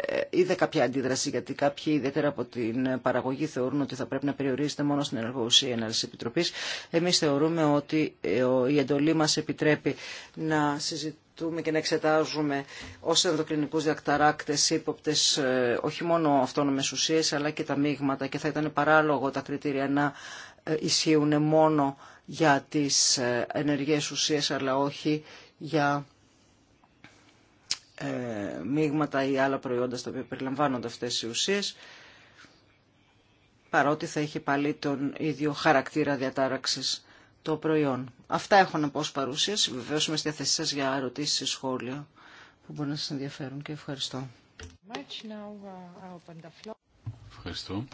ε, είδε κάποια αντίδραση, γιατί κάποιοι, ιδιαίτερα από την παραγωγή, θεωρούν ότι θα πρέπει να περιορίζεται μόνο στην ενεργοουσία ενέργεια επιτροπή. Εμεί θεωρούμε ότι ε, η εντολή μα επιτρέπει να συζητούμε και να εξετάζουμε ως διακτάράκτε διακταράκτες ύποπτες ε, όχι μόνο αυτόνομες ουσίε, αλλά και τα μείγματα και θα ήταν παράλογο τα κριτήρια να ισχύουν μόνο για τις ενεργέ ουσίε αλλά όχι για ε, μείγματα ή άλλα προϊόντα στα οποία περιλαμβάνονται αυτές οι ουσίες παρότι θα έχει πάλι τον ίδιο χαρακτήρα διατάραξης το προϊόν. Αυτά έχω να πω ως παρουσίαση. Βεβαίως είμαι στη θέση σας για ερωτήσεις ή σχόλια που μπορεί να σας ενδιαφέρουν και ευχαριστώ. Uh, ευχαριστώ.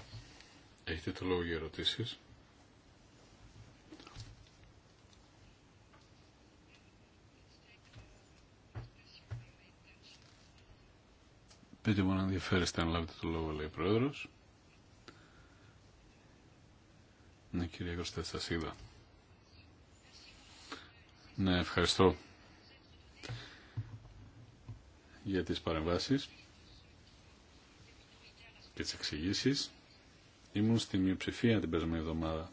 Έχετε το λόγο για ερωτήσεις. Πείτε μου αν ενδιαφέρεστε αν λάβετε το λόγο, λέει ο Πρόεδρος. Ναι, κύριε είδα. Ναι, ευχαριστώ για τις παρεμβάσεις και τις εξηγήσεις. Ήμουν στη μειοψηφία την περσμένη εβδομάδα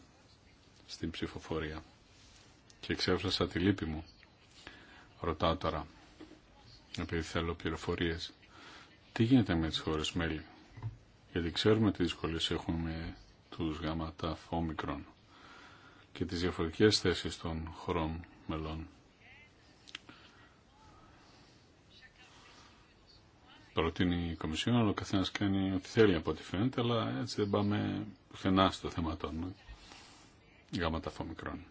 στην ψηφοφορία και εξέφρασα τη λύπη μου. Ρωτάω τώρα, επειδή θέλω πληροφορίες. Τι γίνεται με τις χώρες μέλη, γιατί ξέρουμε τι δυσκολίες έχουν με τους γάμματα φόμικρον και τις διαφορετικές θέσεις των χωρών μελών. Προτείνει η Κομισιόν, αλλά ο καθένας κάνει ό,τι θέλει από ό,τι φαίνεται, αλλά έτσι δεν πάμε πουθενά στο θέμα των γάμματα φόμικρον.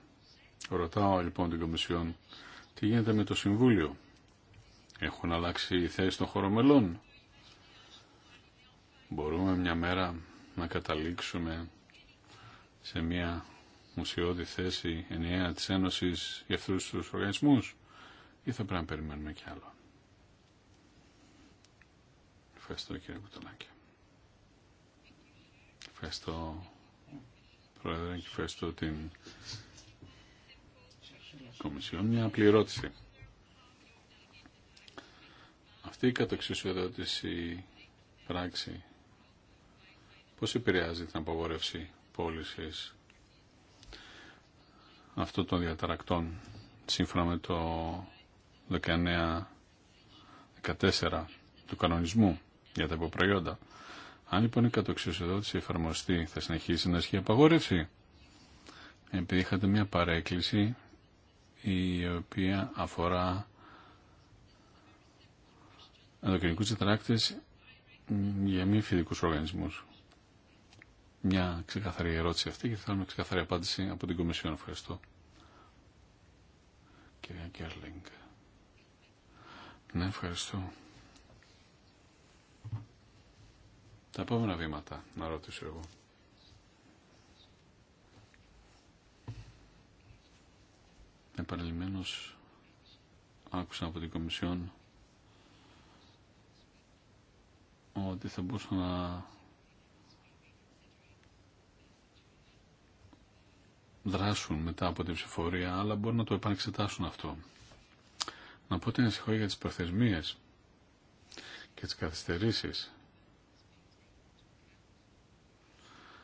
Ρωτάω λοιπόν την Κομισιόν τι γίνεται με το Συμβούλιο. Έχουν αλλάξει οι θέσεις των μελών μπορούμε μια μέρα να καταλήξουμε σε μια μουσιώδη θέση ενιαία της Ένωσης για αυτούς τους οργανισμούς ή θα πρέπει να περιμένουμε κι άλλο. Ευχαριστώ κύριε Κουταλάκη. Ευχαριστώ Πρόεδρε και ευχαριστώ την Κομισιόν. Μια απλή ερώτηση. Αυτή η κατεξουσιοδότηση και ευχαριστω την κομισιον μια απλη ερωτηση αυτη η ερωτηση πραξη πώς επηρεάζει την απαγόρευση πώλησης αυτών των διαταρακτών σύμφωνα με το 19-14 του κανονισμού για τα υποπροϊόντα. Αν λοιπόν η κατοξιοσυδότηση εφαρμοστεί θα συνεχίσει να ισχύει απαγόρευση. Επειδή είχατε μια παρέκκληση η οποία αφορά ενδοκρινικούς διαταράκτες για μη φυσικούς οργανισμούς μια ξεκαθαρή ερώτηση αυτή και θέλουμε ξεκαθαρή απάντηση από την Κομισιόν. Ευχαριστώ. Κυρία Κέρλινγκ. Ναι, ευχαριστώ. Τα επόμενα βήματα, να ρωτήσω εγώ. Επαναλημμένως άκουσα από την Κομισιόν ότι θα μπορούσα να δράσουν μετά από την ψηφορία, αλλά μπορούν να το επανεξετάσουν αυτό. Να πω την ανησυχώ για τις προθεσμίες και τις καθυστερήσεις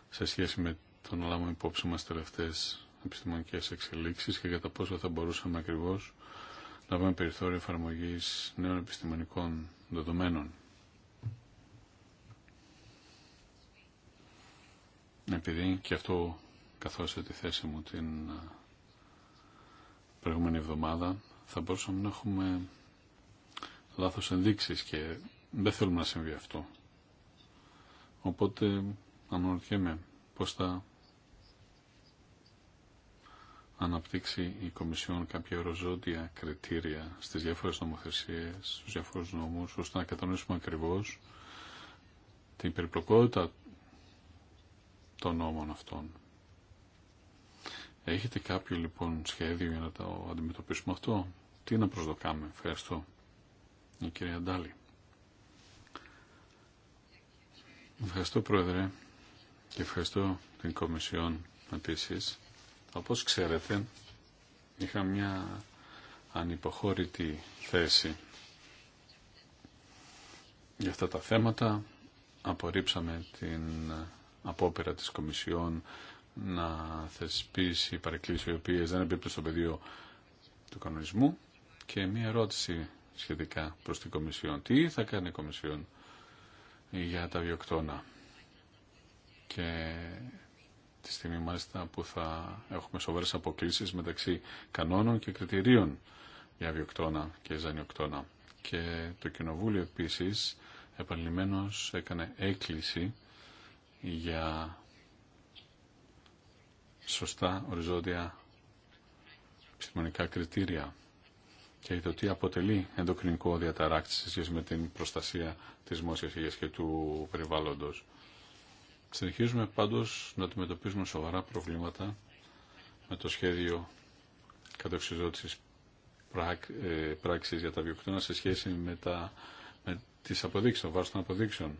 σε σχέση με τον να υπόψη μας τελευταίες επιστημονικές εξελίξεις και για κατά πόσο θα μπορούσαμε ακριβώς να βάλουμε περιθώριο εφαρμογής νέων επιστημονικών δεδομένων. Επειδή και αυτό σε τη θέση μου την ε, προηγούμενη εβδομάδα, θα μπορούσαμε να έχουμε λάθος ενδείξεις και δεν θέλουμε να συμβεί αυτό. Οπότε αναρωτιέμαι πώς θα αναπτύξει η Κομισιόν κάποια οροζόντια κριτήρια στις διάφορες νομοθεσίες, στους διάφορους νόμους, ώστε να κατανοήσουμε ακριβώς την περιπλοκότητα των νόμων αυτών. Έχετε κάποιο λοιπόν σχέδιο για να το αντιμετωπίσουμε αυτό. Τι να προσδοκάμε. Ευχαριστώ. Η κυρία Ντάλη. Ευχαριστώ Πρόεδρε και ευχαριστώ την Κομισιόν επίσης. Όπως ξέρετε είχα μια ανυποχώρητη θέση για αυτά τα θέματα. Απορρίψαμε την απόπειρα της Κομισιόν να θεσπίσει παρεκκλήσεις οι οποίες δεν επίπτουν στο πεδίο του κανονισμού και μία ερώτηση σχετικά προς την Κομισιόν. Τι θα κάνει η Κομισιόν για τα βιοκτώνα και τη στιγμή μάλιστα που θα έχουμε σοβαρές αποκλήσεις μεταξύ κανόνων και κριτηρίων για βιοκτώνα και ζανιοκτώνα. Και το Κοινοβούλιο επίσης επανειλημμένως έκανε έκκληση για σωστά οριζόντια επιστημονικά κριτήρια και το τι αποτελεί ενδοκρινικό διαταράκτη σε σχέση με την προστασία της μόσιας υγεία και του περιβάλλοντος. Συνεχίζουμε πάντως να αντιμετωπίζουμε σοβαρά προβλήματα με το σχέδιο κατοξιδότησης πράξη ε, πράξης για τα βιοκτώνα σε σχέση με, τα, με τις αποδείξεις, το βάρος των αποδείξεων.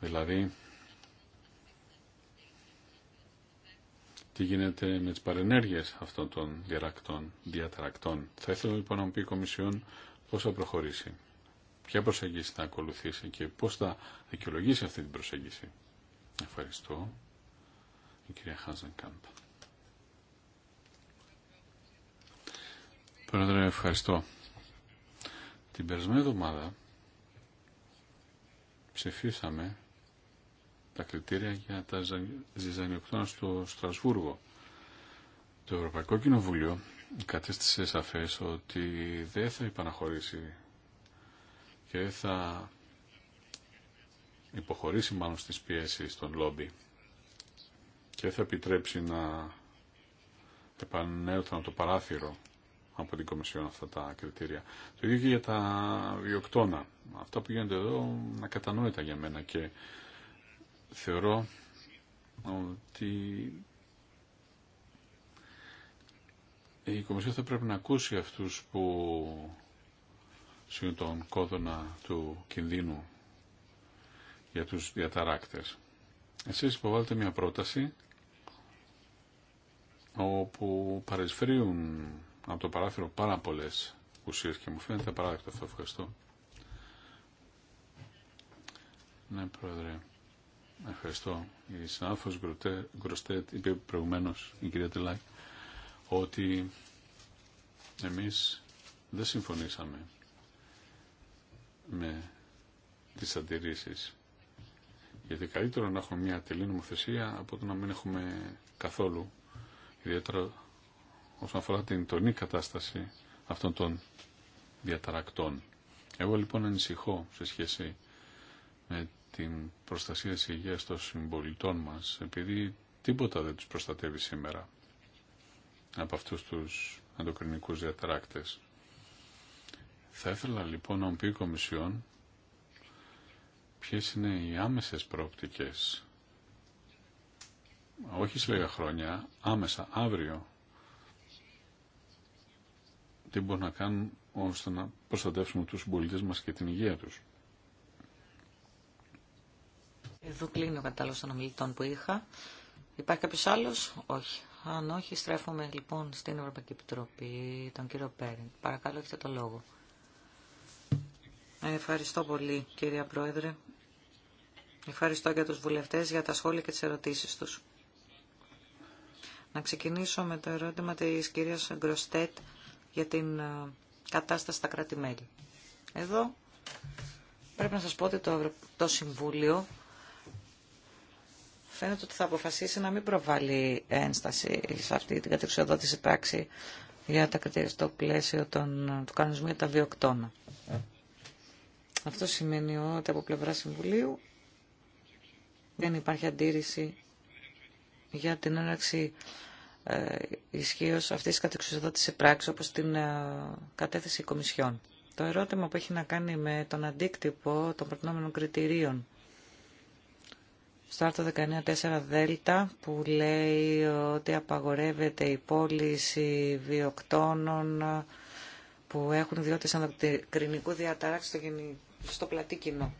Δηλαδή, τι γίνεται με τις παρενέργειες αυτών των διαρακτών, διαταρακτών. Θα ήθελα λοιπόν να μου πει η Κομισιόν πώς θα προχωρήσει, ποια προσέγγιση θα ακολουθήσει και πώς θα δικαιολογήσει αυτή την προσέγγιση. Ευχαριστώ. Η κυρία Χάζενκάμπ. Πρόεδρε, ευχαριστώ. Την περασμένη εβδομάδα ψηφίσαμε τα κριτήρια για τα ζυζανιοκτώνα στο Στρασβούργο. Το Ευρωπαϊκό Κοινοβούλιο κατέστησε σαφές ότι δεν θα υπαναχωρήσει και θα υποχωρήσει μάλλον στις πιέσεις των λόμπι και θα επιτρέψει να επανέλθουν το παράθυρο από την Κομισιόν αυτά τα κριτήρια. Το ίδιο και για τα βιοκτώνα. Αυτά που γίνονται εδώ να ακατανόητα για μένα και θεωρώ ότι η Κομισιόν θα πρέπει να ακούσει αυτούς που σύμουν τον κόδωνα του κινδύνου για τους διαταράκτες. Εσείς υποβάλλετε μια πρόταση όπου παρεσφρίουν από το παράθυρο πάρα πολλέ ουσίες και μου φαίνεται παράδεκτο αυτό. Ευχαριστώ. Ναι, Πρόεδρε. Ευχαριστώ. Η συνάδελφος Γκροστέτ είπε προηγουμένως, η κυρία Τελάκ, ότι εμείς δεν συμφωνήσαμε με τις αντιρρήσει. Γιατί καλύτερο να έχουμε μια τελή νομοθεσία από το να μην έχουμε καθόλου. Ιδιαίτερα όσον αφορά την τονή κατάσταση αυτών των διαταρακτών. Εγώ λοιπόν ανησυχώ σε σχέση με την προστασία της υγείας των συμπολιτών μας, επειδή τίποτα δεν τους προστατεύει σήμερα από αυτούς τους αντοκρινικούς διαταράκτες. Θα ήθελα λοιπόν να μου πει η Κομισιόν ποιες είναι οι άμεσες προοπτικές, όχι σε λίγα χρόνια, άμεσα, αύριο, τι μπορούν να κάνουν ώστε να προστατεύσουμε τους συμπολίτε μας και την υγεία τους. Εδώ κλείνει ο κατάλληλος των ομιλητών που είχα. Υπάρχει κάποιος άλλος? Όχι. Αν όχι, στρέφομαι λοιπόν στην Ευρωπαϊκή Επιτροπή, τον κύριο Πέριν. Παρακαλώ, έχετε το λόγο. Ε, ευχαριστώ πολύ, κυρία Πρόεδρε. Ευχαριστώ για τους βουλευτές για τα σχόλια και τις ερωτήσεις τους. Να ξεκινήσω με το ερώτημα της κυρίας Γκροστέτ για την ε, κατάσταση στα κράτη-μέλη. Εδώ πρέπει να σας πω ότι το, το Συμβούλιο φαίνεται ότι θα αποφασίσει να μην προβάλλει ένσταση σε αυτή την κατεξοδότηση πράξη για τα κριτήρια στο πλαίσιο των, του κανονισμού για τα βιοκτώνα. Αυτό σημαίνει ότι από πλευρά Συμβουλίου δεν υπάρχει αντίρρηση για την έναρξη ε, ισχύω αυτή τη κατεξοδότηση πράξη όπω την ε, κατέθεση Κομισιόν. Το ερώτημα που έχει να κάνει με τον αντίκτυπο των προτινόμενων κριτηρίων στο άρθρο 19.4 Δέλτα που λέει ότι απαγορεύεται η πώληση βιοκτώνων που έχουν ιδιότητες ανδοκρινικού διαταράξη στο, γενι... στο πλατή κοινό.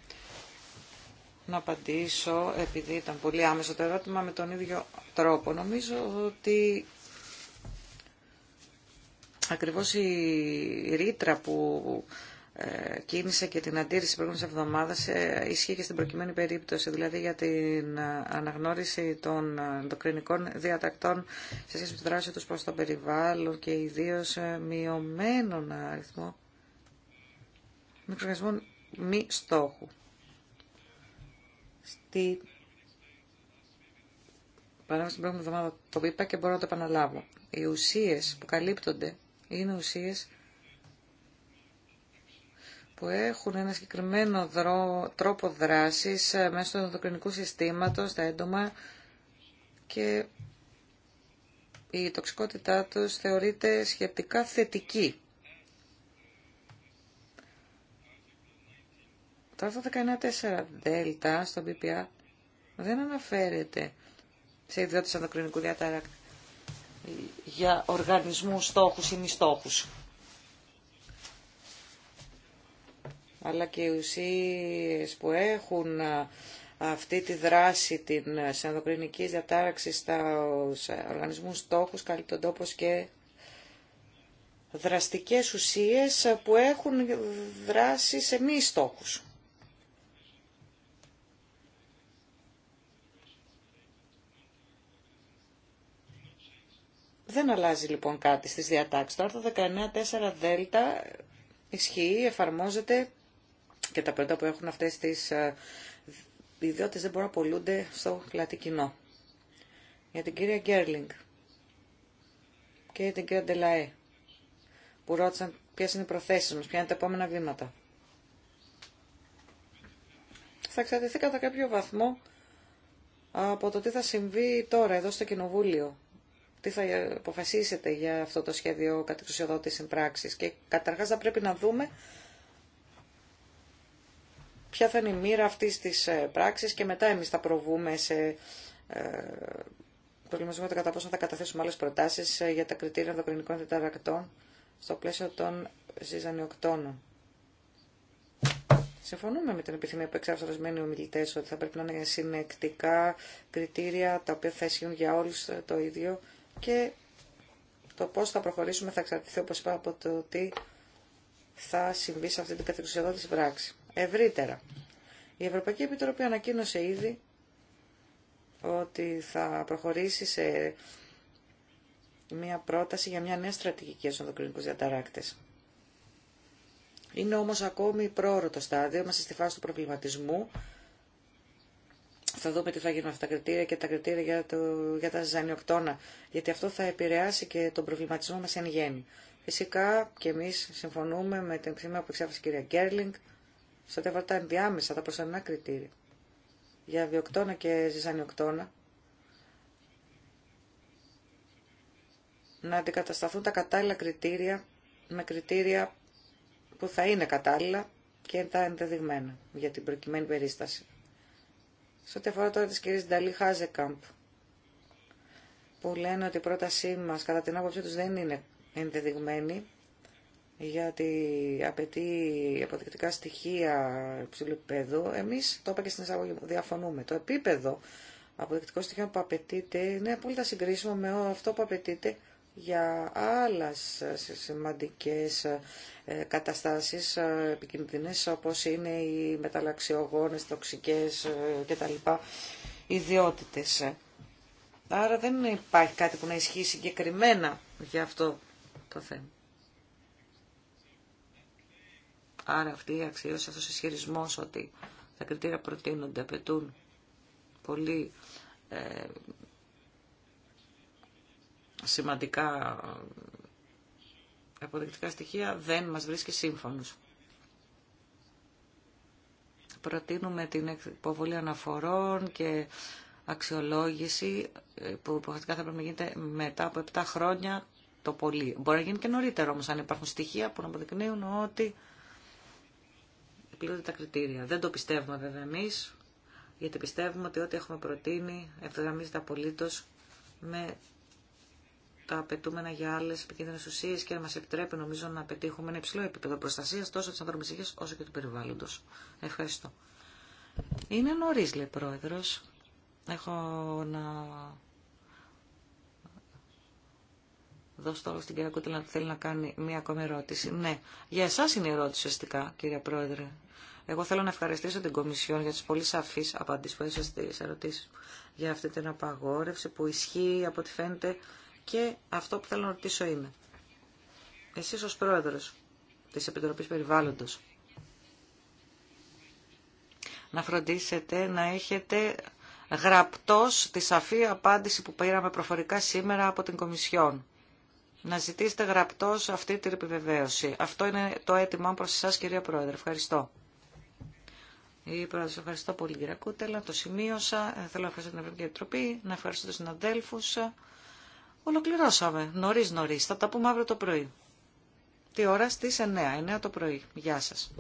Να απαντήσω, επειδή ήταν πολύ άμεσο το ερώτημα, με τον ίδιο τρόπο. Νομίζω ότι ακριβώς η ρήτρα που ε, κίνησε και την αντίρρηση προηγούμενη εβδομάδα ισχύει ε, και στην προκειμένη περίπτωση, δηλαδή για την ε, αναγνώριση των ενδοκρινικών διατακτών σε σχέση με τη δράση του προ το περιβάλλον και ιδίω μειωμένων αριθμό μικροοργανισμών μη στόχου. Στη παράδειγμα την προηγούμενη εβδομάδα το είπα και μπορώ να το επαναλάβω. Οι ουσίες που καλύπτονται είναι ουσίες που έχουν ένα συγκεκριμένο δρό, τρόπο δράσης ε, μέσω του ενδοκρινικού συστήματος, τα έντομα και η τοξικότητά τους θεωρείται σχετικά θετική. Το άρθρο 19.4 Δέλτα στο BPA δεν αναφέρεται σε ιδιότητες ενδοκρινικού διαταράκτη για οργανισμούς στόχους ή μη στόχους. αλλά και οι ουσίες που έχουν αυτή τη δράση την ενδοκρινική διατάραξη στα οργανισμούς στόχους, καλύπτει τον τόπο και δραστικές ουσίες που έχουν δράση σε μη στόχους. Δεν αλλάζει λοιπόν κάτι στις διατάξεις. Το άρθρο 19.4 Δέλτα ισχύει, εφαρμόζεται και τα προϊόντα που έχουν αυτές τις ε, ιδιότητε δεν μπορούν να πολλούνται στο λατικινό. Για την κυρία Γκέρλινγκ και την κυρία Ντελαέ που ρώτησαν ποιε είναι οι προθέσει μα, ποια είναι τα επόμενα βήματα. Θα εξαρτηθεί κατά κάποιο βαθμό από το τι θα συμβεί τώρα εδώ στο Κοινοβούλιο. Τι θα αποφασίσετε για αυτό το σχέδιο κατεξουσιοδότηση πράξη. Και καταρχάς θα πρέπει να δούμε ποια θα είναι η μοίρα αυτή τη ε, πράξη και μετά εμεί θα προβούμε σε ε, προβληματισμό κατά πόσο θα καταθέσουμε άλλες προτάσεις ε, για τα κριτήρια κλινικών τεταρακτών στο πλαίσιο των ζυζανιοκτώνων. Συμφωνούμε με την επιθυμία που εξάφησαν ορισμένοι ομιλητέ ότι θα πρέπει να είναι συνεκτικά κριτήρια τα οποία θα ισχύουν για όλου το ίδιο και το πώ θα προχωρήσουμε θα εξαρτηθεί, όπω είπα, από το τι θα συμβεί σε αυτή την καθεξουσιαδότηση πράξη ευρύτερα. Η Ευρωπαϊκή Επιτροπή ανακοίνωσε ήδη ότι θα προχωρήσει σε μια πρόταση για μια νέα στρατηγική στους ενδοκρινικούς διαταράκτες. Είναι όμως ακόμη πρόωρο το στάδιο, είμαστε στη φάση του προβληματισμού. Θα δούμε τι θα γίνουν αυτά τα κριτήρια και τα κριτήρια για, το, για τα ζανιοκτώνα, γιατί αυτό θα επηρεάσει και τον προβληματισμό μας εν γέννη. Φυσικά και εμείς συμφωνούμε με την επιθυμία που εξέφασε η κυρία Γκέρλινγκ, σε ό,τι αφορά τα ενδιάμεσα, τα προσωρινά κριτήρια για βιοκτώνα και ζυζανιοκτώνα, να αντικατασταθούν τα κατάλληλα κριτήρια με κριτήρια που θα είναι κατάλληλα και τα ενδεδειγμένα για την προκειμένη περίσταση. Σε ό,τι αφορά τώρα τη κυρία Νταλή Χάζεκαμπ, που λένε ότι η πρότασή μα κατά την άποψή του δεν είναι ενδεδειγμένη, γιατί απαιτεί αποδεικτικά στοιχεία υψηλού επίπεδου. Εμείς, το είπα και στην εισαγωγή μου, διαφωνούμε. Το επίπεδο αποδεικτικών στοιχείων που απαιτείται είναι απόλυτα συγκρίσιμο με αυτό που απαιτείται για άλλε ε, σημαντικέ ε, καταστάσεις ε, επικίνδυνες όπως είναι οι μεταλλαξιογόνες, τοξικές κτλ. ιδιότητες. Άρα δεν υπάρχει κάτι που να ισχύει συγκεκριμένα για αυτό το θέμα. Άρα αυτή η αξίωση, αυτός ο ισχυρισμό ότι τα κριτήρια προτείνονται, απαιτούν πολύ ε, σημαντικά ε, αποδεικτικά στοιχεία, δεν μας βρίσκει σύμφωνος. Προτείνουμε την υποβολή αναφορών και αξιολόγηση ε, που υποχρεωτικά θα πρέπει να γίνεται μετά από 7 χρόνια το πολύ. Μπορεί να γίνει και νωρίτερο όμως αν υπάρχουν στοιχεία που να αποδεικνύουν ότι τα κριτήρια. Δεν το πιστεύουμε βέβαια εμεί. γιατί πιστεύουμε ότι ό,τι έχουμε προτείνει ευθυγραμμίζεται απολύτω με τα απαιτούμενα για άλλε επικίνδυνε ουσίε και μα επιτρέπει νομίζω να πετύχουμε ένα υψηλό επίπεδο προστασία τόσο τη ανθρώπινη όσο και του περιβάλλοντο. Ευχαριστώ. Είναι νωρί, λέει πρόεδρο. Έχω να δώσω τώρα στην κυρία Κούτελα που θέλει να κάνει μία ακόμη ερώτηση. Ναι, για εσά είναι η ερώτηση ουσιαστικά, κύριε Πρόεδρε. Εγώ θέλω να ευχαριστήσω την Κομισιόν για τις πολύ σαφείς απαντήσεις που έδωσε στις ερωτήσεις για αυτή την απαγόρευση που ισχύει από ό,τι φαίνεται και αυτό που θέλω να ρωτήσω είναι. Εσείς ως πρόεδρος της Επιτροπής Περιβάλλοντος να φροντίσετε να έχετε γραπτός τη σαφή απάντηση που πήραμε προφορικά σήμερα από την Κομισιόν. Να ζητήσετε γραπτός αυτή την επιβεβαίωση. Αυτό είναι το αίτημά προς εσάς κυρία Πρόεδρε. Ευχαριστώ. Η ευχαριστώ πολύ κύριε Κούτελα, το σημείωσα. Ε, θέλω να ευχαριστώ την Ευρωπαϊκή Επιτροπή, να ευχαριστώ τους συναδέλφους. Ε, ολοκληρώσαμε νωρίς νωρίς, θα τα πούμε αύριο το πρωί. Τι ώρα στις 9, 9 το πρωί. Γεια σας.